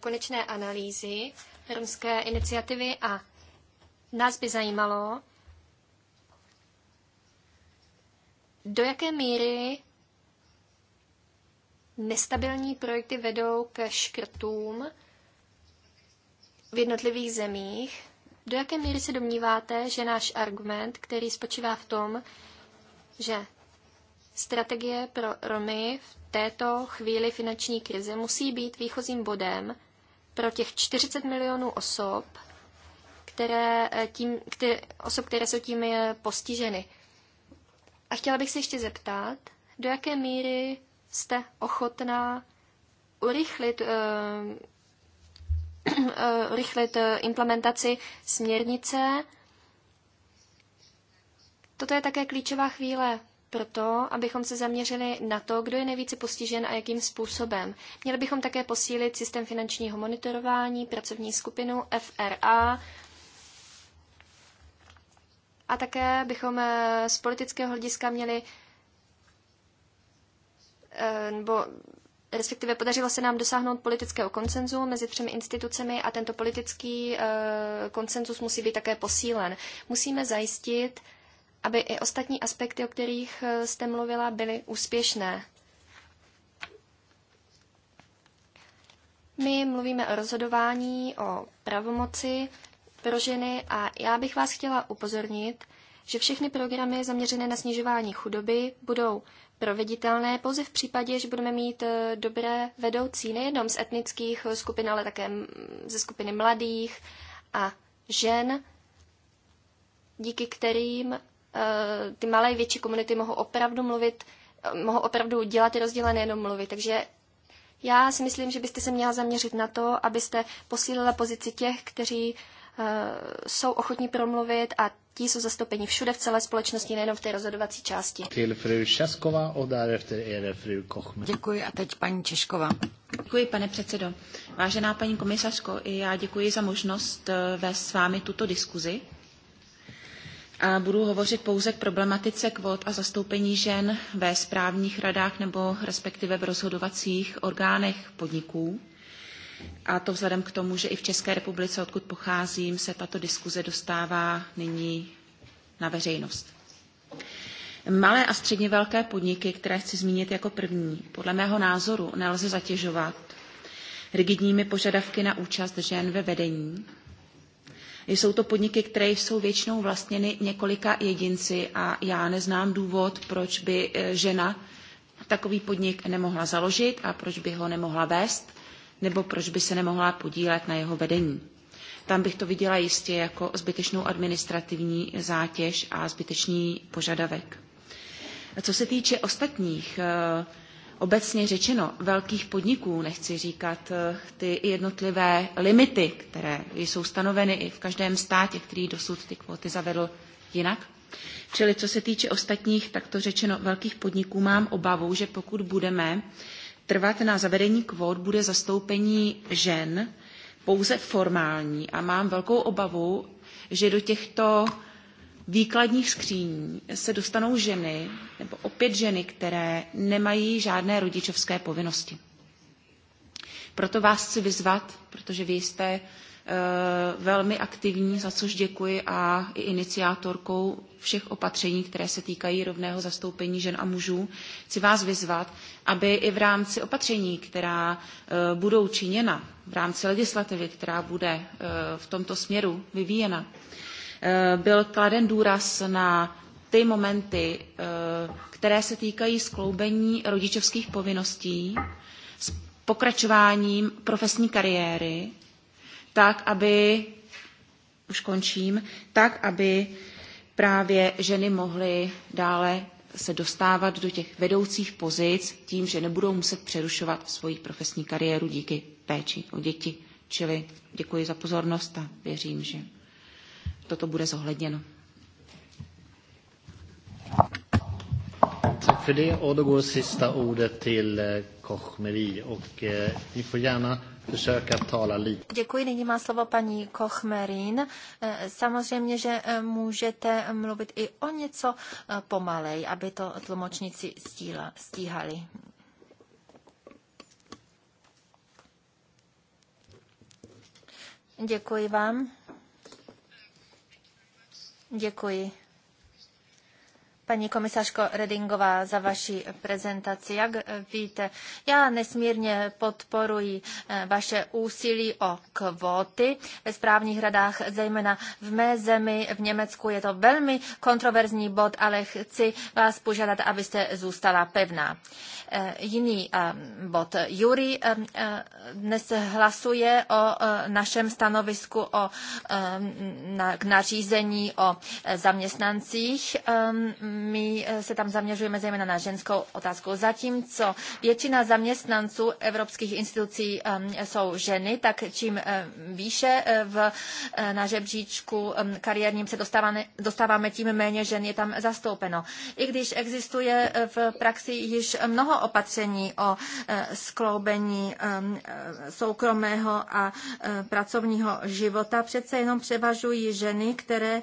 konečné analýzy romské iniciativy a nás by zajímalo, do jaké míry nestabilní projekty vedou ke škrtům v jednotlivých zemích. Do jaké míry se domníváte, že náš argument, který spočívá v tom, že strategie pro Romy v této chvíli finanční krize musí být výchozím bodem pro těch 40 milionů osob, které eh, tím, které, osob, které jsou tím eh, postiženy. A chtěla bych se ještě zeptat, do jaké míry jste ochotná urychlit, uh, uh, urychlit implementaci směrnice Toto je také klíčová chvíle proto, abychom se zaměřili na to, kdo je nejvíce postižen a jakým způsobem. Měli bychom také posílit systém finančního monitorování, pracovní skupinu FRA a také bychom eh, z politického hlediska měli eh, nebo respektive podařilo se nám dosáhnout politického konsenzu mezi třemi institucemi a tento politický eh, konsenzus musí být také posílen. Musíme zajistit, aby i ostatní aspekty, o kterých eh, jste mluvila, byly úspěšné. My mluvíme o rozhodování, o pravomoci pro ženy a já bych vás chtěla upozornit, že všechny programy zaměřené na snižování chudoby budou proveditelné pouze v případě, že budeme mít eh, dobré vedoucí nejenom z etnických eh, skupin, ale také ze skupiny mladých a žen, díky kterým Eh, ty malé větší komunity mohou opravdu mluvit, eh, mohou opravdu dělat ty rozdíly, nejenom mluvit. Takže já si myslím, že byste se měla zaměřit na to, abyste posílila pozici těch, kteří eh, jsou ochotní promluvit a ti jsou zastoupeni všude v celé společnosti, nejenom v té rozhodovací části. Děkuji a teď paní Češková. Děkuji, pane předsedo. Vážená paní komisařko, já děkuji za možnost vést s vámi tuto diskuzi a budu hovořit pouze k problematice kvót a zastoupení žen ve správních radách nebo respektive v rozhodovacích orgánech podniků. A to vzhledem k tomu, že i v České republice, odkud pocházím, se tato diskuze dostává nyní na veřejnost. Malé a středně velké podniky, které chci zmínit jako první, podle mého názoru nelze zatěžovat rigidními požadavky na účast žen ve vedení, jsou to podniky, které jsou většinou vlastněny několika jedinci a já neznám důvod, proč by eh, žena takový podnik nemohla založit a proč by ho nemohla vést nebo proč by se nemohla podílet na jeho vedení. Tam bych to viděla jistě jako zbytečnou administrativní zátěž a zbytečný požadavek. Co se týče ostatních, eh, obecně řečeno velkých podniků, nechci říkat eh, ty jednotlivé limity, které jsou stanoveny i v každém státě, který dosud ty kvóty zavedl jinak. Čili co se týče ostatních, tak to řečeno velkých podniků, mám obavu, že pokud budeme trvat na zavedení kvót, bude zastoupení žen pouze formální a mám velkou obavu, že do těchto výkladních skříní se dostanou ženy, nebo opět ženy, které nemají žádné rodičovské povinnosti. Proto vás chci vyzvat, protože vy jste eh, velmi aktivní, za což děkuji a i iniciátorkou všech opatření, které se týkají rovného zastoupení žen a mužů. Chci vás vyzvat, aby i v rámci opatření, která eh, budou činěna, v rámci legislativy, která bude eh, v tomto směru vyvíjena, Eh, byl kladen důraz na ty momenty, eh, které se týkají skloubení rodičovských povinností s pokračováním profesní kariéry, tak, aby, už končím, tak, aby právě ženy mohly dále se dostávat do těch vedoucích pozic tím, že nebudou muset přerušovat svoji profesní kariéru díky péči o děti. Čili děkuji za pozornost a věřím, že toto bude zohledněno. Tack för det. Och då går sista ordet till eh, Kochmeri. Och eh, ni får gärna försöka tala lite. Děkuji, nyní má slovo paní Kochmerin. Eh, samozřejmě, že eh, můžete mluvit i o něco pomalej, aby to tlumočníci stíla, stíhali. Děkuji vám. Děkuji. Paní komisařko Redingová, za vaši prezentaci. Jak eh, víte, já nesmírně podporuji eh, vaše úsilí o kvóty ve správních radách, zejména v mé zemi, v Německu. Je to velmi kontroverzní bod, ale chci vás požádat, abyste zůstala pevná. Eh, jiný bod. Jury dnes hlasuje o našem stanovisku o, k nařízení o zaměstnancích my eh, se tam zaměřujeme zejména na ženskou otázku. Zatímco většina zaměstnanců evropských institucí ehm, jsou ženy, tak čím eh, výše eh, v, na žebříčku ehm, kariérním se dostáváme, dostáváme, tím méně žen je tam zastoupeno. I když existuje v praxi již mnoho opatření o skloubení ehm, soukromého a pracovního života, přece jenom převažují ženy, které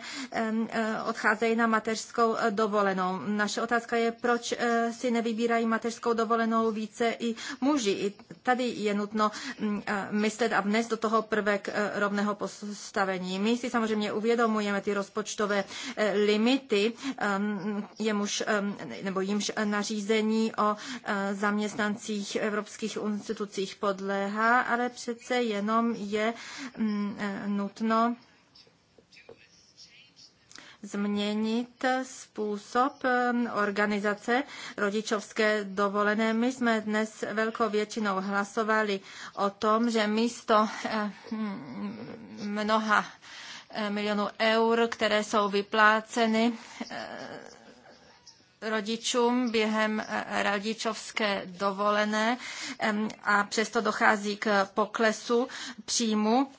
odcházejí na mateřskou dovolenou dovolenou. Naše otázka je, proč eh, si nevybírají mateřskou dovolenou více i muži. I tady je nutno mm, eh, myslet a vnes do toho prvek eh, rovného postavení. My si samozřejmě uvědomujeme ty rozpočtové limity, ehm, jemuž, ehm, nebo jimž nařízení o zaměstnancích evropských institucích podléhá, ale přece jenom je mm, nutno změnit způsob um, organizace rodičovské dovolené. My jsme dnes velkou většinou hlasovali o tom, že místo eh, hm, mnoha eh, milionů eur, které jsou vypláceny eh, rodičům během rodičovské dovolené a přesto dochází k poklesu příjmu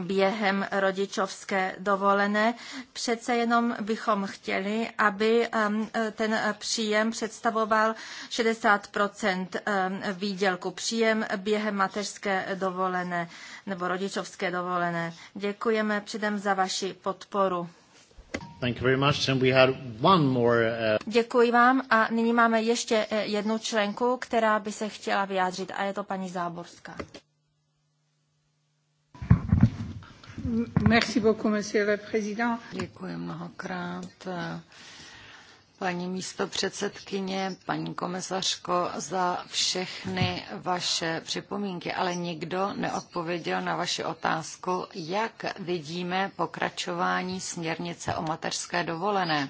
během rodičovské dovolené. Přece jenom bychom chtěli, aby um, ten příjem představoval 60 um, výdělku. Příjem během mateřské dovolené nebo rodičovské dovolené. Děkujeme předem za vaši podporu. Thank you very much. And we had one more, uh... Děkuji vám a nyní máme ještě eh, jednu členku, která by se chtěla vyjádřit a je to paní Záborská. Děkuji mnohokrát. Eh, paní místo předsedkyně, paní komisařko, za všechny vaše připomínky, ale nikdo neodpověděl na vaši otázku, jak vidíme pokračování směrnice o mateřské dovolené.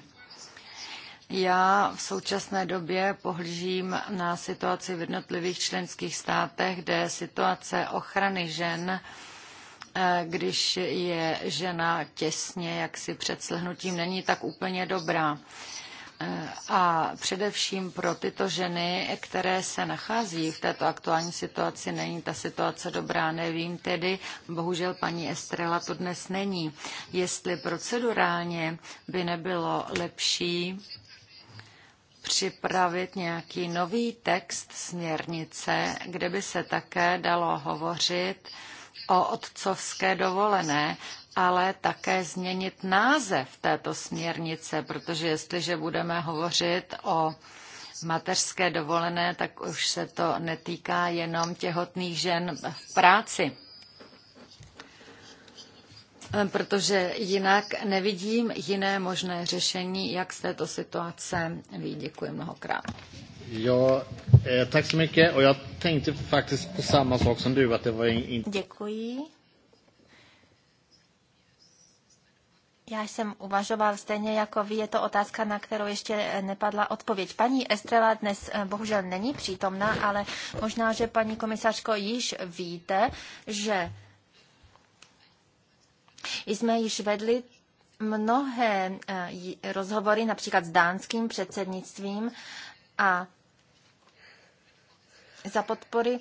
Já v současné době pohlížím na situaci v jednotlivých členských státech, kde situace ochrany žen Eh, když je žena těsně jaksi před slhnutím, není tak úplně dobrá. Eh, a především pro tyto ženy, které se nachází v této aktuální situaci, není ta situace dobrá, nevím tedy, bohužel paní Estrela to dnes není. Jestli procedurálně by nebylo lepší připravit nějaký nový text směrnice, kde by se také dalo hovořit o otcovské dovolené, ale také změnit název této směrnice, protože jestliže budeme hovořit o mateřské dovolené, tak už se to netýká jenom těhotných žen v práci. Protože jinak nevidím jiné možné řešení, jak z této situace vy. Děkuji mnohokrát eh, så mycket. Och jag tänkte faktiskt på samma sak som du, att det var in... Děkuji. Já jsem uvažoval stejně jako vy, je to otázka, na kterou ještě eh, nepadla odpověď. Paní Estrela dnes eh, bohužel není přítomná, ale možná, že paní komisařko již víte, že jsme již vedli mnohé eh, rozhovory, například s dánským předsednictvím a za podpory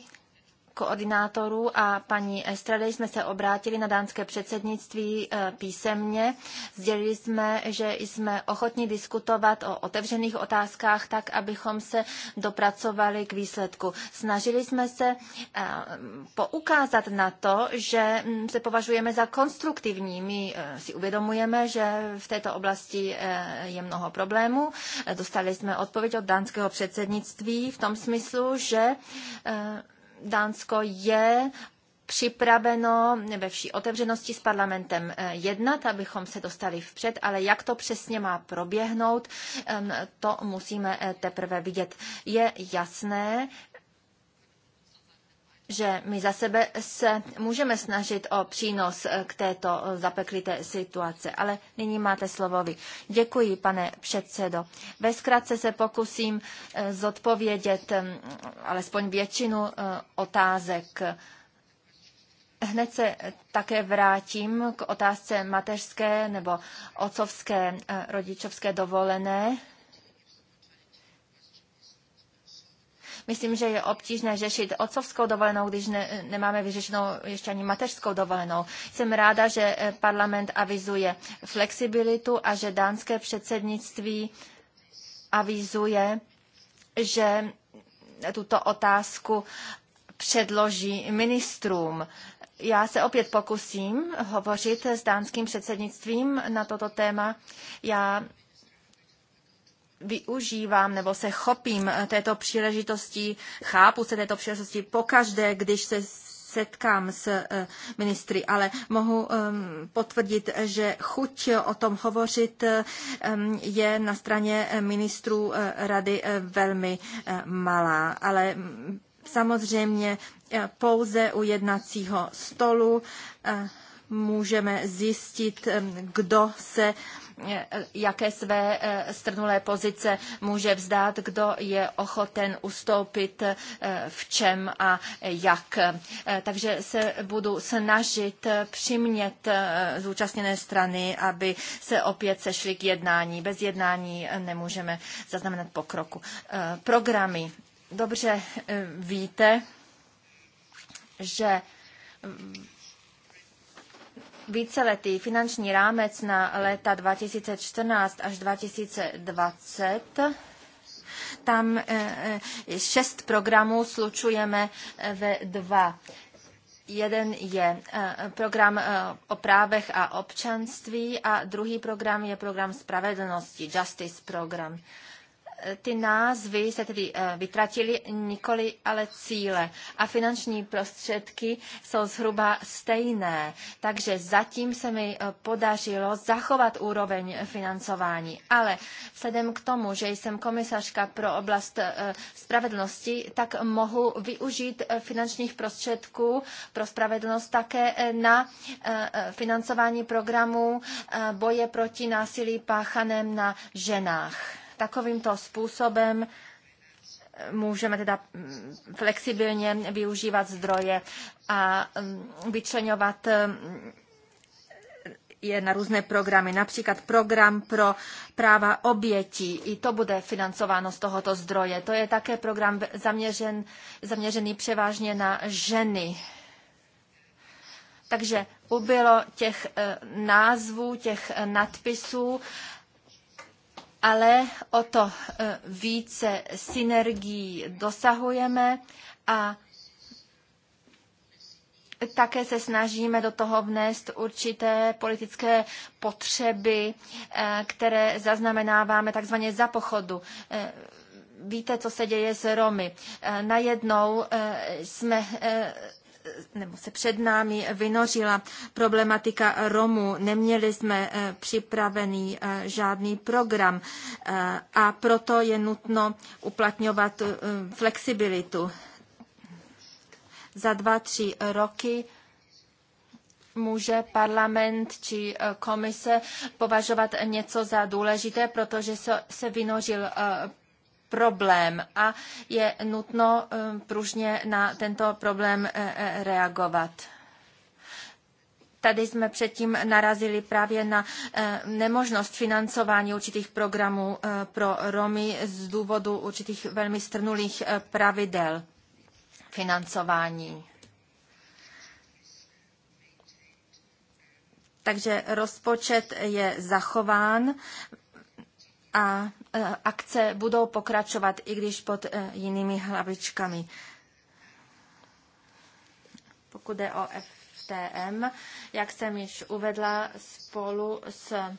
koordinátorů a paní Estrady jsme se obrátili na dánské předsednictví eh, písemně. Sdělili jsme, že jsme ochotni diskutovat o otevřených otázkách tak, abychom se dopracovali k výsledku. Snažili jsme se eh, poukázat na to, že hm, se považujeme za konstruktivní. My eh, si uvědomujeme, že v této oblasti je mnoho problémů. Dostali jsme odpověď od dánského předsednictví v tom smyslu, že Dánsko je připraveno ve vší otevřenosti s parlamentem eh, jednat, abychom se dostali vpřed, ale jak to přesně má proběhnout, to musíme eh, teprve vidět. Je jasné, že my za sebe se můžeme snažit o přínos eh, k této eh, zapeklité situace, ale nyní máte slovo vy. Děkuji, pane předsedo. Ve zkratce se pokusím eh, zodpovědět mm, alespoň většinu otázek. Hned se také vrátím k otázce mateřské nebo otcovské rodičovské dovolené Myslím, že je obtížné řešit otcovskou dovolenou, když ne, nemáme vyřešenou ještě ani mateřskou dovolenou. Jsem ráda, že eh, parlament avizuje flexibilitu a že dánské předsednictví avizuje, že tuto otázku předloží ministrům. Já se opět pokusím hovořit s dánským předsednictvím na toto téma. Já využívám nebo se chopím eh, této příležitosti, chápu se této příležitosti pokaždé, když se setkám s eh, ministry, ale mohu ehm, potvrdit, že chuť o tom hovořit ehm, je na straně eh, ministrů rady velmi malá, ale mm, samozřejmě pouze u jednacího stolu můžeme zjistit, ehm, kdo se jaké své eh, strnulé pozice může vzdát, kdo je ochoten ustoupit eh, v čem a jak. Eh, takže se budu snažit přimět zúčastněné strany, aby se opět sešly k jednání. Bez jednání nemůžeme zaznamenat pokroku. Programy. Dobře víte, že víceletý finanční rámec na léta 2014 až 2020 tam eh, eh, šest programů slučujeme eh, ve dva. Jeden je program o právech a občanství a druhý program je program spravedlnosti, Justice program ty názvy se tedy eh, vytratily, nikoli ale cíle. A finanční prostředky jsou zhruba stejné. Takže zatím se mi eh, podařilo zachovat úroveň financování. Ale vzhledem k tomu, že jsem komisařka pro oblast eh, spravedlnosti, tak mohu využít finančních prostředků pro spravedlnost také na financování programů boje proti násilí páchaném na ženách. Takovýmto způsobem můžeme teda mm, flexibilně využívat zdroje a mm, vyčlenovat mm, je na různé programy, například program pro práva obětí, i to bude financováno z tohoto zdroje. To je také program zaměřen, zaměřený převážně na ženy. Takže ubylo těch eh, názvů, těch eh, nadpisů, ale o to e, více synergií dosahujeme a také se snažíme do toho vnést určité politické potřeby, e, které zaznamenáváme takzvaně za pochodu e, víte, co se děje s Romy. Najednou jsme Eh, nebo se před námi vynořila problematika Romů. Neměli jsme eh, připravený eh, žádný program a proto je nutno uplatňovat flexibilitu. Za dva, tři roky může parlament či komise považovat něco za důležité, protože se vynořil problém a je nutno eh, pružně na tento problém eh, eh, reagovat tady jsme předtím narazili právě na nemožnost financování určitých programů pro Romy z důvodu určitých velmi strnulých pravidel financování. Takže rozpočet je zachován a e, akce budou pokračovat, i když pod e, jinými hlavičkami. Pokud je o FTM, jak jsem již uvedla, spolu s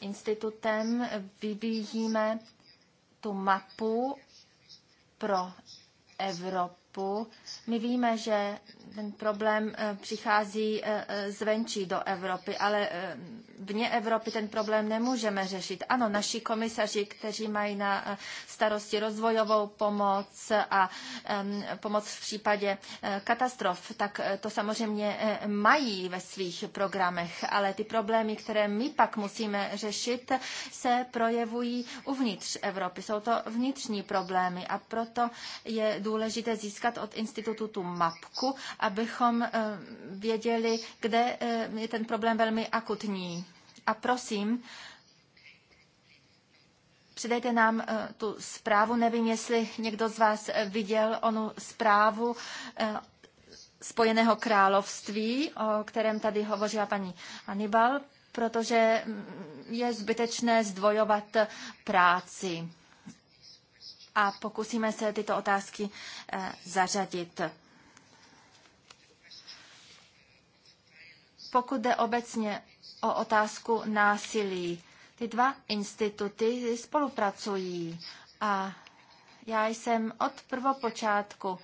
institutem vyvíjíme tu mapu pro Evropu. My víme, že ten problém e, přichází zvenčí do Evropy, ale vně Evropy ten problém nemůžeme řešit. Ano, naši komisaři, kteří mají na eh, starosti rozvojovou pomoc a pomoc v případě eh, katastrof, tak eh, to samozřejmě mají ve svých programech, ale ty problémy, které my pak musíme řešit, se projevují uvnitř Evropy. Jsou to vnitřní problémy a proto je důležité získat od institutu tu mapku, abychom věděli, kde je ten problém velmi akutní. A prosím, Předejte nám eh, tu zprávu. Nevím, jestli někdo z vás eh, viděl onu zprávu eh, Spojeného království, o kterém tady hovořila paní Anibal, protože mm, je zbytečné zdvojovat práci. A pokusíme se tyto otázky zařadit. Pokud jde obecně o otázku násilí. Ty dva instituty spolupracují a já jsem od prvopočátku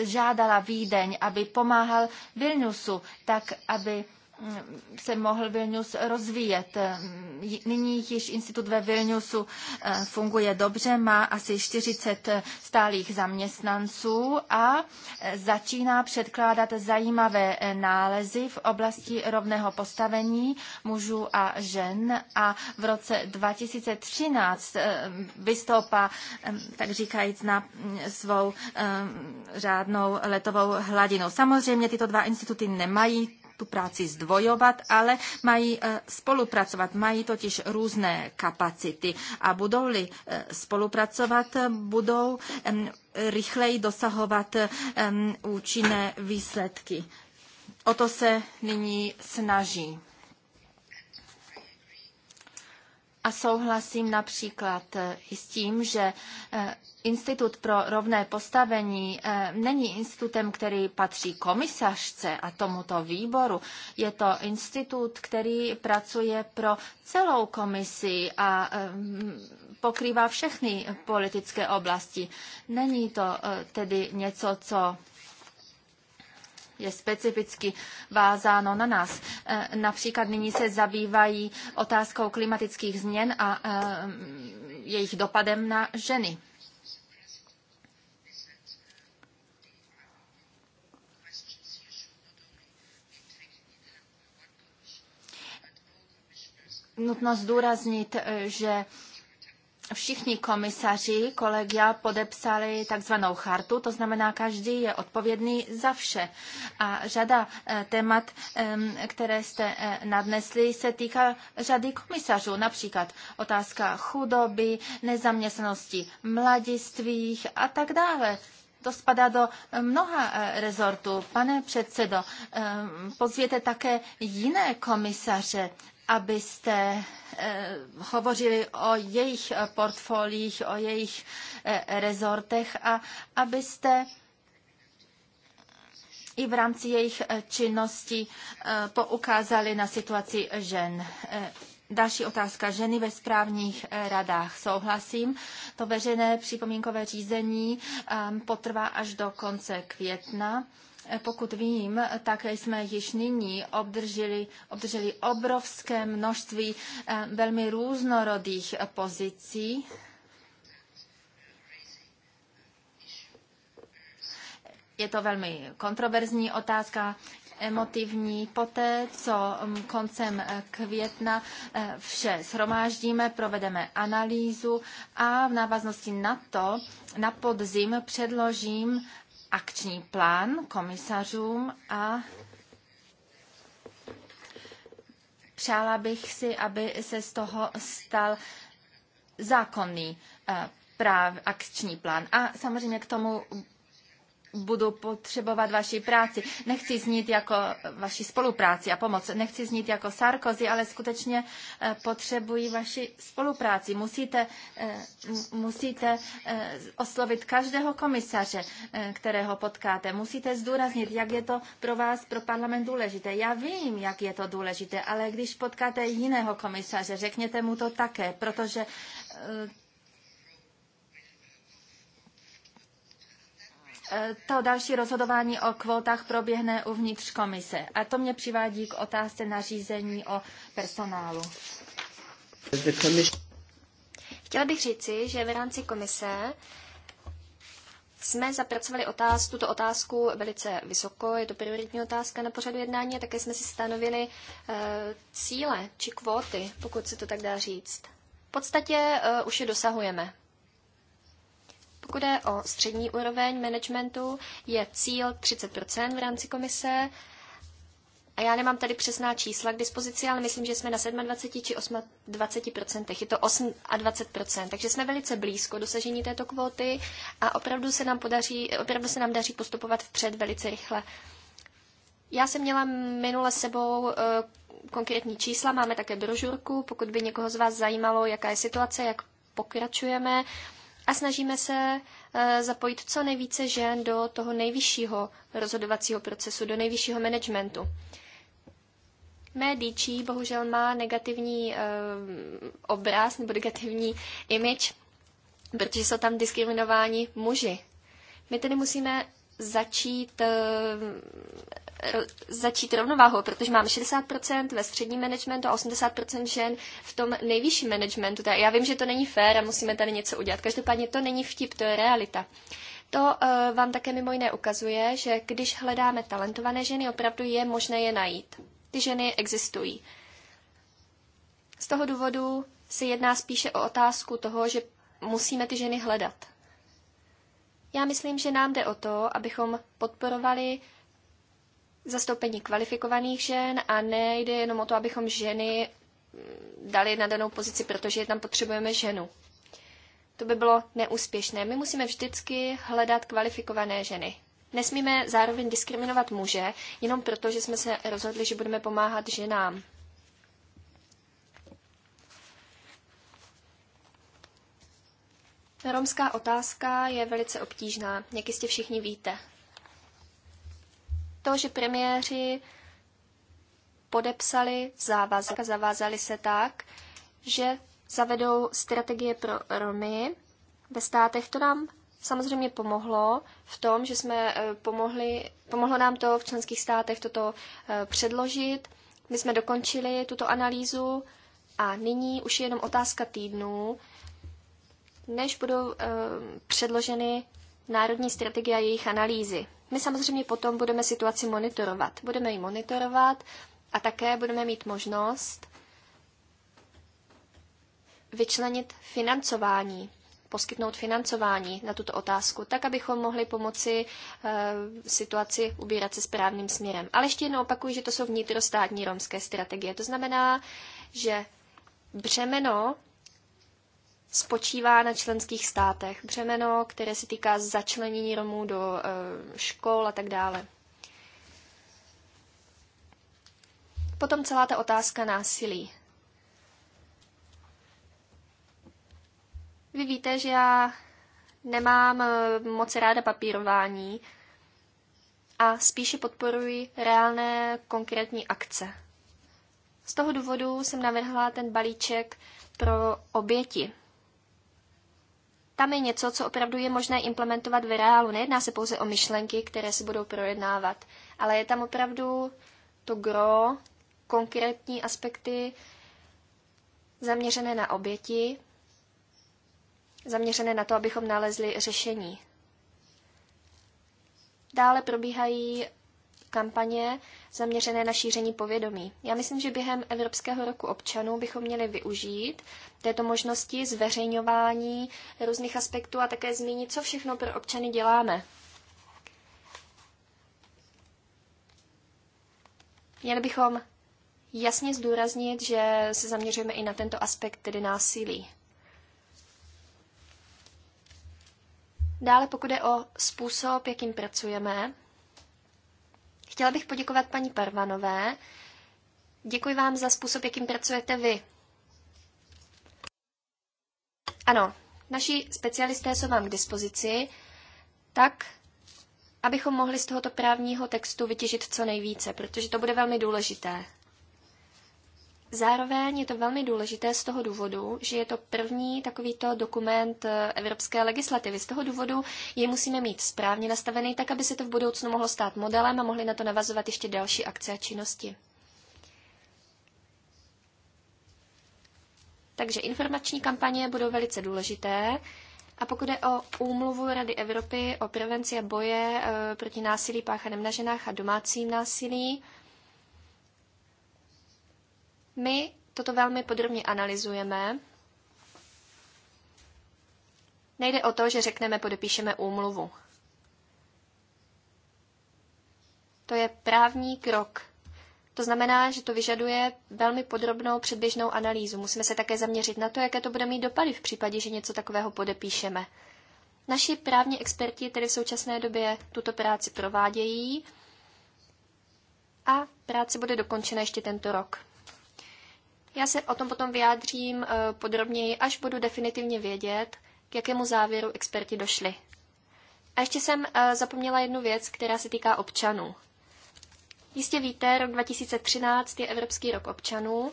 žádala Vídeň, aby pomáhal Vilniusu, tak aby se mohl Vilnius rozvíjet. Nyní již institut ve Vilniusu eh, funguje dobře, má asi 40 stálých zaměstnanců a eh, začíná předkládat zajímavé eh, nálezy v oblasti rovného postavení mužů a žen a v roce 2013 vystoupá, tak říkajíc, na mm, svou řádnou letovou hladinu. Samozřejmě tyto dva instituty nemají tu práci zdvojovat, ale mají e, spolupracovat, mají totiž různé kapacity a budou-li e, spolupracovat, budou rychleji dosahovat účinné výsledky. O to se nyní snaží. A souhlasím například eh, i s tím, že eh, Institut pro rovné postavení eh, není institutem, který patří komisařce a tomuto výboru. Je to institut, který pracuje pro celou komisi a pokrývá všechny politické oblasti. Není to tedy něco, co je specificky vázáno na nás. E, například nyní se zabývají otázkou klimatických změn a e, jejich dopadem na ženy. Nutno zdůraznit, e, že všichni komisaři kolegia podepsali takzvanou chartu, to znamená, každý je odpovědný za vše. A řada eh, témat, které jste eh, nadnesli, se týká řady komisařů, například otázka chudoby, nezaměstnanosti mladistvých a tak dále. To spadá do eh, mnoha rezortů. Pane předsedo, pozvěte také jiné komisaře abyste eh, hovořili o jejich eh, portfoliích, o jejich eh, rezortech a abyste i v rámci jejich činnosti poukázali na situaci žen. Další otázka. Ženy ve správních radách. Souhlasím. To veřejné připomínkové řízení potrvá až do konce května. Pokud vím, tak jsme již nyní obdrželi, obdrželi obrovské množství eh, velmi různorodých pozicí. Je to velmi kontroverzní otázka, emotivní. Poté, co mm, koncem eh, května eh, vše shromáždíme, provedeme analýzu a v návaznosti na to na podzim předložím akční plán komisařům a přála bych si, aby se z toho stal zákonný eh, práv, akční plán. A samozřejmě k tomu budu potřebovat vaší práci. Nechci znít jako vaši spolupráci a pomoc. Nechci znít jako Sarkozy, ale skutečně eh, potřebuji vaši spolupráci. Musíte, eh, musíte eh, oslovit každého komisaře, kterého potkáte. Musíte zdůraznit, jak je to pro vás, pro parlament důležité. Já vím, jak je to důležité, ale když potkáte jiného komisaře, řekněte mu to také, protože E, to další rozhodování o kvótách proběhne uvnitř komise. A to mě přivádí k otázce nařízení o personálu. Chtěla bych říci, že v rámci komise jsme zapracovali otázku, tuto otázku velice vysoko, je to prioritní otázka na pořadu jednání a také jsme si stanovili e, cíle či kvóty, pokud se to tak dá říct. V podstatě e, už je dosahujeme. Pokud je o střední úroveň managementu, je cíl 30% v rámci komise. A já nemám tady přesná čísla k dispozici, ale myslím, že jsme na 27 či 28%. Je to 28%, takže jsme velice blízko dosažení této kvóty a opravdu se nám, podaří, opravdu se nám daří postupovat vpřed velice rychle. Já jsem měla minule sebou eh, konkrétní čísla, máme také brožurku, pokud by někoho z vás zajímalo, jaká je situace, jak pokračujeme a snažíme se eh, zapojit co nejvíce žen do toho nejvyššího rozhodovacího procesu, do nejvyššího managementu. Mé bohužel má negativní eh, obraz nebo negativní image, protože jsou tam diskriminováni muži. My tedy musíme začít eh, Eh, začít rovnováhu, protože máme 60% ve středním managementu a 80% žen v tom nejvyšším managementu. Já vím, že to není fér a musíme tady něco udělat. Každopádně to není vtip, to je realita. To eh, vám také mimo jiné ukazuje, že když hledáme talentované ženy, opravdu je možné je najít. Ty ženy existují. Z toho důvodu se jedná spíše o otázku toho, že musíme ty ženy hledat. Já myslím, že nám jde o to, abychom podporovali zastoupení kvalifikovaných žen a nejde jenom o to, abychom ženy mm, dali na danou pozici, protože tam potřebujeme ženu. To by bylo neúspěšné. My musíme vždycky hledat kvalifikované ženy. Nesmíme zároveň diskriminovat muže, jenom proto, že jsme se rozhodli, že budeme pomáhat ženám. Romská otázka je velice obtížná, jak jistě všichni víte to, že premiéři podepsali závazek a zavázali se tak, že zavedou strategie pro Romy ve státech. To nám samozřejmě pomohlo v tom, že jsme eh, pomohli, pomohlo nám to v členských státech toto eh, předložit. My jsme dokončili tuto analýzu a nyní už je jenom otázka týdnů, než budou eh, předloženy národní strategie a jejich analýzy. My samozřejmě potom budeme situaci monitorovat. Budeme ji monitorovat a také budeme mít možnost vyčlenit financování, poskytnout financování na tuto otázku, tak abychom mohli pomoci e, situaci ubírat se správným směrem. Ale ještě jednou opakuju, že to jsou vnitrostátní romské strategie. To znamená, že břemeno spočívá na členských státech. Břemeno, které se týká začlenění Romů do eh, škol a tak dále. Potom celá ta otázka násilí. Vy víte, že já nemám eh, moc ráda papírování a spíše podporuji reálné konkrétní akce. Z toho důvodu jsem navrhla ten balíček pro oběti tam je něco, co opravdu je možné implementovat v reálu. Nejedná se pouze o myšlenky, které se budou projednávat, ale je tam opravdu to gro, konkrétní aspekty zaměřené na oběti, zaměřené na to, abychom nalezli řešení. Dále probíhají kampaně zaměřené na šíření povědomí. Já myslím, že během Evropského roku občanů bychom měli využít této možnosti zveřejňování různých aspektů a také zmínit, co všechno pro občany děláme. Měli bychom jasně zdůraznit, že se zaměřujeme i na tento aspekt, tedy násilí. Dále pokud je o způsob, jakým pracujeme, Chtěla bych poděkovat paní Parvanové. Děkuji vám za způsob, jakým pracujete vy. Ano, naši specialisté jsou vám k dispozici, tak, abychom mohli z tohoto právního textu vytěžit co nejvíce, protože to bude velmi důležité. Zároveň je to velmi důležité z toho důvodu, že je to první takovýto dokument eh, evropské legislativy. Z toho důvodu je musíme mít správně nastavený, tak aby se to v budoucnu mohlo stát modelem a mohli na to navazovat ještě další akce a činnosti. Takže informační kampaně budou velice důležité. A pokud je o úmluvu Rady Evropy o prevenci a boje eh, proti násilí páchaném na ženách a domácím násilí, my toto velmi podrobně analyzujeme. Nejde o to, že řekneme, podepíšeme úmluvu. To je právní krok. To znamená, že to vyžaduje velmi podrobnou předběžnou analýzu. Musíme se také zaměřit na to, jaké to bude mít dopady v případě, že něco takového podepíšeme. Naši právní experti tedy v současné době tuto práci provádějí a práce bude dokončena ještě tento rok. Já se o tom potom vyjádřím eh, podrobněji, až budu definitivně vědět, k jakému závěru experti došli. A ještě jsem eh, zapomněla jednu věc, která se týká občanů. Jistě víte, rok 2013 je Evropský rok občanů.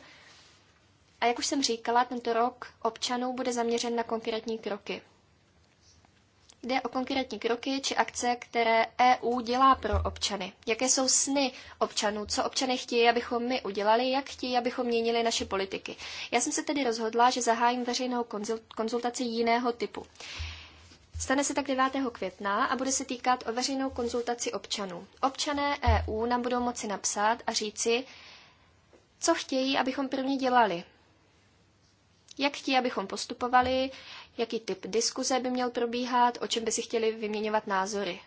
A jak už jsem říkala, tento rok občanů bude zaměřen na konkrétní kroky. Jde o konkrétní kroky či akce, které EU dělá pro občany. Jaké jsou sny občanů, co občany chtějí, abychom my udělali, jak chtějí, abychom měnili naše politiky. Já jsem se tedy rozhodla, že zahájím veřejnou konzultaci jiného typu. Stane se tak 9. května a bude se týkat o veřejnou konzultaci občanů. Občané EU nám budou moci napsat a říci, co chtějí, abychom pro ně dělali. Jak chtějí, abychom postupovali, jaký typ diskuze by měl probíhat, o čem by si chtěli vyměňovat názory.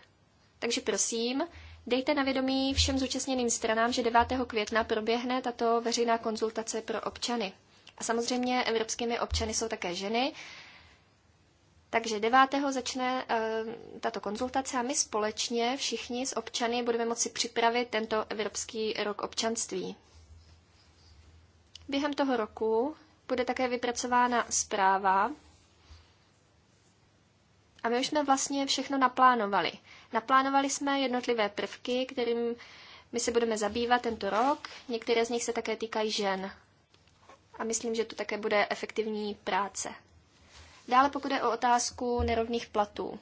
Takže prosím, dejte na vědomí všem zúčastněným stranám, že 9. května proběhne tato veřejná konzultace pro občany. A samozřejmě evropskými občany jsou také ženy, takže 9. začne uh, tato konzultace a my společně všichni s občany budeme moci připravit tento Evropský rok občanství. Během toho roku bude také vypracována zpráva a my už jsme vlastně všechno naplánovali. Naplánovali jsme jednotlivé prvky, kterým my se budeme zabývat tento rok. Některé z nich se také týkají žen. A myslím, že to také bude efektivní práce. Dále pokud je o otázku nerovných platů.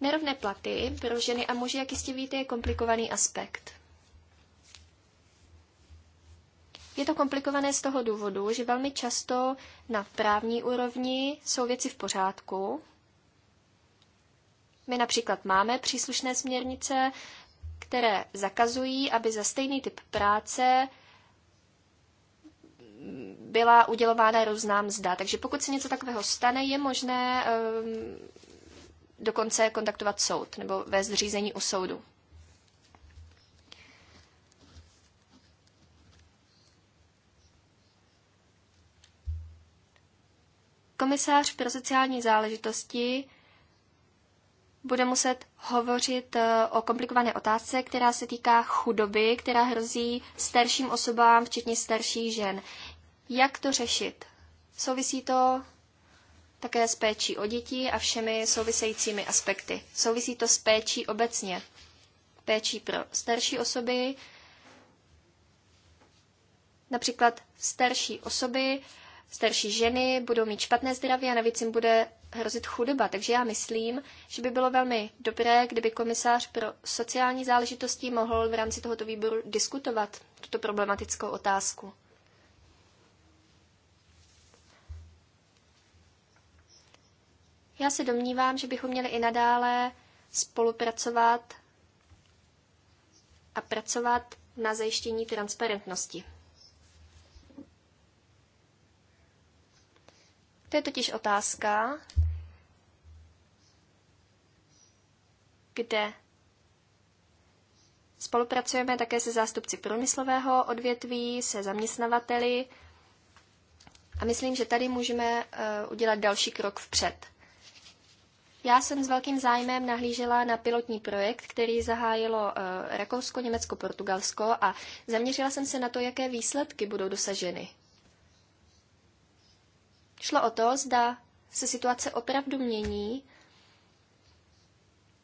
Nerovné platy pro ženy a muži, jak jistě víte, je komplikovaný aspekt. Je to komplikované z toho důvodu, že velmi často na právní úrovni jsou věci v pořádku. My například máme příslušné směrnice, které zakazují, aby za stejný typ práce byla udělována různá mzda. Takže pokud se něco takového stane, je možné um, dokonce kontaktovat soud nebo vést řízení u soudu. Komisář pro sociální záležitosti bude muset hovořit eh, o komplikované otázce, která se týká chudoby, která hrozí starším osobám, včetně starších žen. Jak to řešit? Souvisí to také s péčí o děti a všemi souvisejícími aspekty. Souvisí to s péčí obecně. Péčí pro starší osoby, například starší osoby starší ženy budou mít špatné zdraví a navíc jim bude hrozit chudoba. Takže já myslím, že by bylo velmi dobré, kdyby komisář pro sociální záležitosti mohl v rámci tohoto výboru diskutovat tuto problematickou otázku. Já se domnívám, že bychom měli i nadále spolupracovat a pracovat na zajištění transparentnosti. To je totiž otázka, kde spolupracujeme také se zástupci průmyslového odvětví, se zaměstnavateli a myslím, že tady můžeme eh, udělat další krok vpřed. Já jsem s velkým zájmem nahlížela na pilotní projekt, který zahájilo eh, Rakousko, Německo, Portugalsko a zaměřila jsem se na to, jaké výsledky budou dosaženy. Šlo o to, zda se situace opravdu mění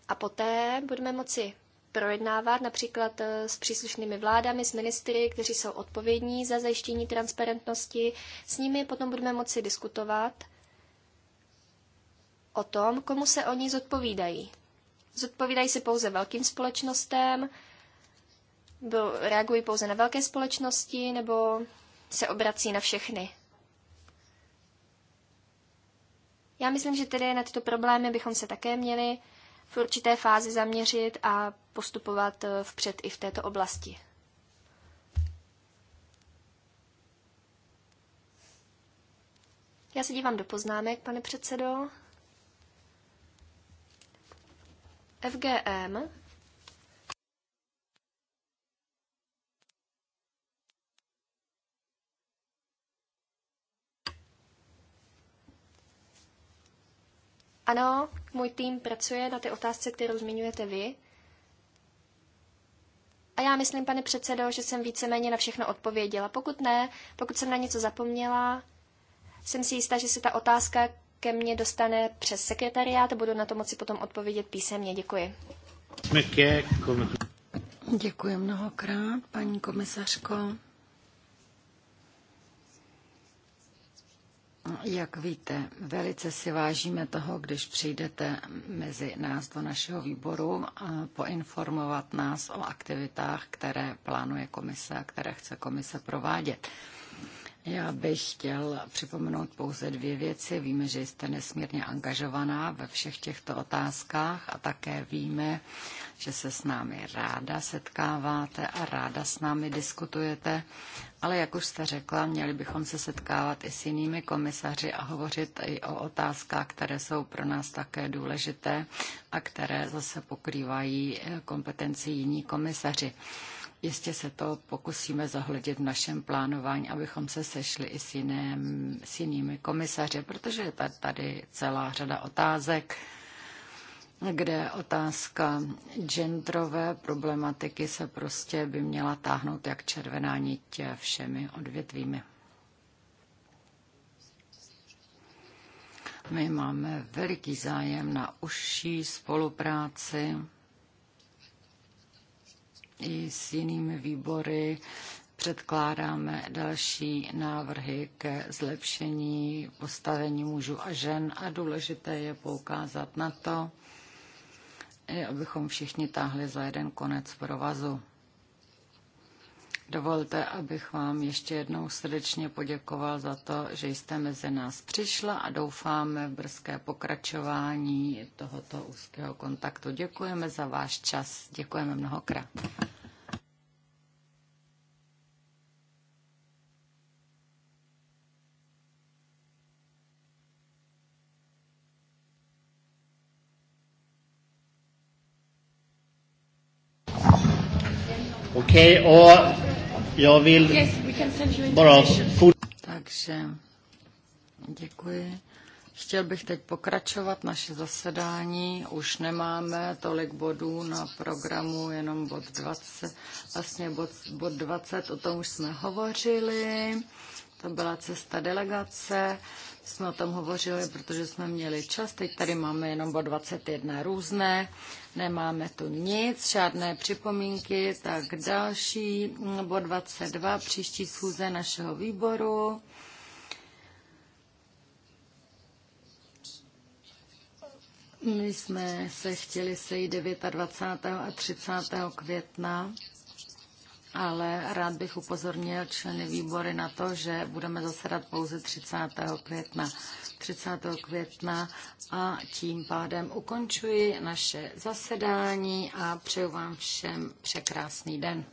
a poté budeme moci projednávat například eh, s příslušnými vládami, s ministry, kteří jsou odpovědní za zajištění transparentnosti. S nimi potom budeme moci diskutovat o tom, komu se oni zodpovídají. Zodpovídají se pouze velkým společnostem, reagují pouze na velké společnosti nebo se obrací na všechny. Já myslím, že tedy na tyto problémy bychom se také měli v určité fázi zaměřit a postupovat eh, vpřed i v této oblasti. Já se dívám do poznámek, pane předsedo. FGM Ano, můj tým pracuje na té otázce, kterou zmiňujete vy. A já myslím, pane předsedo, že jsem víceméně na všechno odpověděla. Pokud ne, pokud jsem na něco zapomněla, jsem si jistá, že se ta otázka ke mně dostane přes sekretariát a budu na to moci potom odpovědět písemně. Děkuji. Děkuji mnohokrát, paní komisařko. Jak víte, velice si vážíme toho, když přijdete mezi nás do našeho výboru a poinformovat nás o aktivitách, které plánuje komise a které chce komise provádět. Já bych chtěl připomenout pouze dvě věci. Víme, že jste nesmírně angažovaná ve všech těchto otázkách a také víme, že se s námi ráda setkáváte a ráda s námi diskutujete. Ale jak už jste řekla, měli bychom se setkávat i s jinými komisaři a hovořit i o otázkách, které jsou pro nás také důležité a které zase pokrývají eh, kompetenci jiní komisaři. Jistě se to pokusíme zohledit v našem plánování, abychom se sešli i s, jiným, s jinými komisaři, protože je tady celá řada otázek, kde otázka genderové problematiky se prostě by měla táhnout jak červená nit všemi odvětvími. My máme veliký zájem na užší spolupráci i s jinými výbory předkládáme další návrhy ke zlepšení postavení mužů a žen a důležité je poukázat na to, abychom všichni táhli za jeden konec provazu. Dovolte, abych vám ještě jednou srdečně poděkoval za to, že jste mezi nás přišla a doufáme v brzké pokračování tohoto úzkého kontaktu. Děkujeme za váš čas, děkujeme mnohokrát. Okay, or Jag vill yes, bara Takže děkuji. Chtěl bych teď pokračovat naše zasedání. Už nemáme tolik bodů na programu, jenom bod 20. Vlastně bod, bod 20, o tom už jsme hovořili. To byla cesta delegace jsme o tom hovořili, protože jsme měli čas. Teď tady máme jenom o 21 různé, nemáme tu nic, žádné připomínky, tak další bod 22, příští schůze našeho výboru. My jsme se chtěli sejít 29. a 30. května ale rád bych upozornil členy výbory na to, že budeme zasedat pouze 30. května. 30. května a tím pádem ukončuji naše zasedání a přeju vám všem překrásný den.